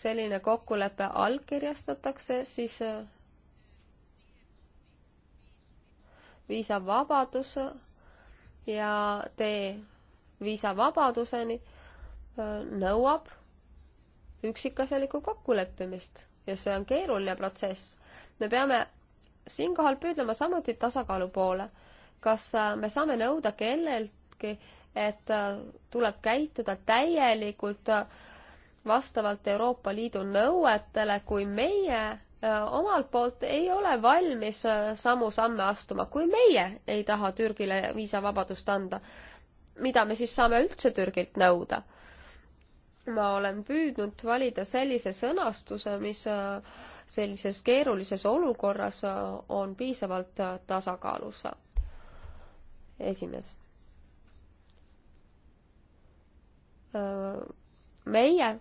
selline kokkulepe allkirjastatakse, siis äh, viisavabadus ja tee viisavabaduseni äh, nõuab üksikasjalikku kokkuleppimist ja see on keeruline protsess. me peame siinkohal püüdlema samuti tasakaalu poole. kas äh, me saame nõuda kelleltki, et äh, tuleb käituda täielikult äh, vastavalt Euroopa Liidu nõuetele, kui meie äh, omalt poolt ei ole valmis samu samme astuma, kui meie ei taha Türgile viisavabadust anda, mida me siis saame üldse Türgilt nõuda? ma olen püüdnud valida sellise sõnastuse, mis sellises keerulises olukorras on piisavalt tasakaalus. esimees Äh, meie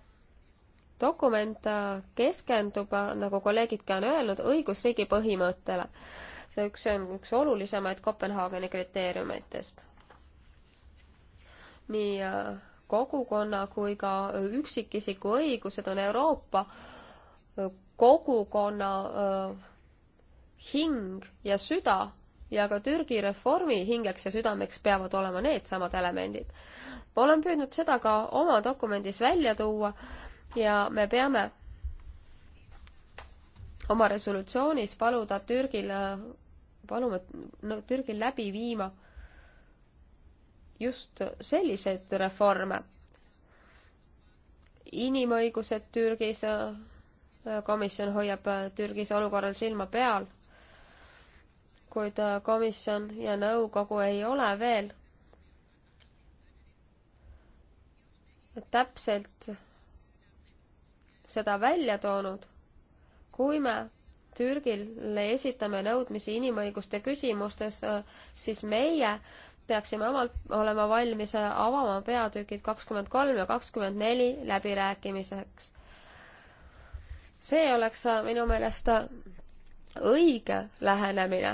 dokument äh, keskendub, äh, nagu kolleegid ka on öelnud, õigusriigi põhimõttele. see üks, see on üks olulisemaid Kopenhaageni kriteeriumitest. nii kogukonna kui ka üksikisiku õigused on Euroopa kogukonna hing ja süda ja ka Türgi reformi hingeks ja südameks peavad olema needsamad elemendid. ma olen püüdnud seda ka oma dokumendis välja tuua ja me peame oma resolutsioonis paluda Türgil, palume no, Türgil läbi viima just selliseid reforme. inimõigused Türgis, komisjon hoiab Türgis olukorral silma peal kuid äh, komisjon ja nõukogu ei ole veel täpselt seda välja toonud. kui me Türgile esitame nõudmisi inimõiguste küsimustes, äh, siis meie peaksime omalt, olema valmis äh, avama peatükid kakskümmend kolm ja kakskümmend neli läbirääkimiseks. see oleks minu meelest õige lähenemine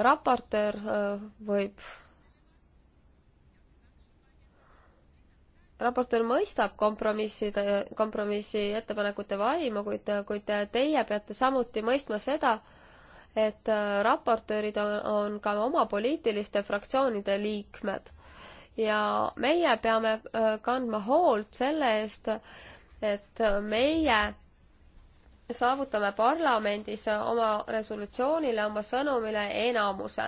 raportöör äh, võib raportöör mõistab kompromisside, kompromissi ettepanekute vaimu, kuid, kuid teie peate samuti mõistma seda, et äh, raportöörid on, on ka oma poliitiliste fraktsioonide liikmed. ja meie peame äh, kandma hoolt selle eest, et meie saavutame parlamendis oma resolutsioonile, oma sõnumile enamuse.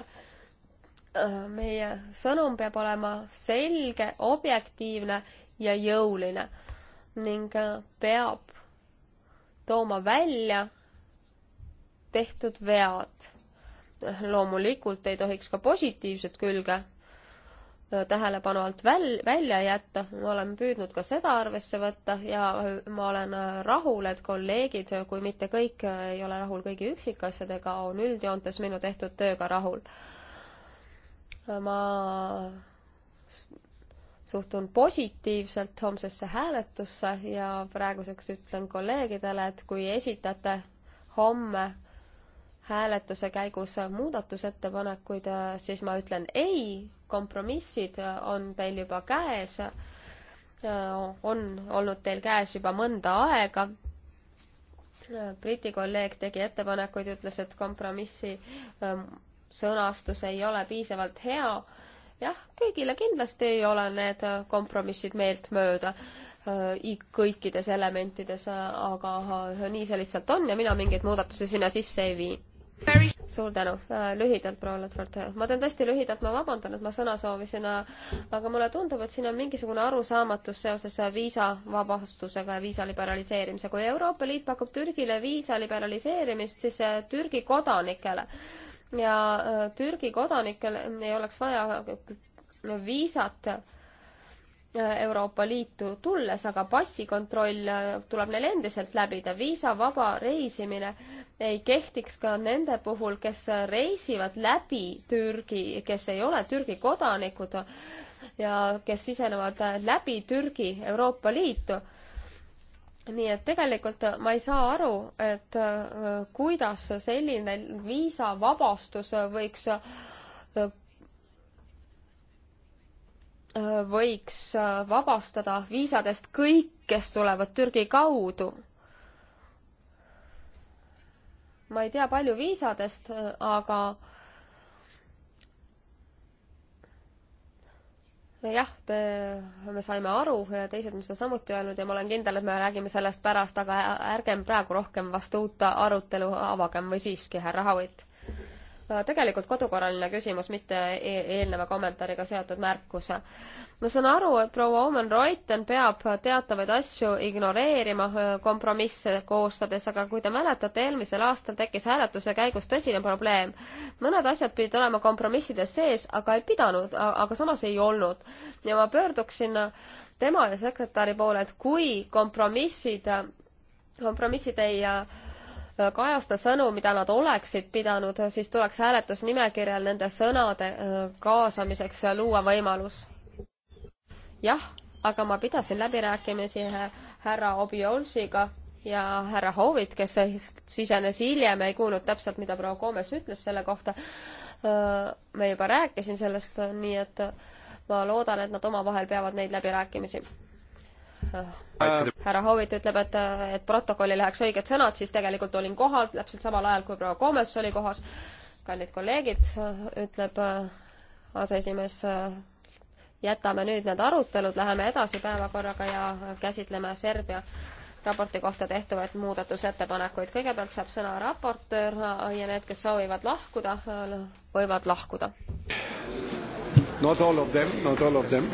Äh, meie sõnum peab olema selge, objektiivne ja jõuline ning äh, peab tooma välja tehtud vead. loomulikult ei tohiks ka positiivset külge Äh, tähelepanu alt väl-, välja jätta, me oleme püüdnud ka seda arvesse võtta ja ma olen äh, rahul, et kolleegid, kui mitte kõik äh, ei ole rahul kõigi üksikasjadega, on üldjoontes minu tehtud tööga rahul. ma suhtun positiivselt homsesse hääletusse ja praeguseks ütlen kolleegidele, et kui esitate homme hääletuse käigus muudatusettepanekuid, siis ma ütlen ei kompromissid äh, on teil juba käes, äh, on olnud teil käes juba mõnda aega. Äh, Briti kolleeg tegi ettepanekuid, ütles, et kompromissi ähm, sõnastus ei ole piisavalt hea. jah, kõigile kindlasti ei ole need kompromissid meeltmööda kõikides elementides, aga nii see lihtsalt on ja mina mingeid muudatusi sinna sisse ei vii suur tänu, äh, lühidalt, proua Ladford. ma teen tõesti lühidalt, ma vabandan, et ma sõna soovisin, äh, aga mulle tundub, et siin on mingisugune arusaamatus seoses äh, viisavabastusega ja viisa liberaliseerimisega. kui Euroopa Liit pakub Türgile viisa liberaliseerimist, siis Türgi kodanikele ja Türgi kodanikel ei oleks vaja viisat Euroopa Liitu tulles, aga passikontroll äh, tuleb neil endiselt läbida. viisavaba reisimine ei kehtiks ka nende puhul, kes reisivad läbi Türgi, kes ei ole Türgi kodanikud ja kes sisenevad läbi Türgi Euroopa Liitu. nii et tegelikult ma ei saa aru, et äh, kuidas selline viisavabastus võiks äh, Äh, võiks äh, vabastada viisadest kõik, kes tulevad Türgi kaudu. ma ei tea palju viisadest, äh, aga jah, te, me saime aru ja teised on seda samuti öelnud ja ma olen kindel, et me räägime sellest pärast, aga ärgem praegu rohkem vastu uut arutelu avagem või siiski, härra Howitt. Äh, tegelikult kodukorraline küsimus, mitte e-, eelneva kommentaariga seotud märkus. ma saan aru, et proua Omen Reuten peab teatavaid asju ignoreerima äh, kompromisse koostades, aga kui te mäletate, eelmisel aastal tekkis hääletuse käigus tõsine probleem. mõned asjad pidid olema kompromissides sees, aga ei pidanud, aga samas ei olnud. ja ma pöörduksin tema ja sekretäri poole, et kui kompromissid, kompromissid ei äh, kajasta sõnu, mida nad oleksid pidanud, siis tuleks hääletusnimekirjal nende sõnade äh, kaasamiseks luua võimalus. jah, aga ma pidasin läbirääkimisi härra Obiolsiga ja härra Howitt, kes sisenes hiljem, ei kuulnud täpselt, mida proua Koomes ütles selle kohta. Äh, me juba rääkisin sellest, nii et ma loodan, et nad omavahel peavad neid läbirääkimisi Äh, härra Howitt ütleb, et, et protokolli läheks õiged sõnad, siis tegelikult olin kohal täpselt samal ajal, kui proua Gomes oli kohas. kallid kolleegid, ütleb äh, aseesimees, äh, jätame nüüd need arutelud, läheme edasi päevakorraga ja käsitleme Serbia raporti kohta tehtuvaid muudatusettepanekuid. kõigepealt saab sõna raportöör ja need, kes soovivad lahkuda, võivad lahkuda. Not all of them, not all of them.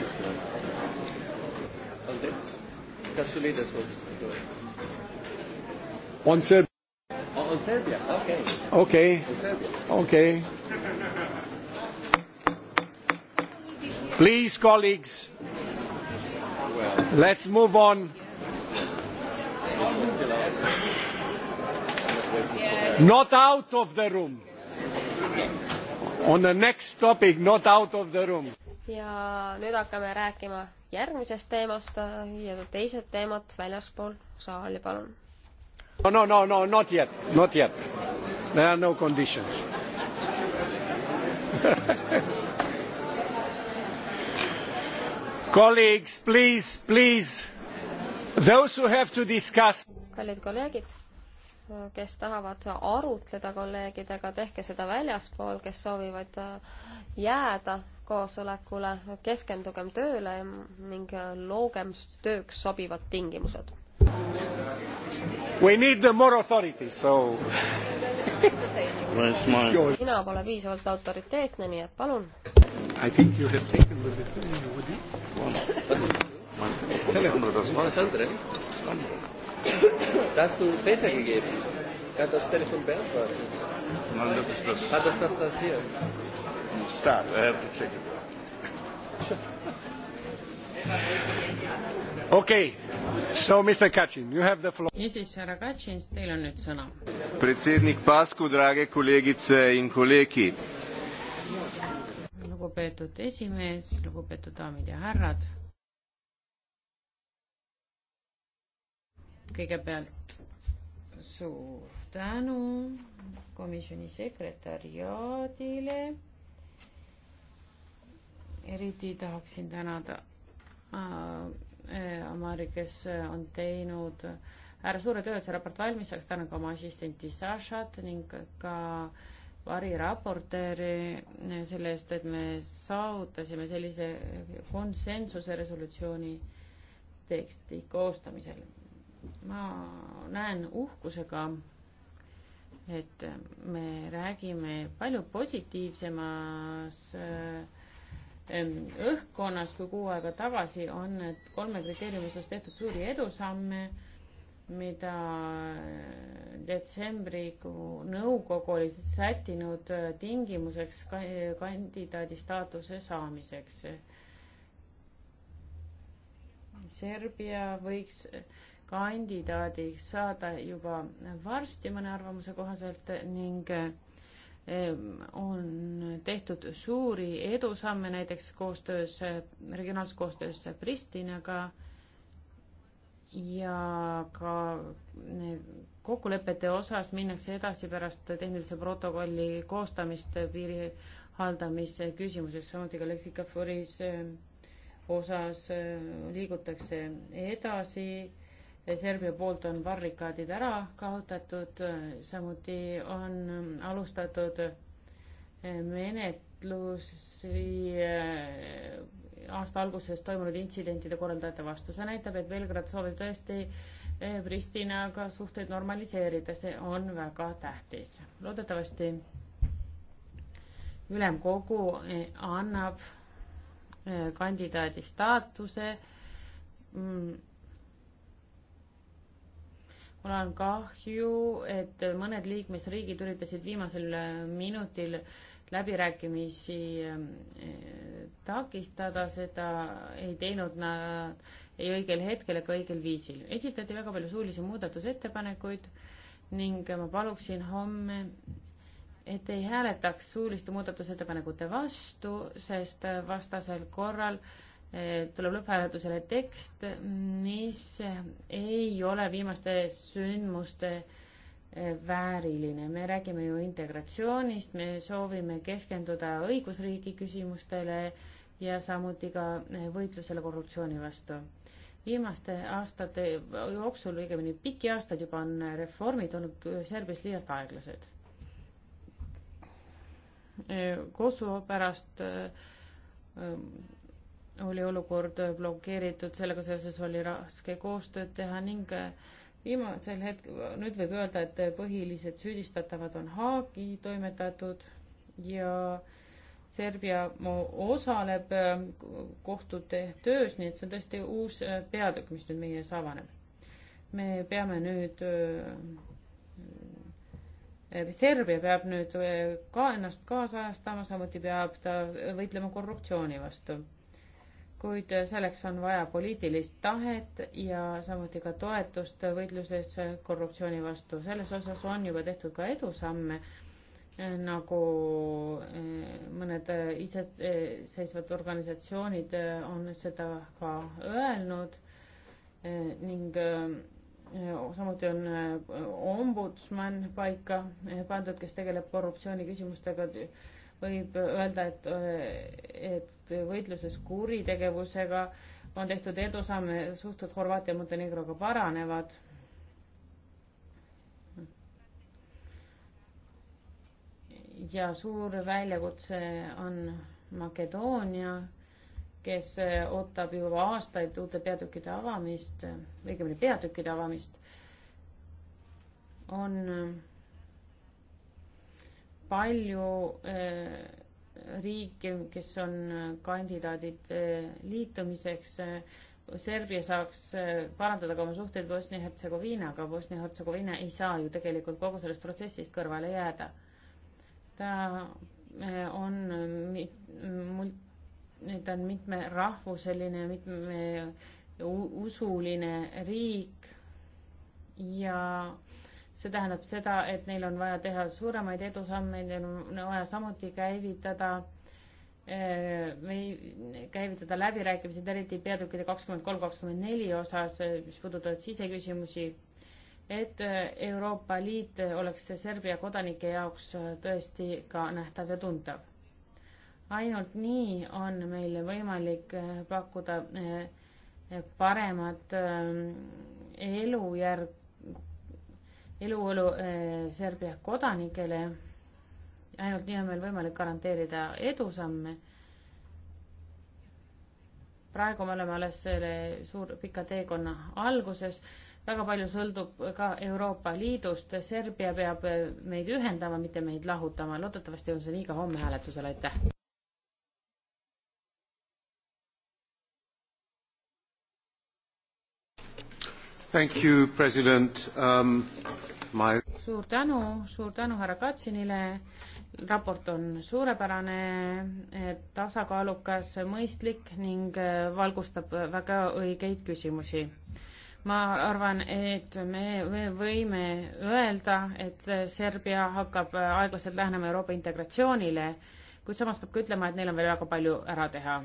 Kasulides was doing. On Serbia. Oh, on Serbia. Okay. Okay. On Serbia. Okay. Please, colleagues, well. let's move on. Not out of the room. On the next topic, not out of the room. ja nüüd hakkame rääkima järgmisest teemast äh, ja teised teemad väljaspool saali, palun. no, no, no, no not yet, not yet. There are no conditions Colleagues, please, please, those who have to discuss. kallid kolleegid, kes tahavad arutleda kolleegidega, tehke seda väljaspool, kes soovivad äh, jääda koosolekule, keskendugem tööle ning loogem tööks sobivad tingimused. We need more authority, so mina pole piisavalt autoriteetne, nii et palun. I think you have taken the decision, would you? Telefon. Das ist das andere. Das hast du Peter gegeben. Er hat das Telefon beantwortet. Nein, das ist das. Hat das das, das hier? start. I have to check it out. okei okay., so Mr Kacin, you have the floor. niisiis, härra Kacin, teil on nüüd sõna. predsednik Pasku, drage kolegice in kolegi. lugupeetud esimees, lugupeetud daamid ja härrad. kõigepealt suur tänu komisjoni sekretäriaadile eriti tahaksin tänada äh, äh, Amari, kes äh, on teinud ära suure töö, et see raport valmis saaks, tänan ka oma assistenti Sašat ning ka variraportööri selle eest, et me saavutasime sellise konsensuse resolutsiooni teksti koostamisel. ma näen uhkusega, et me räägime palju positiivsemas äh, õhkkonnast kui kuu aega tagasi, on need kolme kriteeriumi osas tehtud suuri edusamme, mida detsembrikuu nõukogu oli sättinud tingimuseks kandidaadi staatuse saamiseks. Serbia võiks kandidaadiks saada juba varsti mõne arvamuse kohaselt ning Ehm, on tehtud suuri edusamme näiteks koostöös, regionaalses koostöös Pristinaga ja ka kokkulepete osas minnakse edasi pärast tehnilise protokolli koostamist piiri haldamise küsimuses, samuti ka leksikafuris ehm, osas ehm, liigutakse edasi Serbia poolt on barrikaadid ära kaotatud, samuti on alustatud menetlusi eh, aasta alguses toimunud intsidentide korraldajate vastu. see näitab, et Belgrad soovib tõesti eh, Pristinaga suhteid normaliseerida, see on väga tähtis. loodetavasti ülemkogu eh, annab kandidaadi staatuse mm, mul on kahju, et mõned liikmesriigid üritasid viimasel äh, minutil läbirääkimisi ähm, äh, takistada, seda ei teinud nad ei õigel hetkel ega õigel viisil. esitati väga palju suulisi muudatusettepanekuid ning ma paluksin homme, et ei hääletaks suuliste muudatusettepanekute vastu, sest äh, vastasel korral äh, tuleb lõpphääletusele tekst, mis ei ole viimaste sündmuste eh, vääriline. me räägime ju integratsioonist, me soovime keskenduda õigusriigi küsimustele ja samuti ka eh, võitlusele korruptsiooni vastu. viimaste aastate jooksul, õigemini pikki aastaid juba on reformid olnud Serbias liialt aeglased. Eh, Kosovo pärast oli olukord blokeeritud, sellega seoses oli raske koostööd teha ning äh, viimasel hetkel, nüüd võib öelda, et põhilised süüdistatavad on Haagi toimetatud ja Serbia osaleb äh, kohtute töös, nii et see on tõesti uus äh, peatükk, mis nüüd meie ees avaneb. me peame nüüd, Serbia peab nüüd ka ennast kaasajastama, samuti peab ta võitlema korruptsiooni vastu kuid selleks on vaja poliitilist tahet ja samuti ka toetust võitluses korruptsiooni vastu. selles osas on juba tehtud ka edusamme, nagu eh, mõned eh, iseseisvad organisatsioonid eh, on seda ka öelnud ning samuti on ombudsman paika pandud, kes tegeleb korruptsiooniküsimustega, võib öelda, et, et et võitluses kuritegevusega on tehtud edusamme, suhted Horvaatia ja Montenegroga paranevad. ja suur väljakutse on Makedoonia, kes ootab juba aastaid uute peatükkide avamist, õigemini peatükkide avamist, on palju äh, riike, kes on kandidaadid eh, liitumiseks. Eh, Serbia saaks eh, parandada ka oma suhteid Bosnia-Hertsegoviinaga, Bosnia-Hertsegoviina ei saa ju tegelikult kogu sellest protsessist kõrvale jääda. ta on, ta on mitmerahvuseline, mitme usuline riik ja äh, see tähendab seda, et neil on vaja teha suuremaid edusamme, neil on vaja samuti käivitada eh, või käivitada läbirääkimised, eriti peatükkide kakskümmend kolm, kakskümmend neli osas, eh, mis puudutavad siseküsimusi, et eh, Euroopa Liit oleks Serbia kodanike jaoks tõesti ka nähtav ja tuntav. ainult nii on meil võimalik pakkuda paremat elujärg eluolu eh, Serbia kodanikele. ainult nii on meil võimalik garanteerida edusamme. praegu me oleme alles selle suur, pika teekonna alguses. väga palju sõltub ka Euroopa Liidust. Serbia peab meid ühendama, mitte meid lahutama. loodetavasti on see nii ka homme hääletusel. aitäh! You, um my... suur tänu, suur tänu härra Katsinile. raport on suurepärane, tasakaalukas, mõistlik ning valgustab väga õigeid küsimusi. ma arvan, et me, me võime öelda, et Serbia hakkab aeglaselt lähenema Euroopa integratsioonile, kuid samas peab ka ütlema, et neil on veel väga palju ära teha.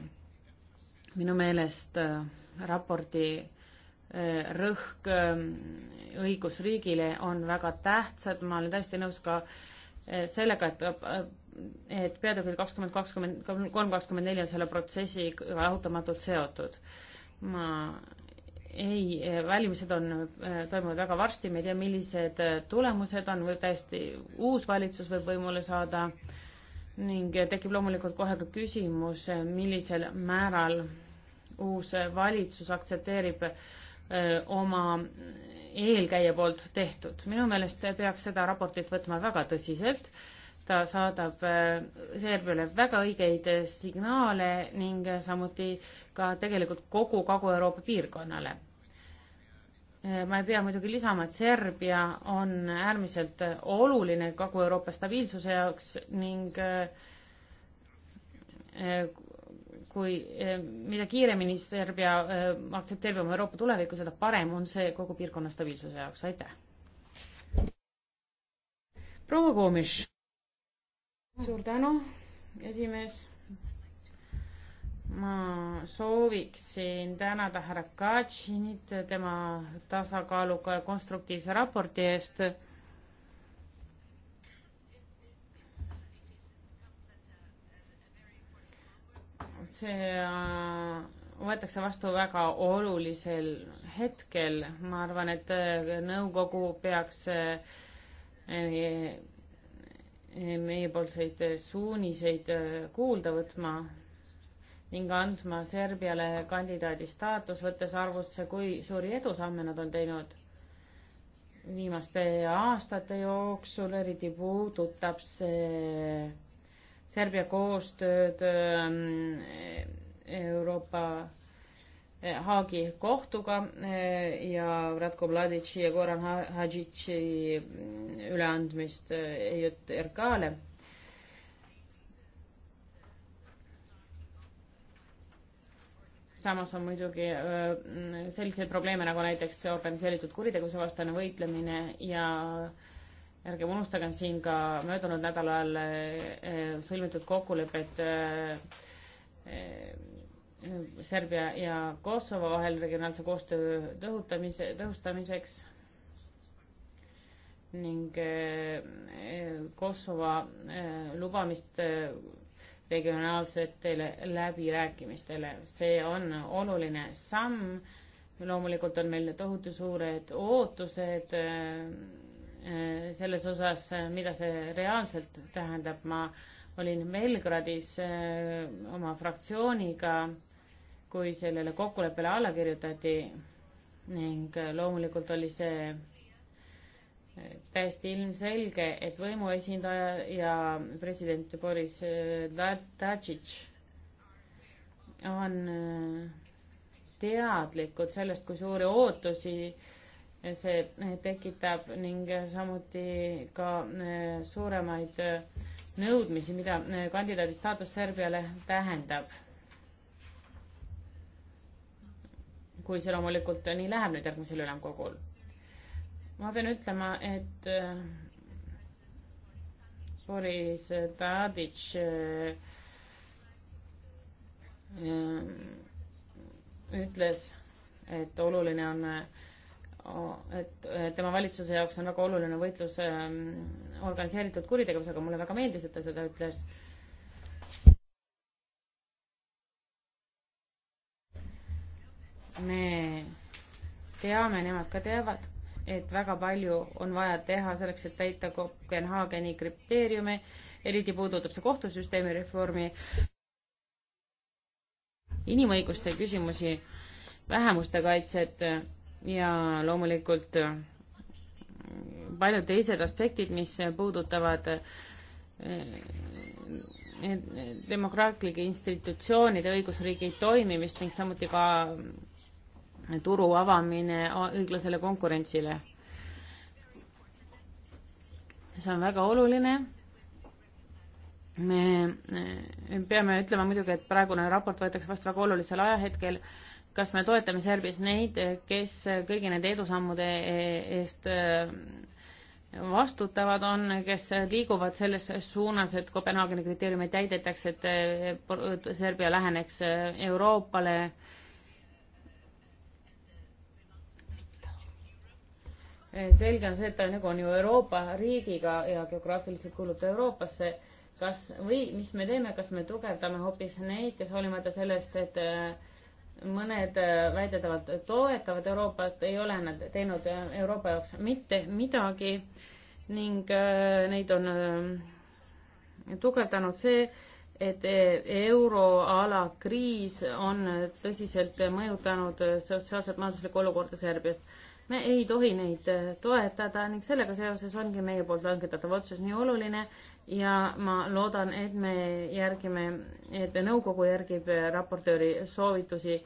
minu meelest äh, raporti Äh, rõhk ähm, õigusriigile on väga tähtsad, ma olen täiesti nõus ka äh, sellega, et äh, et peatükil kakskümmend kakskümmend kolm, kakskümmend neli on selle protsessiga lahutamatult seotud. ma ei, valimised on, toimuvad väga varsti, me ei tea, millised tulemused on, võib täiesti uus valitsus võib võimule saada ning tekib loomulikult kohe ka küsimus, millisel määral uus valitsus aktsepteerib äh, oma eelkäija poolt tehtud. minu meelest peaks seda raportit võtma väga tõsiselt, ta saadab Serbiale väga õigeid signaale ning samuti ka tegelikult kogu Kagu-Euroopa piirkonnale. ma ei pea muidugi lisama, et Serbia on äärmiselt oluline Kagu-Euroopa stabiilsuse jaoks ning kui, eh, mida kiiremini Serbia eh, aktsepteerib oma Euroopa tulevikku, seda parem on see kogu piirkonna stabiilsuse jaoks, aitäh. proua Koomiš. suur tänu, esimees. ma sooviksin tänada härra Katšinit tema tasakaaluka ja konstruktiivse raporti eest see äh, võetakse vastu väga olulisel hetkel, ma arvan, et äh, nõukogu peaks äh, meiepoolseid suuniseid kuulda võtma ning andma Serbiale kandidaadi staatus, võttes arvusse, kui suuri edusamme nad on teinud viimaste aastate jooksul, eriti puudutab see Serbia koostööd ähm, Euroopa äh, Haagi kohtuga äh, ja Ratko Mladici ja Goran Hadžiči mm, üleandmist EJRK-le äh, samas on muidugi selliseid probleeme nagu näiteks organiseeritud kuritegevuse vastane võitlemine ja ärgem unustagem siin ka möödunud nädalal eh, sõlmitud kokkulepet eh, eh, Serbia ja Kosovo vahel regionaalse koostöö tõhutamise, tõhustamiseks ning Kosovo lubamist regionaalsetele läbirääkimistele. see on oluline samm. loomulikult on meil tohutu suured ootused Äh, selles osas, äh, mida see reaalselt tähendab, ma olin Belgradis äh, oma fraktsiooniga, kui sellele kokkuleppele alla kirjutati ning loomulikult oli see täiesti ilmselge, et võimu esindaja ja president Boris Tadžitš on teadlikud sellest, kui suuri ootusi äh, see eh, tekitab ning eh, samuti ka eh, suuremaid nõudmisi, mida kandidaadi staatus Serbiale tähendab. kui see loomulikult nii läheb nüüd järgmisel ülemkogul. ma pean ütlema, et Boris Tadic ütles, et oluline on et tema valitsuse jaoks on väga oluline võitlus ähm, organiseeritud kuritegevusega, mulle väga meeldis, et ta seda ütles. me teame, nemad ka teavad, et väga palju on vaja teha selleks, et täita Kopenhaageni kriteeriume, eriti puudutab see kohtusüsteemi reformi, inimõiguste küsimusi, vähemuste kaitset ja loomulikult äh, paljud teised aspektid, mis puudutavad äh, äh, demokraatlike institutsioonide õigusriigi toimimist ning samuti ka turu avamine õiglasele konkurentsile. see on väga oluline. me peame ütlema muidugi, et praegune raport võetakse vastu väga olulisel ajahetkel kas me toetame Serbias neid, kes kõigi nende edusammude eest äh, vastutavad on, kes liiguvad selles suunas, et Kopenhaageni kriteeriumeid täidetaks, et äh, Serbia läheneks äh, Euroopale. selge on see, et ta nagu on ju Euroopa riigiga ja geograafiliselt kuulub ta Euroopasse. kas või mis me teeme, kas me tugevdame hoopis neid, kes hoolimata sellest, et äh, mõned äh, väidetavalt toetavad Euroopat, ei ole nad teinud äh, Euroopa jaoks mitte midagi ning äh, neid on tugevdanud see, et euroala kriis on tõsiselt mõjutanud sotsiaalset majanduslikku olukorda Serbiast. me ei tohi neid toetada ning sellega seoses ongi meie poolt langetatav otsus nii oluline, ja ma loodan, et me järgime, et nõukogu järgib raportööri soovitusi.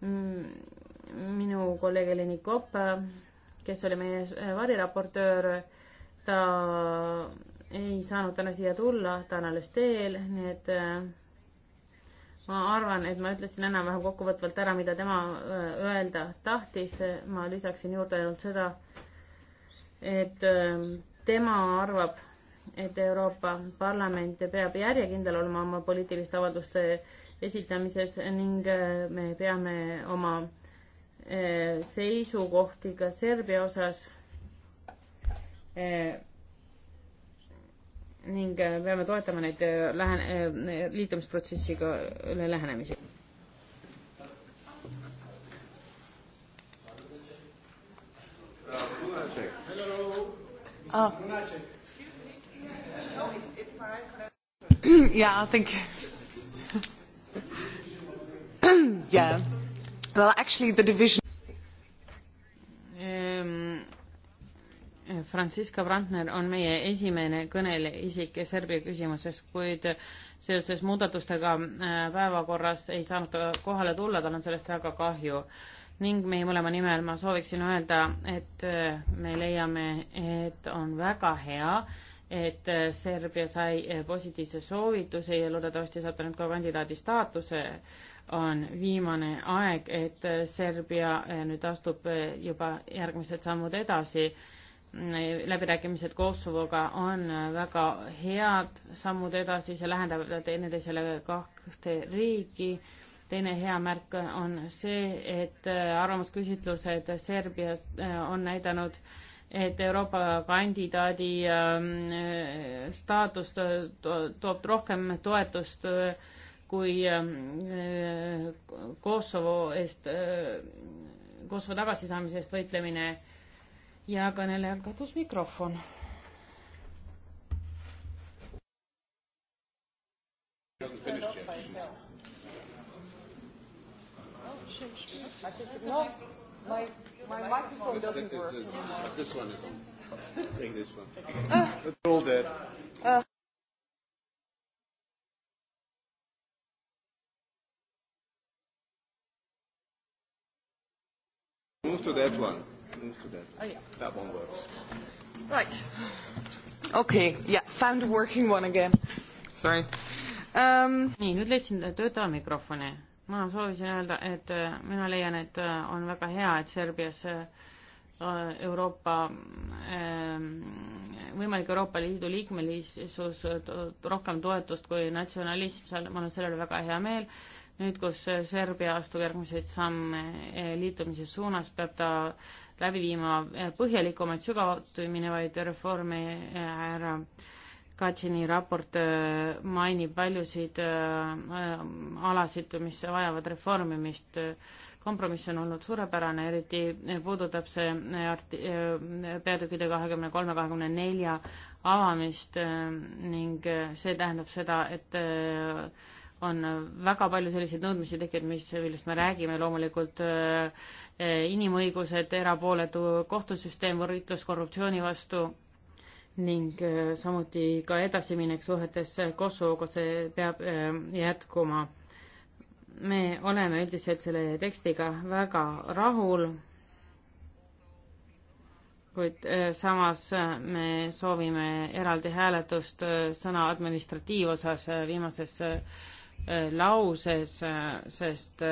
Mm, minu kolleeg Eleni Kopp, kes oli meie variraportöör, ta ei saanud täna siia tulla, ta on alles teel, nii et äh, ma arvan, et ma ütlesin enam-vähem kokkuvõtvalt ära, mida tema äh, öelda tahtis. ma lisaksin juurde ainult seda, et äh, tema arvab, et Euroopa Parlament peab järjekindel olema oma poliitiliste avalduste esitamises ning äh, me peame oma äh, seisukohti ka Serbia osas äh, ning peame toetama neid lähen-, liitumisprotsessiga üle lähenemisi. Hello. Ah. yeah, I think. yeah. Well, actually, the division. Ehm, Franziska Brandner on meie esimene kõneisik Serbia küsimuses, kuid seoses muudatustega äh, päevakorras ei saanud ta kohale tulla, tal on sellest väga kahju. ning meie mõlema nimel ma sooviksin öelda, et äh, me leiame, et on väga hea, et äh, Serbia sai äh, positiivse soovituse ja loodetavasti saab ta nüüd ka kandidaadi staatuse, on viimane aeg, et äh, Serbia nüüd astub juba järgmised sammud edasi. läbirääkimised Kosovoga on väga head sammud edasi, see lähendab teineteisele kahte riiki. teine hea märk on see, et arvamusküsitlused Serbias on näidanud, et Euroopa kandidaadi ähm, staatus äh, toob rohkem toetust äh, kui ähm, äh, Kosovo eest, Kosovo tagasisaamise eest võitlemine ja kõnelejal kadus mikrofon. no my My microphone doesn't work. This, uh, this one is on. Take this one. Uh, They're all dead. Uh, Move to that one. Move to that. One. Oh yeah. That one works. Right. Okay. Yeah. Found a working one again. Sorry. Um, nii, nüüd leidsin töötava mikrofoni ma soovisin öelda, et äh, mina leian, et äh, on väga hea, et Serbias äh, Euroopa, ähm, võimalik Euroopa Liidu liikmelisus rohkem toetust kui natsionalism, seal, mul on selle üle väga hea meel. nüüd, kus Serbia astub järgmiseid samme liitumise suunas, peab ta läbi viima põhjalikumaid sügavalt minevaid reforme, härra äh, Katsini raport äh, mainib paljusid äh, äh, alasid, mis vajavad reformimist. kompromiss on olnud suurepärane, eriti puudutab see arti-, peatükkide kahekümne kolme, kahekümne nelja avamist ning see tähendab seda, et on väga palju selliseid nõudmisi tekkinud, mis, millest me räägime, loomulikult inimõigused, erapooletu kohtusüsteem, võrdlus korruptsiooni vastu ning äh, samuti ka edasiminek suhetes Kosovoga, see peab äh, jätkuma. me oleme üldiselt selle tekstiga väga rahul, kuid äh, samas me soovime eraldi hääletust sõna administratiivosas viimases lauses, sest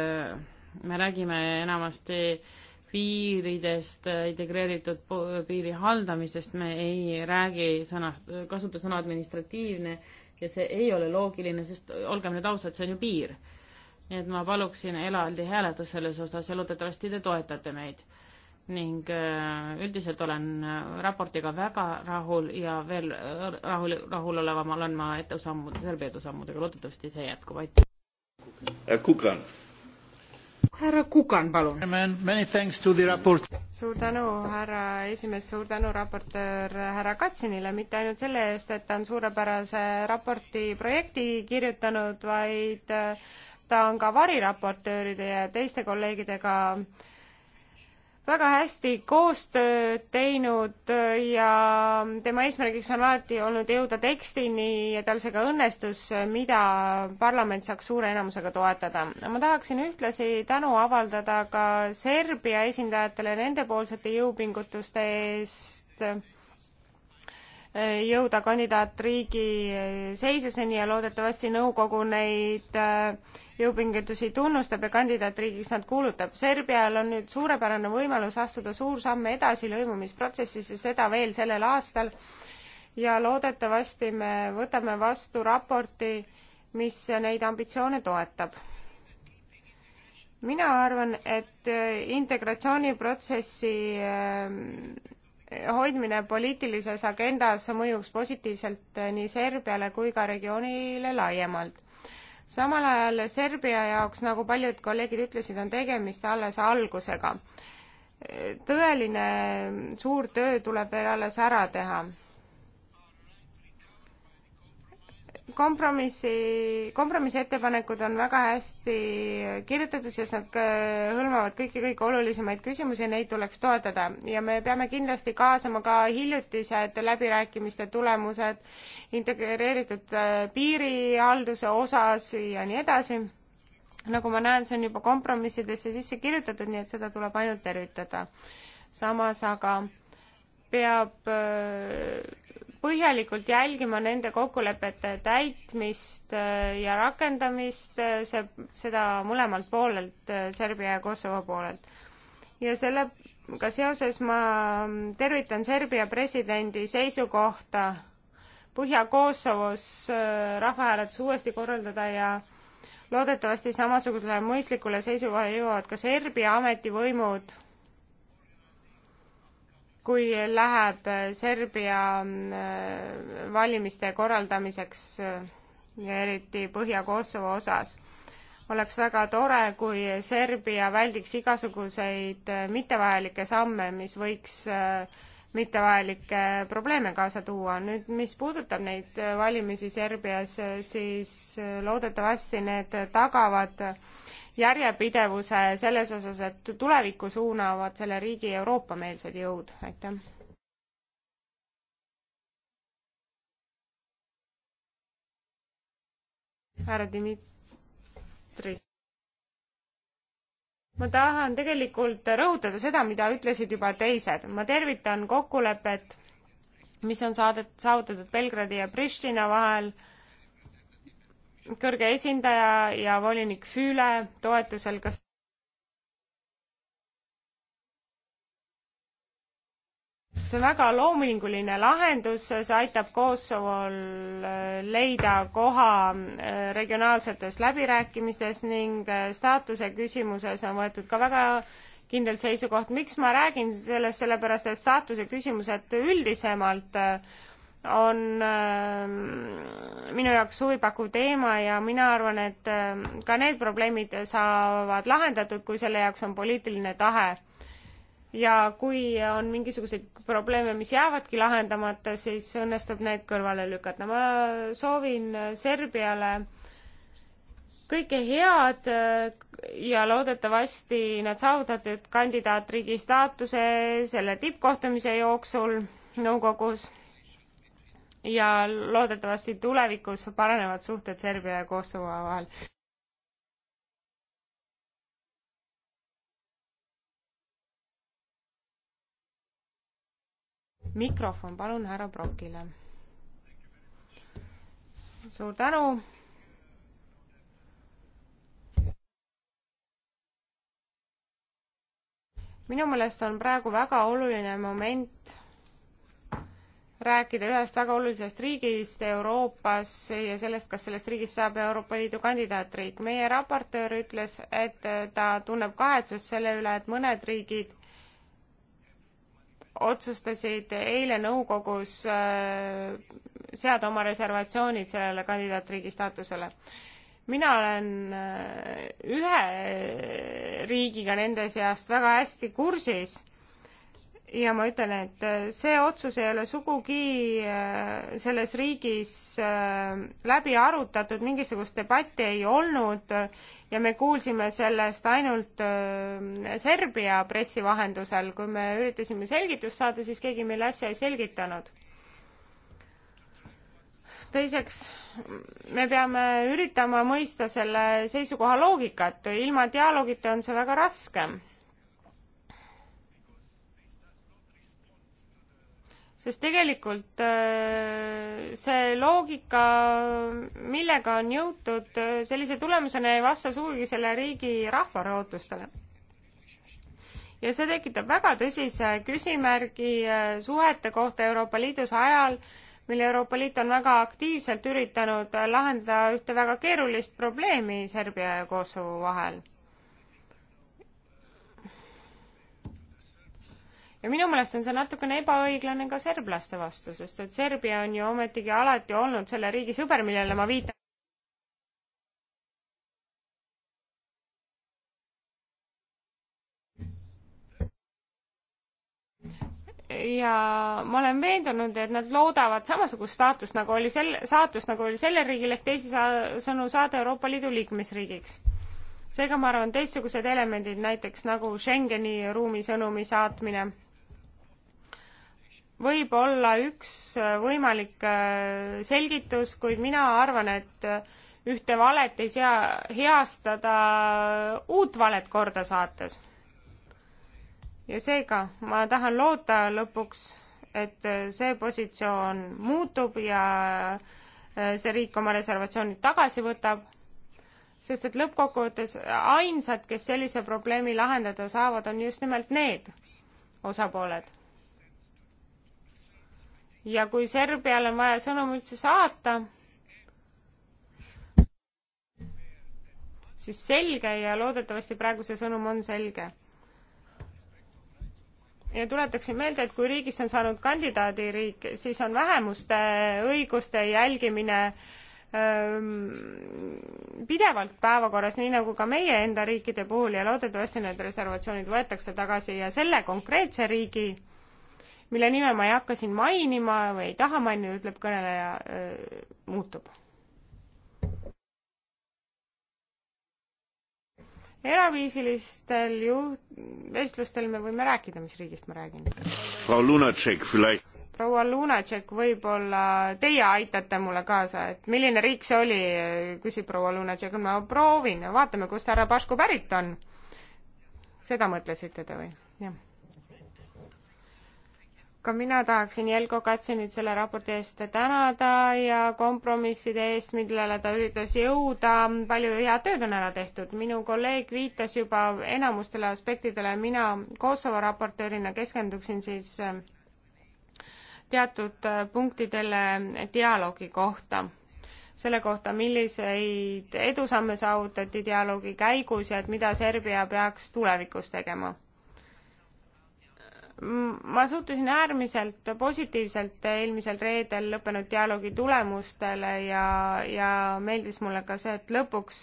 me räägime enamasti äh, piiridest, äh, integreeritud piiri haldamisest me ei räägi sõnast, kasuta sõna administratiivne ja see ei ole loogiline, sest olgem nüüd ausad, see on ju piir. nii et ma paluksin eraldi hääletust selles osas ja loodetavasti te toetate meid. ning äh, üldiselt olen äh, raportiga väga rahul ja veel rahul, rahulolevam olen ma edusammude, Serbia edusammudega, loodetavasti see jätkub, aitäh. Kukan härra Kukan, palun. suur tänu, härra esimees, suur tänu raportöör härra Katsinile, mitte ainult selle eest, et ta on suurepärase raporti projekti kirjutanud, vaid äh, ta on ka variraportööride ja teiste kolleegidega äh, väga hästi koostööd teinud äh, ja tema eesmärgiks on alati olnud jõuda tekstini ja tal see ka õnnestus, äh, mida parlament saaks suure enamusega toetada. ma tahaksin ühtlasi tänu avaldada ka Serbia esindajatele nendepoolsete jõupingutuste eest jõuda kandidaatriigi seisuseni ja loodetavasti nõukogu neid äh, jõupingutusi tunnustab ja kandidaatriigiks nad kuulutab. Serbial on nüüd suurepärane võimalus astuda suur samm edasi lõimumisprotsessis ja seda veel sellel aastal ja loodetavasti me võtame vastu raporti, mis neid ambitsioone toetab mina arvan, et äh, integratsiooniprotsessi äh, hoidmine poliitilises agendas mõjuks positiivselt nii Serbiale kui ka regioonile laiemalt. samal ajal Serbia jaoks, nagu paljud kolleegid ütlesid, on tegemist alles algusega. tõeline suur töö tuleb veel alles ära teha kompromissi, kompromissettepanekud on väga hästi kirjutatud, sest nad hõlmavad kõiki kõige olulisemaid küsimusi ja neid tuleks toetada. ja me peame kindlasti kaasama ka hiljutised läbirääkimiste tulemused integreeritud äh, piirihalduse osas ja nii edasi. nagu ma näen, see on juba kompromissidesse sisse kirjutatud, nii et seda tuleb ainult tervitada. samas aga peab äh, põhjalikult jälgima nende kokkulepete täitmist äh, ja rakendamist, äh, see, seda mõlemalt poolelt, äh, Serbia ja Kosovo poolelt. ja sellega seoses ma tervitan Serbia presidendi seisukohta Põhja-Kosovos rahvahääletus uuesti korraldada ja loodetavasti samasugusele mõistlikule seisukohale jõuavad ka Serbia ametivõimud kui läheb Serbia äh, valimiste korraldamiseks äh, ja eriti Põhja-Kosovo osas. oleks väga tore, kui Serbia väldiks igasuguseid äh, mittevajalikke samme, mis võiks mittevajalikke probleeme kaasa tuua. nüüd, mis puudutab neid valimisi Serbias, siis loodetavasti need tagavad järjepidevuse selles osas, et tulevikku suunavad selle riigi Euroopa-meelsed jõud, aitäh. härra Dmitri. ma tahan tegelikult rõhutada seda, mida ütlesid juba teised. ma tervitan kokkulepet, mis on saadet-, saavutatud Belgradi ja Pristina vahel kõrge esindaja ja volinik Füüle toetusel, kas see on väga loominguline lahendus, see aitab Kosovol äh, leida koha äh, regionaalsetes läbirääkimistes ning äh, staatuse küsimuses on võetud ka väga kindel seisukoht. miks ma räägin sellest, sellepärast et staatuse küsimused üldisemalt on ähm, minu jaoks huvipakkuv teema ja mina arvan, et ähm, ka need probleemid saavad lahendatud, kui selle jaoks on poliitiline tahe. ja kui on mingisuguseid probleeme, mis jäävadki lahendamata, siis õnnestub need kõrvale lükata. ma soovin Serbiale kõike head äh, ja loodetavasti nad saavutavad kandidaatriigi staatuse selle tippkohtumise jooksul nõukogus ja loodetavasti tulevikus paranevad suhted Serbia ja Kosovo vahel. mikrofon palun härra Brokile. suur tänu. minu meelest on praegu väga oluline moment rääkida ühest väga olulisest riigist Euroopas ja sellest, kas sellest riigist saab Euroopa Liidu kandidaatriik. meie raportöör ütles, et ta tunneb kahetsust selle üle, et mõned riigid otsustasid eile nõukogus äh, seada oma reservatsioonid sellele kandidaatriigi staatusele. mina olen äh, ühe riigiga nende seast väga hästi kursis ja ma ütlen, et äh, see otsus ei ole sugugi äh, selles riigis äh, läbi arutatud, mingisugust debatti ei olnud ja me kuulsime sellest ainult Serbia pressi vahendusel. kui me üritasime selgitust saada, siis keegi meile asja ei selgitanud. teiseks, me peame üritama mõista selle seisukoha loogikat, ilma dialoogita on see väga raske sest tegelikult äh, see loogika, millega on jõutud äh, sellise tulemusena, ei vasta sugugi selle riigi rahvale ootustele. ja see tekitab väga tõsise küsimärgi äh, suhete kohta Euroopa Liidus ajal, mil Euroopa Liit on väga aktiivselt üritanud lahendada ühte väga keerulist probleemi Serbia ja Kosovo vahel ja minu meelest on see natukene ebaõiglane ka serblaste vastu, sest et Serbia on ju ometigi alati olnud selle riigi sõber, millele ma viitan. ja ma olen veendunud, et nad loodavad samasugust staatust, nagu oli sel-, saatus, nagu oli sellel riigil, ehk teisisõnu saada Euroopa Liidu liikmesriigiks seega ma arvan, teistsugused elemendid, näiteks nagu Schengeni ruumi sõnumi saatmine võib olla üks äh, võimalik äh, selgitus, kuid mina arvan, et äh, ühte valet ei sea heastada uut valet korda saates. ja seega ma tahan loota lõpuks, et see positsioon muutub ja see riik oma reservatsioonid tagasi võtab, sest et lõppkokkuvõttes ainsad, kes sellise probleemi lahendada saavad, on just nimelt need osapooled ja kui Serbial on vaja sõnum üldse saata, siis selge ja loodetavasti praegu see sõnum on selge. ja tuletaksin meelde, et kui riigist on saanud kandidaadiriik, siis on vähemuste õiguste jälgimine ähm, pidevalt päevakorras, nii nagu ka meie enda riikide puhul ja loodetavasti need reservatsioonid võetakse tagasi ja selle konkreetse riigi mille nime ma ei hakka siin mainima või ei taha mainida, ütleb kõneleja, muutub. eraviisilistel ju-, vestlustel me võime rääkida, mis riigist ma räägin. proua Lunatšek, proua Lunatšek, võib-olla teie aitate mulle kaasa, et milline riik see oli, küsib proua Lunatšek, ma proovin, vaatame, kust härra Pašku pärit on. seda mõtlesite te või? jah ka mina tahaksin Jelko Katsenit selle raporti eest tänada ja kompromisside eest, millele ta üritas jõuda. palju head tööd on ära tehtud. minu kolleeg viitas juba enamustele aspektidele, mina Kosovo raportöörina keskenduksin siis äh, teatud äh, punktidele dialoogi kohta selle kohta, milliseid edusamme saavutati dialoogi käigus ja et mida Serbia peaks tulevikus tegema ma suhtusin äärmiselt positiivselt eelmisel reedel lõppenud dialoogi tulemustele ja, ja meeldis mulle ka see, et lõpuks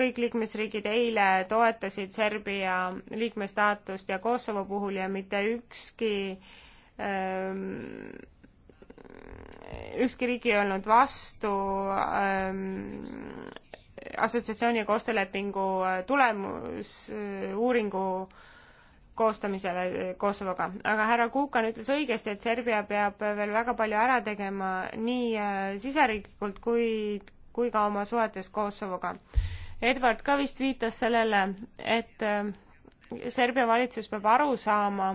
kõik liikmesriigid eile toetasid Serbia liikmestaatust ja Kosovo puhul ja mitte ükski ähm, ükski riik ei olnud vastu ähm, assotsiatsiooni ja koostöölepingu tulemusuuringu äh, koostamisele Kosovoga. aga härra Kukan ütles õigesti, et Serbia peab veel väga palju ära tegema nii äh, siseriiklikult kui, kui ka oma suhetes Kosovoga. Edward ka vist viitas sellele, et äh, Serbia valitsus peab aru saama,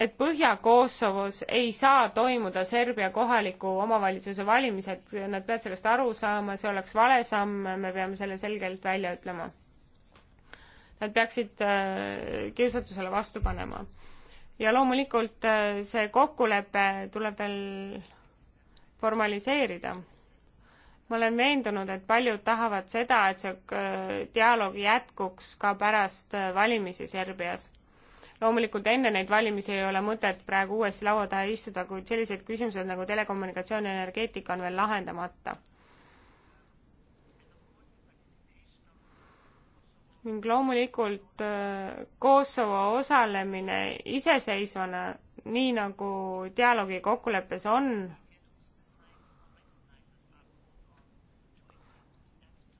et Põhja-Kosovos ei saa toimuda Serbia kohaliku omavalitsuse valimised, nad peavad sellest aru saama, see oleks vale samm, me peame selle selgelt välja ütlema. Nad peaksid äh, kiusatusele vastu panema. ja loomulikult äh, see kokkulepe tuleb veel formaliseerida. ma olen veendunud, et paljud tahavad seda, et see äh, dialoog jätkuks ka pärast valimisi Serbias loomulikult enne neid valimisi ei ole mõtet praegu uuesti laua taha istuda, kuid sellised küsimused nagu telekommunikatsioon ja energeetika on veel lahendamata. ning loomulikult äh, Kosovo osalemine iseseisvana, nii nagu dialoogi kokkuleppes on,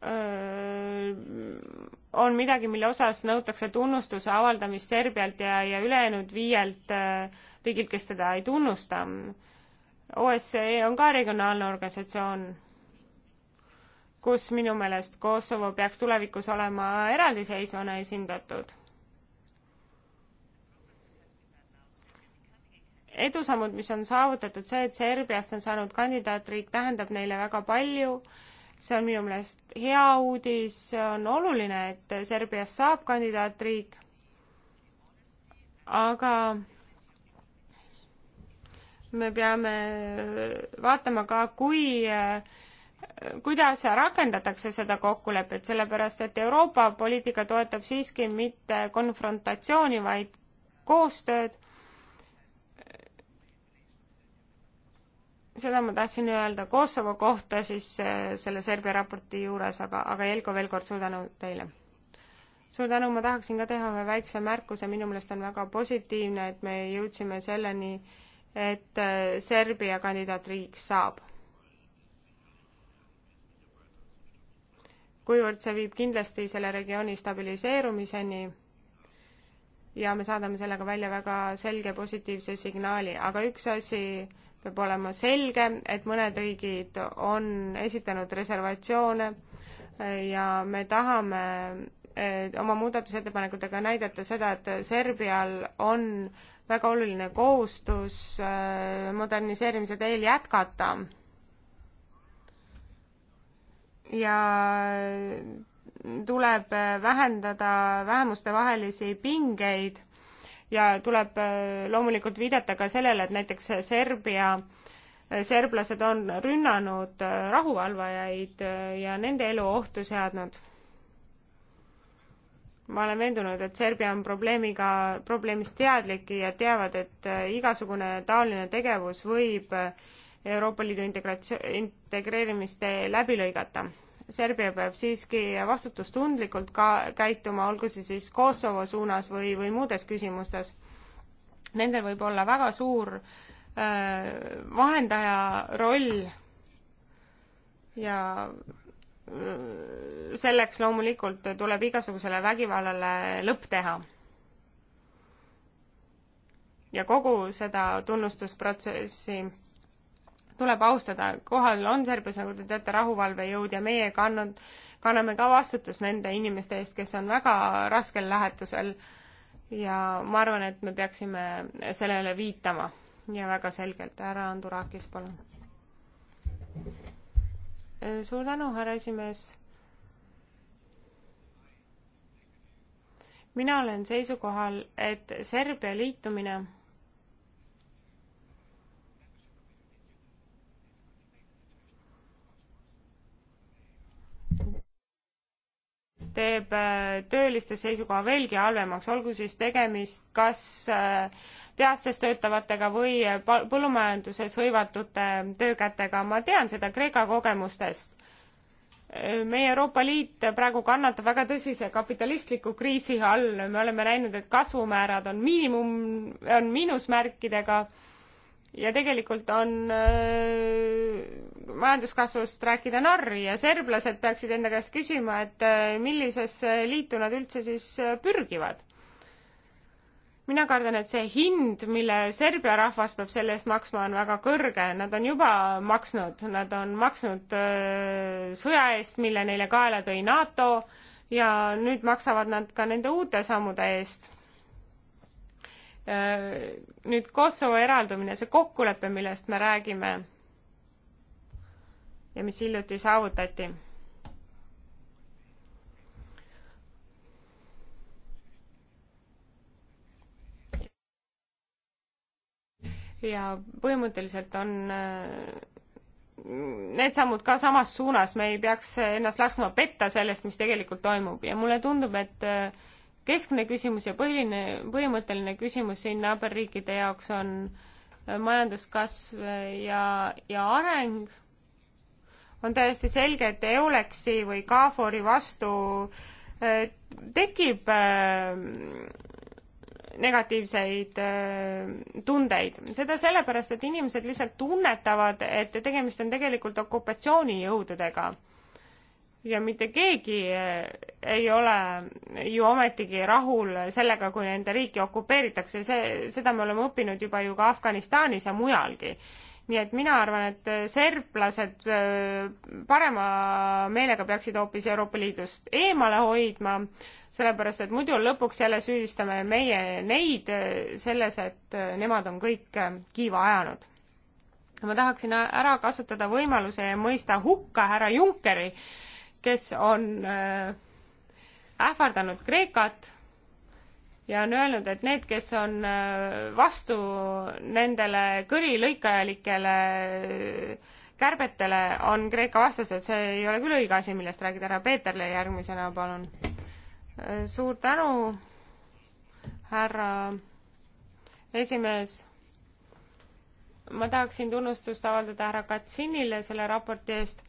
äh, on midagi, mille osas nõutakse tunnustuse avaldamist Serbialt ja, ja ülejäänud viielt äh, riigilt, kes teda ei tunnusta. OSCE on ka regionaalne organisatsioon, kus minu meelest Kosovo peaks tulevikus olema eraldiseisvana esindatud. edusammud, mis on saavutatud, see, et Serbiast on saanud kandidaatriik, tähendab neile väga palju äh, see on minu meelest hea uudis, on oluline, et Serbiast saab kandidaatriik, aga me peame vaatama ka, kui, kuidas rakendatakse seda kokkulepet, sellepärast et Euroopa poliitika toetab siiski mitte konfrontatsiooni, vaid koostööd seda ma tahtsin öelda Kosovo kohta siis äh, selle Serbia raporti juures, aga, aga Jelko, veel kord suur tänu teile! suur tänu, ma tahaksin ka teha ühe väikse märkuse, minu meelest on väga positiivne, et me jõudsime selleni, et äh, Serbia kandidaatriigiks saab. kuivõrd see viib kindlasti selle regiooni stabiliseerumiseni ja me saadame sellega välja väga selge positiivse signaali, aga üks asi, peab olema selge, et mõned riigid on esitanud reservatsioone äh, ja me tahame oma muudatusettepanekutega näidata seda, et Serbial on väga oluline kohustus äh, moderniseerimise teel jätkata. ja tuleb vähendada vähemustevahelisi pingeid ja tuleb äh, loomulikult viidata ka sellele, et näiteks Serbia äh, serblased on rünnanud äh, rahuvalvajaid ja nende elu ohtu seadnud. ma olen veendunud, et Serbia on probleemiga, probleemist teadlik ja teavad, et igasugune taoline tegevus võib Euroopa Liidu integratsioon, integreerimist läbi lõigata Serbia peab siiski vastutustundlikult ka käituma, olgu see siis Kosovo suunas või, või muudes küsimustes. Nendel võib olla väga suur äh, vahendaja roll ja äh, selleks loomulikult tuleb igasugusele vägivallale lõpp teha ja kogu seda tunnustusprotsessi tuleb austada, kohal on Serbias, nagu te teate, rahuvalvejõud ja meie kannud, kanname ka vastutust nende inimeste eest, kes on väga raskel lähetusel ja ma arvan, et me peaksime sellele viitama ja väga selgelt. härra Andurakis, palun. suur tänu, härra esimees. mina olen seisukohal, et Serbia liitumine teeb äh, tööliste seisukoha veelgi halvemaks, olgu siis tegemist kas tehastes äh, töötavatega või äh, põllumajanduses hõivatute töökätega, ma tean seda Kreeka kogemustest. meie Euroopa Liit praegu kannatab väga tõsise kapitalistliku kriisi all, me oleme näinud, et kasvumäärad on miinimum, on miinusmärkidega ja tegelikult on äh, majanduskasvust rääkida narr ja serblased peaksid enda käest küsima, et äh, millisesse liitu nad üldse siis äh, pürgivad. mina kardan, et see hind, mille Serbia rahvas peab selle eest maksma, on väga kõrge, nad on juba maksnud, nad on maksnud äh, sõja eest, mille neile kaela tõi NATO ja nüüd maksavad nad ka nende uute sammude eest Äh, nüüd Kosovo eraldumine, see kokkulepe, millest me räägime ja mis hiljuti saavutati ja põhimõtteliselt on äh, need sammud ka samas suunas, me ei peaks ennast laskma petta sellest, mis tegelikult toimub ja mulle tundub, et äh, keskne küsimus ja põhiline, põhimõtteline küsimus siin naaberriikide jaoks on äh, majanduskasv äh, ja, ja areng. on täiesti selge, et EOLEX-i või KFOR-i vastu äh, tekib negatiivseid tundeid. seda sellepärast, et inimesed lihtsalt tunnetavad, et tegemist on tegelikult okupatsioonijõududega ja mitte keegi eh, ei ole ju ometigi rahul sellega, kui nende riiki okupeeritakse, see, seda me oleme õppinud juba ju ka Afganistanis ja mujalgi. nii et mina arvan, et serblased eh, parema meelega peaksid hoopis Euroopa Liidust eemale hoidma, sellepärast et muidu lõpuks jälle süüdistame meie neid eh, selles, et nemad on kõik kiiva ajanud ma tahaksin ära kasutada võimaluse ja mõista hukka härra Junckeri äh, kes on äh, ähvardanud Kreekat ja on öelnud, et need, kes on äh, vastu nendele kõrilõikajalikele äh, kärbetele, on Kreeka vastased, see ei ole küll õige asi, millest räägida, härra Peeterle järgmisena, palun. suur tänu, härra esimees. ma tahaksin tunnustust avaldada härra Katsinile selle raporti eest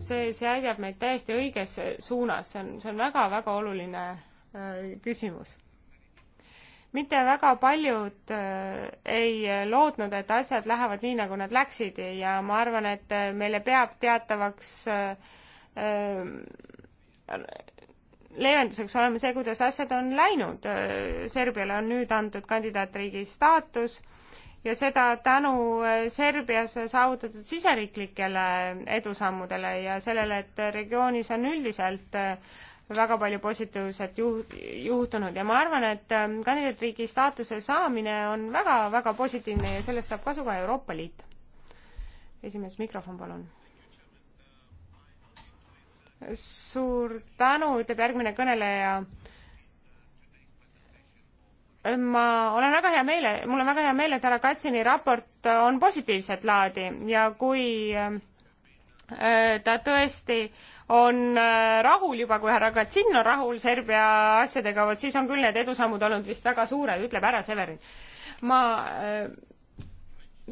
see, see aidab meid täiesti õiges suunas, see on, see on väga-väga oluline äh, küsimus. mitte väga paljud äh, ei lootnud, et asjad lähevad nii, nagu nad läksid ja ma arvan, et äh, meile peab teatavaks leevenduseks olema see, kuidas asjad on läinud. Serbiale on nüüd antud kandidaatriigi staatus ja seda tänu äh, Serbias saavutatud siseriiklikele edusammudele ja sellele, et regioonis on üldiselt äh, väga palju positiivset juht-, juhtunud ja ma arvan, et äh, kandidaatriigi staatuse saamine on väga-väga positiivne ja sellest saab kasu ka Euroopa Liit. esimees mikrofon, palun suur tänu, ütleb järgmine kõneleja ma olen väga hea meele, mul on väga hea meel, et härra Katsini raport on positiivset laadi ja kui äh, ta tõesti on äh, rahul juba, kui härra Katsin on rahul Serbia asjadega, vot siis on küll need edusammud olnud vist väga suured, ütleb härra Severin. ma äh,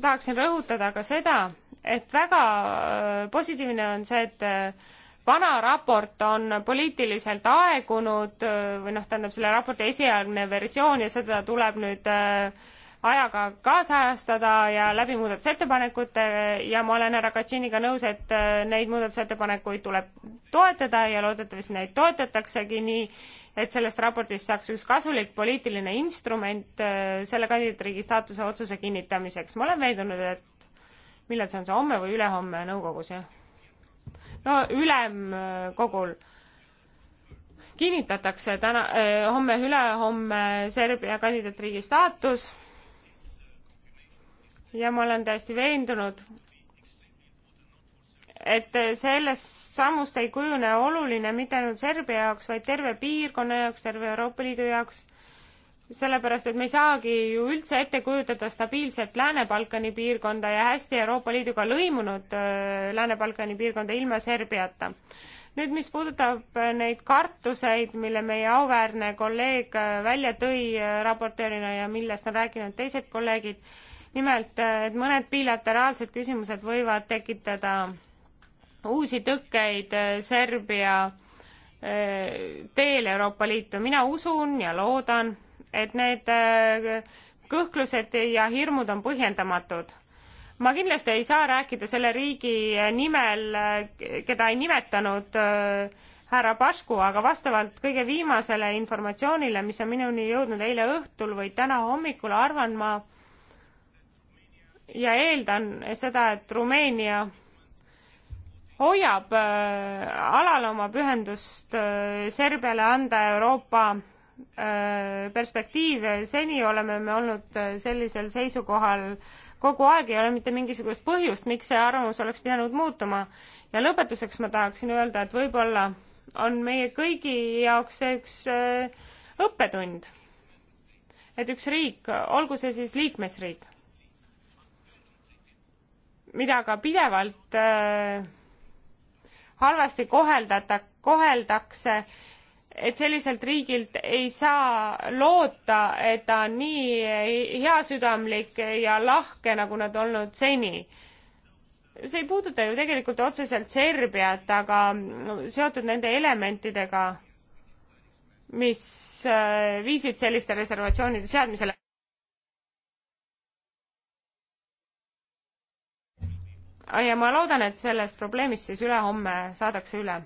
tahaksin rõhutada ka seda, et väga positiivne on see, et vana raport on poliitiliselt aegunud või noh, tähendab selle raporti esialgne versioon ja seda tuleb nüüd äh, ajaga kaasajastada ja läbi muudatusettepanekute ja ma olen härra Katsiniga nõus, et äh, neid muudatusettepanekuid tuleb toetada ja loodetavasti neid toetataksegi nii, et sellest raportist saaks üks kasulik poliitiline instrument äh, selle kandidaatriigi staatuse otsuse kinnitamiseks. ma olen veendunud, et millal see on, see homme või ülehomme nõukogus, jah? no ülemkogul kinnitatakse täna, eh, homme, ülehomme Serbia kandidaatriigi staatus ja ma olen täiesti veendunud, et sellest sammust ei kujune oluline mitte ainult Serbia jaoks, vaid terve piirkonna jaoks, terve Euroopa Liidu jaoks sellepärast et me ei saagi ju üldse ette kujutada stabiilset Lääne-Balkani piirkonda ja hästi Euroopa Liiduga lõimunud äh, Lääne-Balkani piirkonda ilma Serbiata. nüüd, mis puudutab äh, neid kartuseid, mille meie auväärne kolleeg äh, välja tõi raportöörina ja millest on rääkinud teised kolleegid, nimelt, et mõned bilateraalsed küsimused võivad tekitada uusi tõkkeid Serbia teel Euroopa Liitu, mina usun ja loodan, et need äh, kõhklused ja hirmud on põhjendamatud. ma kindlasti ei saa rääkida selle riigi äh, nimel, äh, keda ei nimetanud härra Pašku, aga vastavalt kõige viimasele informatsioonile, mis on minuni jõudnud eile õhtul või täna hommikul, arvan ma ja eeldan seda, et Rumeenia hoiab äh, alal oma pühendust äh, Serbiale anda Euroopa Äh, perspektiiv, seni oleme me olnud äh, sellisel seisukohal kogu aeg, ei ole mitte mingisugust põhjust, miks see arvamus oleks pidanud muutuma. ja lõpetuseks ma tahaksin öelda, et võib-olla on meie kõigi jaoks see üks äh, õppetund. et üks riik, olgu see siis liikmesriik, mida ka pidevalt halvasti koheldata, koheldakse et selliselt riigilt ei saa loota, et ta on nii heasüdamlik ja lahke, nagu nad olnud seni. see ei puuduta ju tegelikult otseselt Serbiat, aga seotud nende elementidega, mis äh, viisid selliste reservatsioonide seadmisele. ja ma loodan, et sellest probleemist siis ülehomme saadakse üle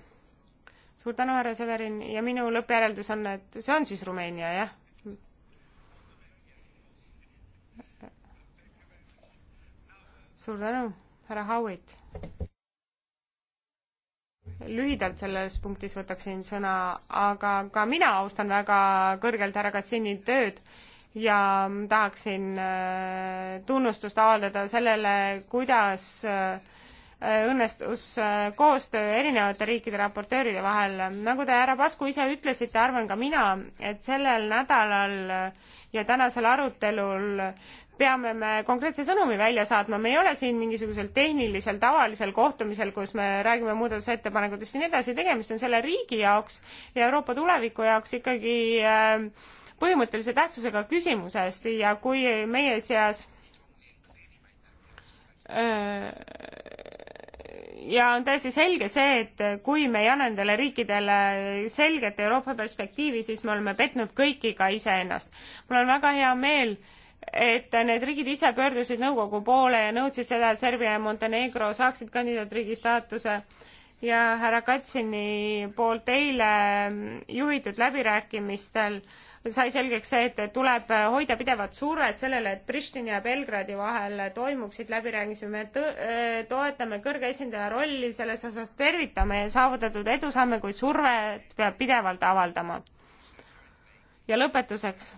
suur tänu, härra Severin, ja minu lõppjäreldus on, et see on siis Rumeenia, jah? suur tänu, härra Howitt. lühidalt selles punktis võtaksin sõna, aga ka mina austan väga kõrgelt härra Katsini tööd ja tahaksin äh, tunnustust avaldada sellele, kuidas äh, õnnestus äh, koostöö erinevate riikide raportööride vahel. nagu te, härra Pasku, ise ütlesite, arvan ka mina, et sellel nädalal äh, ja tänasel arutelul peame me konkreetse sõnumi välja saatma, me ei ole siin mingisugusel tehnilisel tavalisel kohtumisel, kus me räägime muudatusettepanekutest ja nii edasi, tegemist on selle riigi jaoks ja Euroopa tuleviku jaoks ikkagi äh, põhimõttelise tähtsusega küsimusest ja kui meie seas öö, ja on täiesti selge see, et kui me ei anna nendele riikidele selget Euroopa perspektiivi, siis me oleme petnud kõiki, ka iseennast. mul on väga hea meel, et need riigid ise pöördusid nõukogu poole ja nõudsid seda, et Serbia ja Montenegro saaksid kandidaatriigi staatuse ja härra Katsini poolt eile juhitud läbirääkimistel äh, sai selgeks see, et tuleb hoida pidevat survet sellele, et Pristini ja Belgradi vahel toimuksid läbirääkimised. me äh, toetame kõrge esindaja rolli selles osas, tervitame saavutatud edusamme, kuid survet peab pidevalt avaldama. ja lõpetuseks.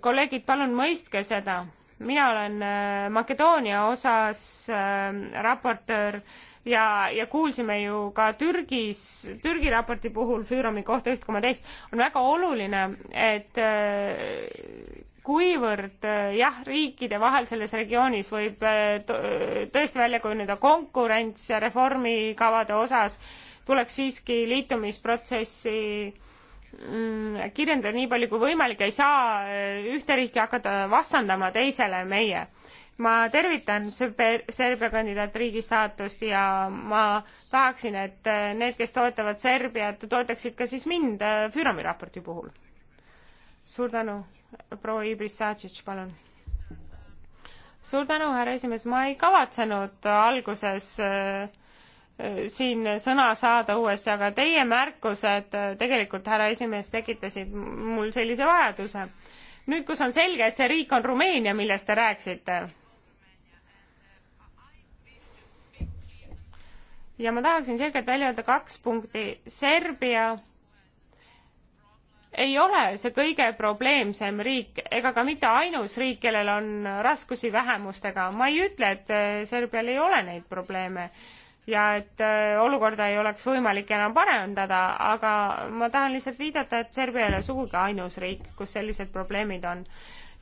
kolleegid, palun mõistke seda mina olen äh, Makedoonia osas äh, raportöör ja, ja kuulsime ju ka Türgis, Türgi raporti puhul Füüromi kohta üht koma teist, on väga oluline, et äh, kuivõrd äh, jah, riikide vahel selles regioonis võib äh, tõesti välja kujuneda konkurents reformikavade osas, tuleks siiski liitumisprotsessi mm, kirjeldada nii palju kui võimalik, ei saa ühte riiki hakata vastandama teisele meie ma tervitan Serbia kandidaatriigi staatust ja ma tahaksin, et need, kes toetavad Serbiat, toetaksid ka siis mind äh, Füürami raporti puhul. suur tänu, proua Ibris Sadžič, palun. suur tänu, härra esimees, ma ei kavatsenud alguses äh, äh siin sõna saada uuesti, aga teie märkused äh, tegelikult, härra esimees, tekitasid mul sellise vajaduse. nüüd, kus on selge, et see riik on Rumeenia, millest te rääkisite ja ma tahaksin selgelt välja öelda kaks punkti. Serbia ei ole see kõige probleemsem riik ega ka mitte ainus riik, kellel on raskusi vähemustega. ma ei ütle, et äh, Serbial ei ole neid probleeme ja et äh, olukorda ei oleks võimalik enam parandada, aga ma tahan lihtsalt viidata, et Serbia ei ole sugugi ainus riik, kus sellised probleemid on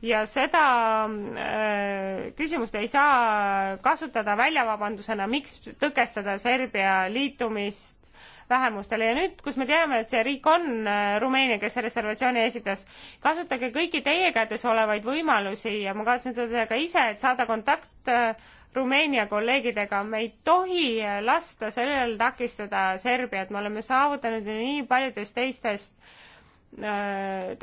ja seda äh, küsimust ei saa kasutada väljavabandusena, miks tõkestada Serbia liitumist vähemustele ja nüüd, kus me teame, et see riik on äh, Rumeenia, kes reservatsiooni esitas, kasutage kõiki teie kätes olevaid võimalusi ja ma kavatsen tõdeda ka ise, et saada kontakt äh, Rumeenia kolleegidega, me ei tohi äh, lasta sellel takistada Serbiat, me oleme saavutanud ju nii paljudes teistes,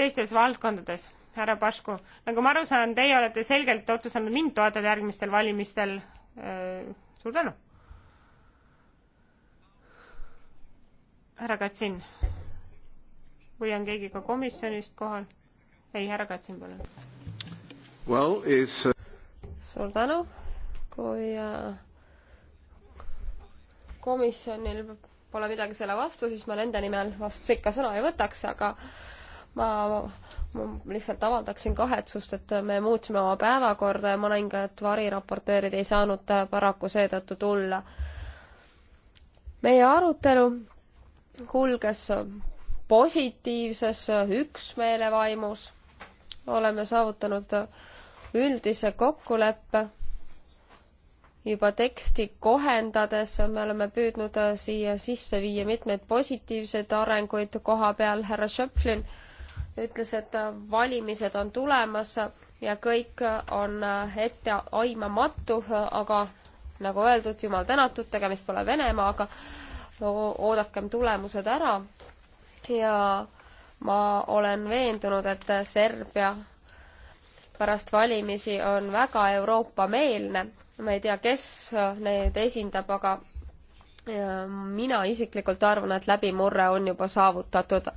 teistes valdkondades härra Pašku, nagu ma aru saan, teie olete selgelt otsustanud mind toetada järgmistel valimistel. suur tänu. härra Katsin või on keegi ka komisjonist kohal? ei, härra Katsin, palun well,. Uh... suur tänu, kui uh, komisjonil pole midagi selle vastu, siis ma nende nimel vast sekka sõna ei võtaks, aga uh, ma, ma lihtsalt avaldaksin kahetsust, et me muutsime oma päevakorda ja mõningad variraportöörid ei saanud paraku seetõttu tulla. meie arutelu kulges positiivses üksmeelevaimus, oleme saavutanud üldise kokkuleppe juba teksti kohendades me oleme püüdnud siia sisse viia mitmeid positiivseid arenguid koha peal. härra Schöpflin ütles, et valimised on tulemas ja kõik on etteaimamatu, aga nagu öeldud, jumal tänatud, tegemist pole Venemaaga, oodakem tulemused ära ja ma olen veendunud, et Serbia pärast valimisi on väga Euroopa-meelne, ma ei tea, kes need esindab, aga äh, mina isiklikult arvan, et läbimurre on juba saavutatud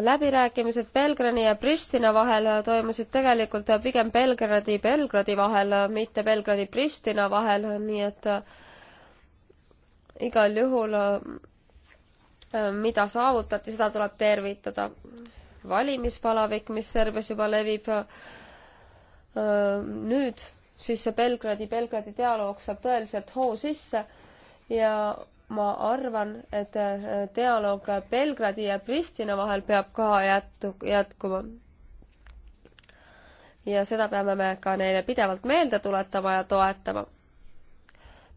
läbirääkimised Belgrani ja Pristina vahel toimusid tegelikult pigem Belgradi Belgradi vahel, mitte Belgradi Pristina vahel, nii et igal juhul mida saavutati, seda tuleb tervitada. valimispalavik, mis Serbias juba levib nüüd, siis see Belgradi, Belgradi dialoog saab tõeliselt hoo sisse ja ma arvan, et äh, dialoog Belgradi ja Pristina vahel peab ka jätku, jätkuma. ja seda peame me ka neile pidevalt meelde tuletama ja toetama.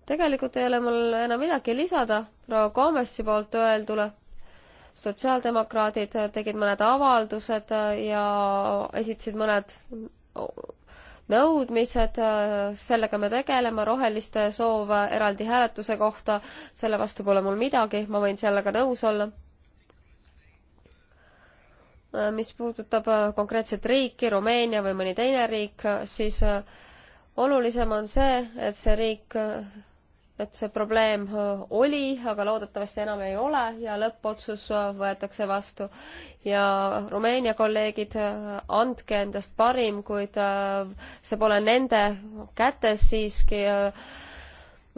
tegelikult ei ole mul enam midagi lisada proua Gomesi poolt öeldule. sotsiaaldemokraadid tegid mõned avaldused ja esitasid mõned nõudmised, äh, sellega me tegeleme, roheliste soov eraldi hääletuse kohta, selle vastu pole mul midagi, ma võin sellega nõus olla. Äh, mis puudutab äh, konkreetset riiki, Rumeenia või mõni teine riik, siis olulisem on see, et see riik et see probleem äh, oli, aga loodetavasti enam ei ole ja lõppotsus äh, võetakse vastu. ja Rumeenia kolleegid, äh, andke endast parim, kuid see pole nende kätes siiski.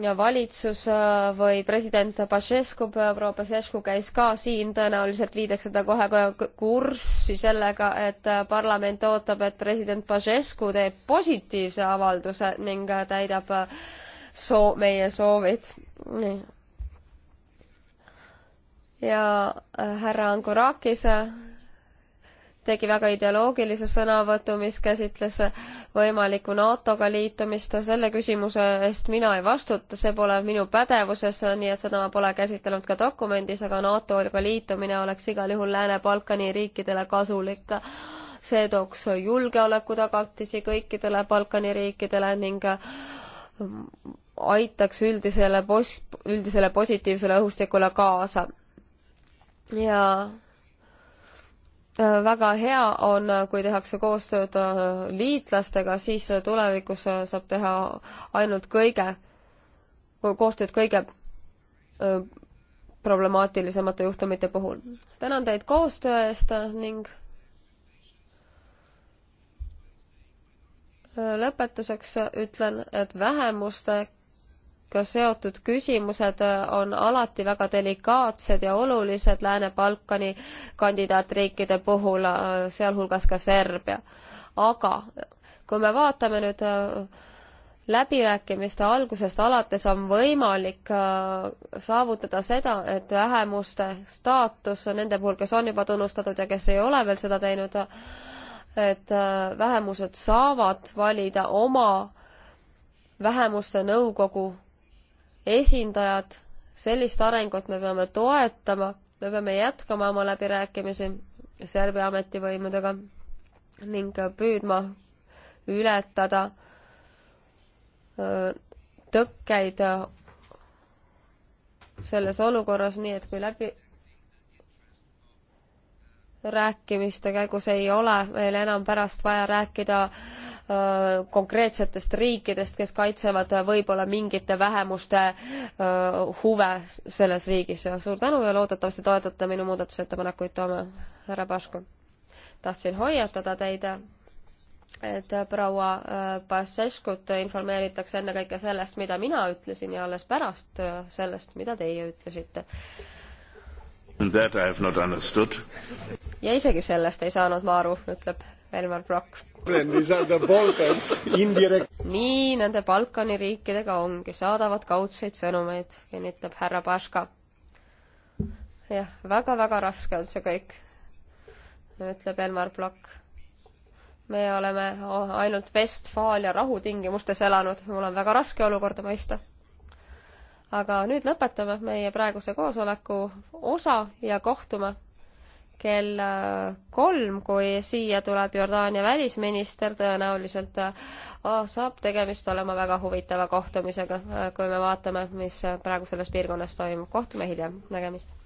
ja valitsus või president Pašescu, proua Pašescu käis ka siin, tõenäoliselt viidakse ta kohe kurssi sellega, et parlament ootab, et president Pašescu teeb positiivse avalduse ning täidab soo-, meie soovid. ja äh, härra Angurakis äh, tegi väga ideoloogilise sõnavõtu, mis käsitles äh, võimalikku NATO-ga liitumist. selle küsimuse eest mina ei vastuta, see pole minu pädevuses, nii et seda ma pole käsitlenud ka dokumendis, aga NATO-ga liitumine oleks igal juhul Lääne-Balkani riikidele kasulik. see tooks julgeoleku tagatisi kõikidele Balkani riikidele ning aitaks üldisele pos-, üldisele positiivsele õhustikule kaasa. ja äh, väga hea on, kui tehakse koostööd äh, liitlastega, siis tulevikus äh, saab teha ainult kõige, koostööd kõige problemaatilisemate juhtumite puhul. tänan teid koostöö eest ning lõpetuseks ütlen, et vähemustega seotud küsimused on alati väga delikaatsed ja olulised Lääne-Balkani kandidaatriikide puhul, sealhulgas ka Serbia. aga kui me vaatame nüüd äh, läbirääkimiste algusest alates on võimalik äh, saavutada seda, et vähemuste staatus nende puhul, kes on juba tunnustatud ja kes ei ole veel seda teinud, et äh, vähemused saavad valida oma vähemuste nõukogu esindajad, sellist arengut me peame toetama, me peame jätkama oma läbirääkimisi Serbia ametivõimudega ning püüdma ületada äh, tõkkeid äh, selles olukorras, nii et kui läbi, rääkimiste käigus ei ole meil enam pärast vaja rääkida öö, konkreetsetest riikidest, kes kaitsevad võib-olla mingite vähemuste öö, huve selles riigis ja suur tänu ja loodetavasti toetate minu muudatusettepanekuid, Toome, härra Pašku. tahtsin hoiatada teid, et proua Paseskut informeeritakse ennekõike sellest, mida mina ütlesin ja alles pärast sellest, mida teie ütlesite That I have not understood. ja isegi sellest ei saanud ma aru, ütleb Elmar Brock. These are the Balkans indirect. nii nende Balkani riikidega ongi, saadavad kaudseid sõnumeid, kinnitab härra Paška. jah, väga-väga raske on see kõik, ütleb Elmar Brock. me oleme ainult Vestfaalia rahutingimustes elanud, mul on väga raske olukorda mõista aga nüüd lõpetame meie praeguse koosoleku osa ja kohtume kell äh, kolm, kui siia tuleb Jordaania välisminister, tõenäoliselt oh, saab tegemist olema väga huvitava kohtumisega, äh, kui me vaatame, mis praegu selles piirkonnas toimub. kohtume hiljem, nägemist!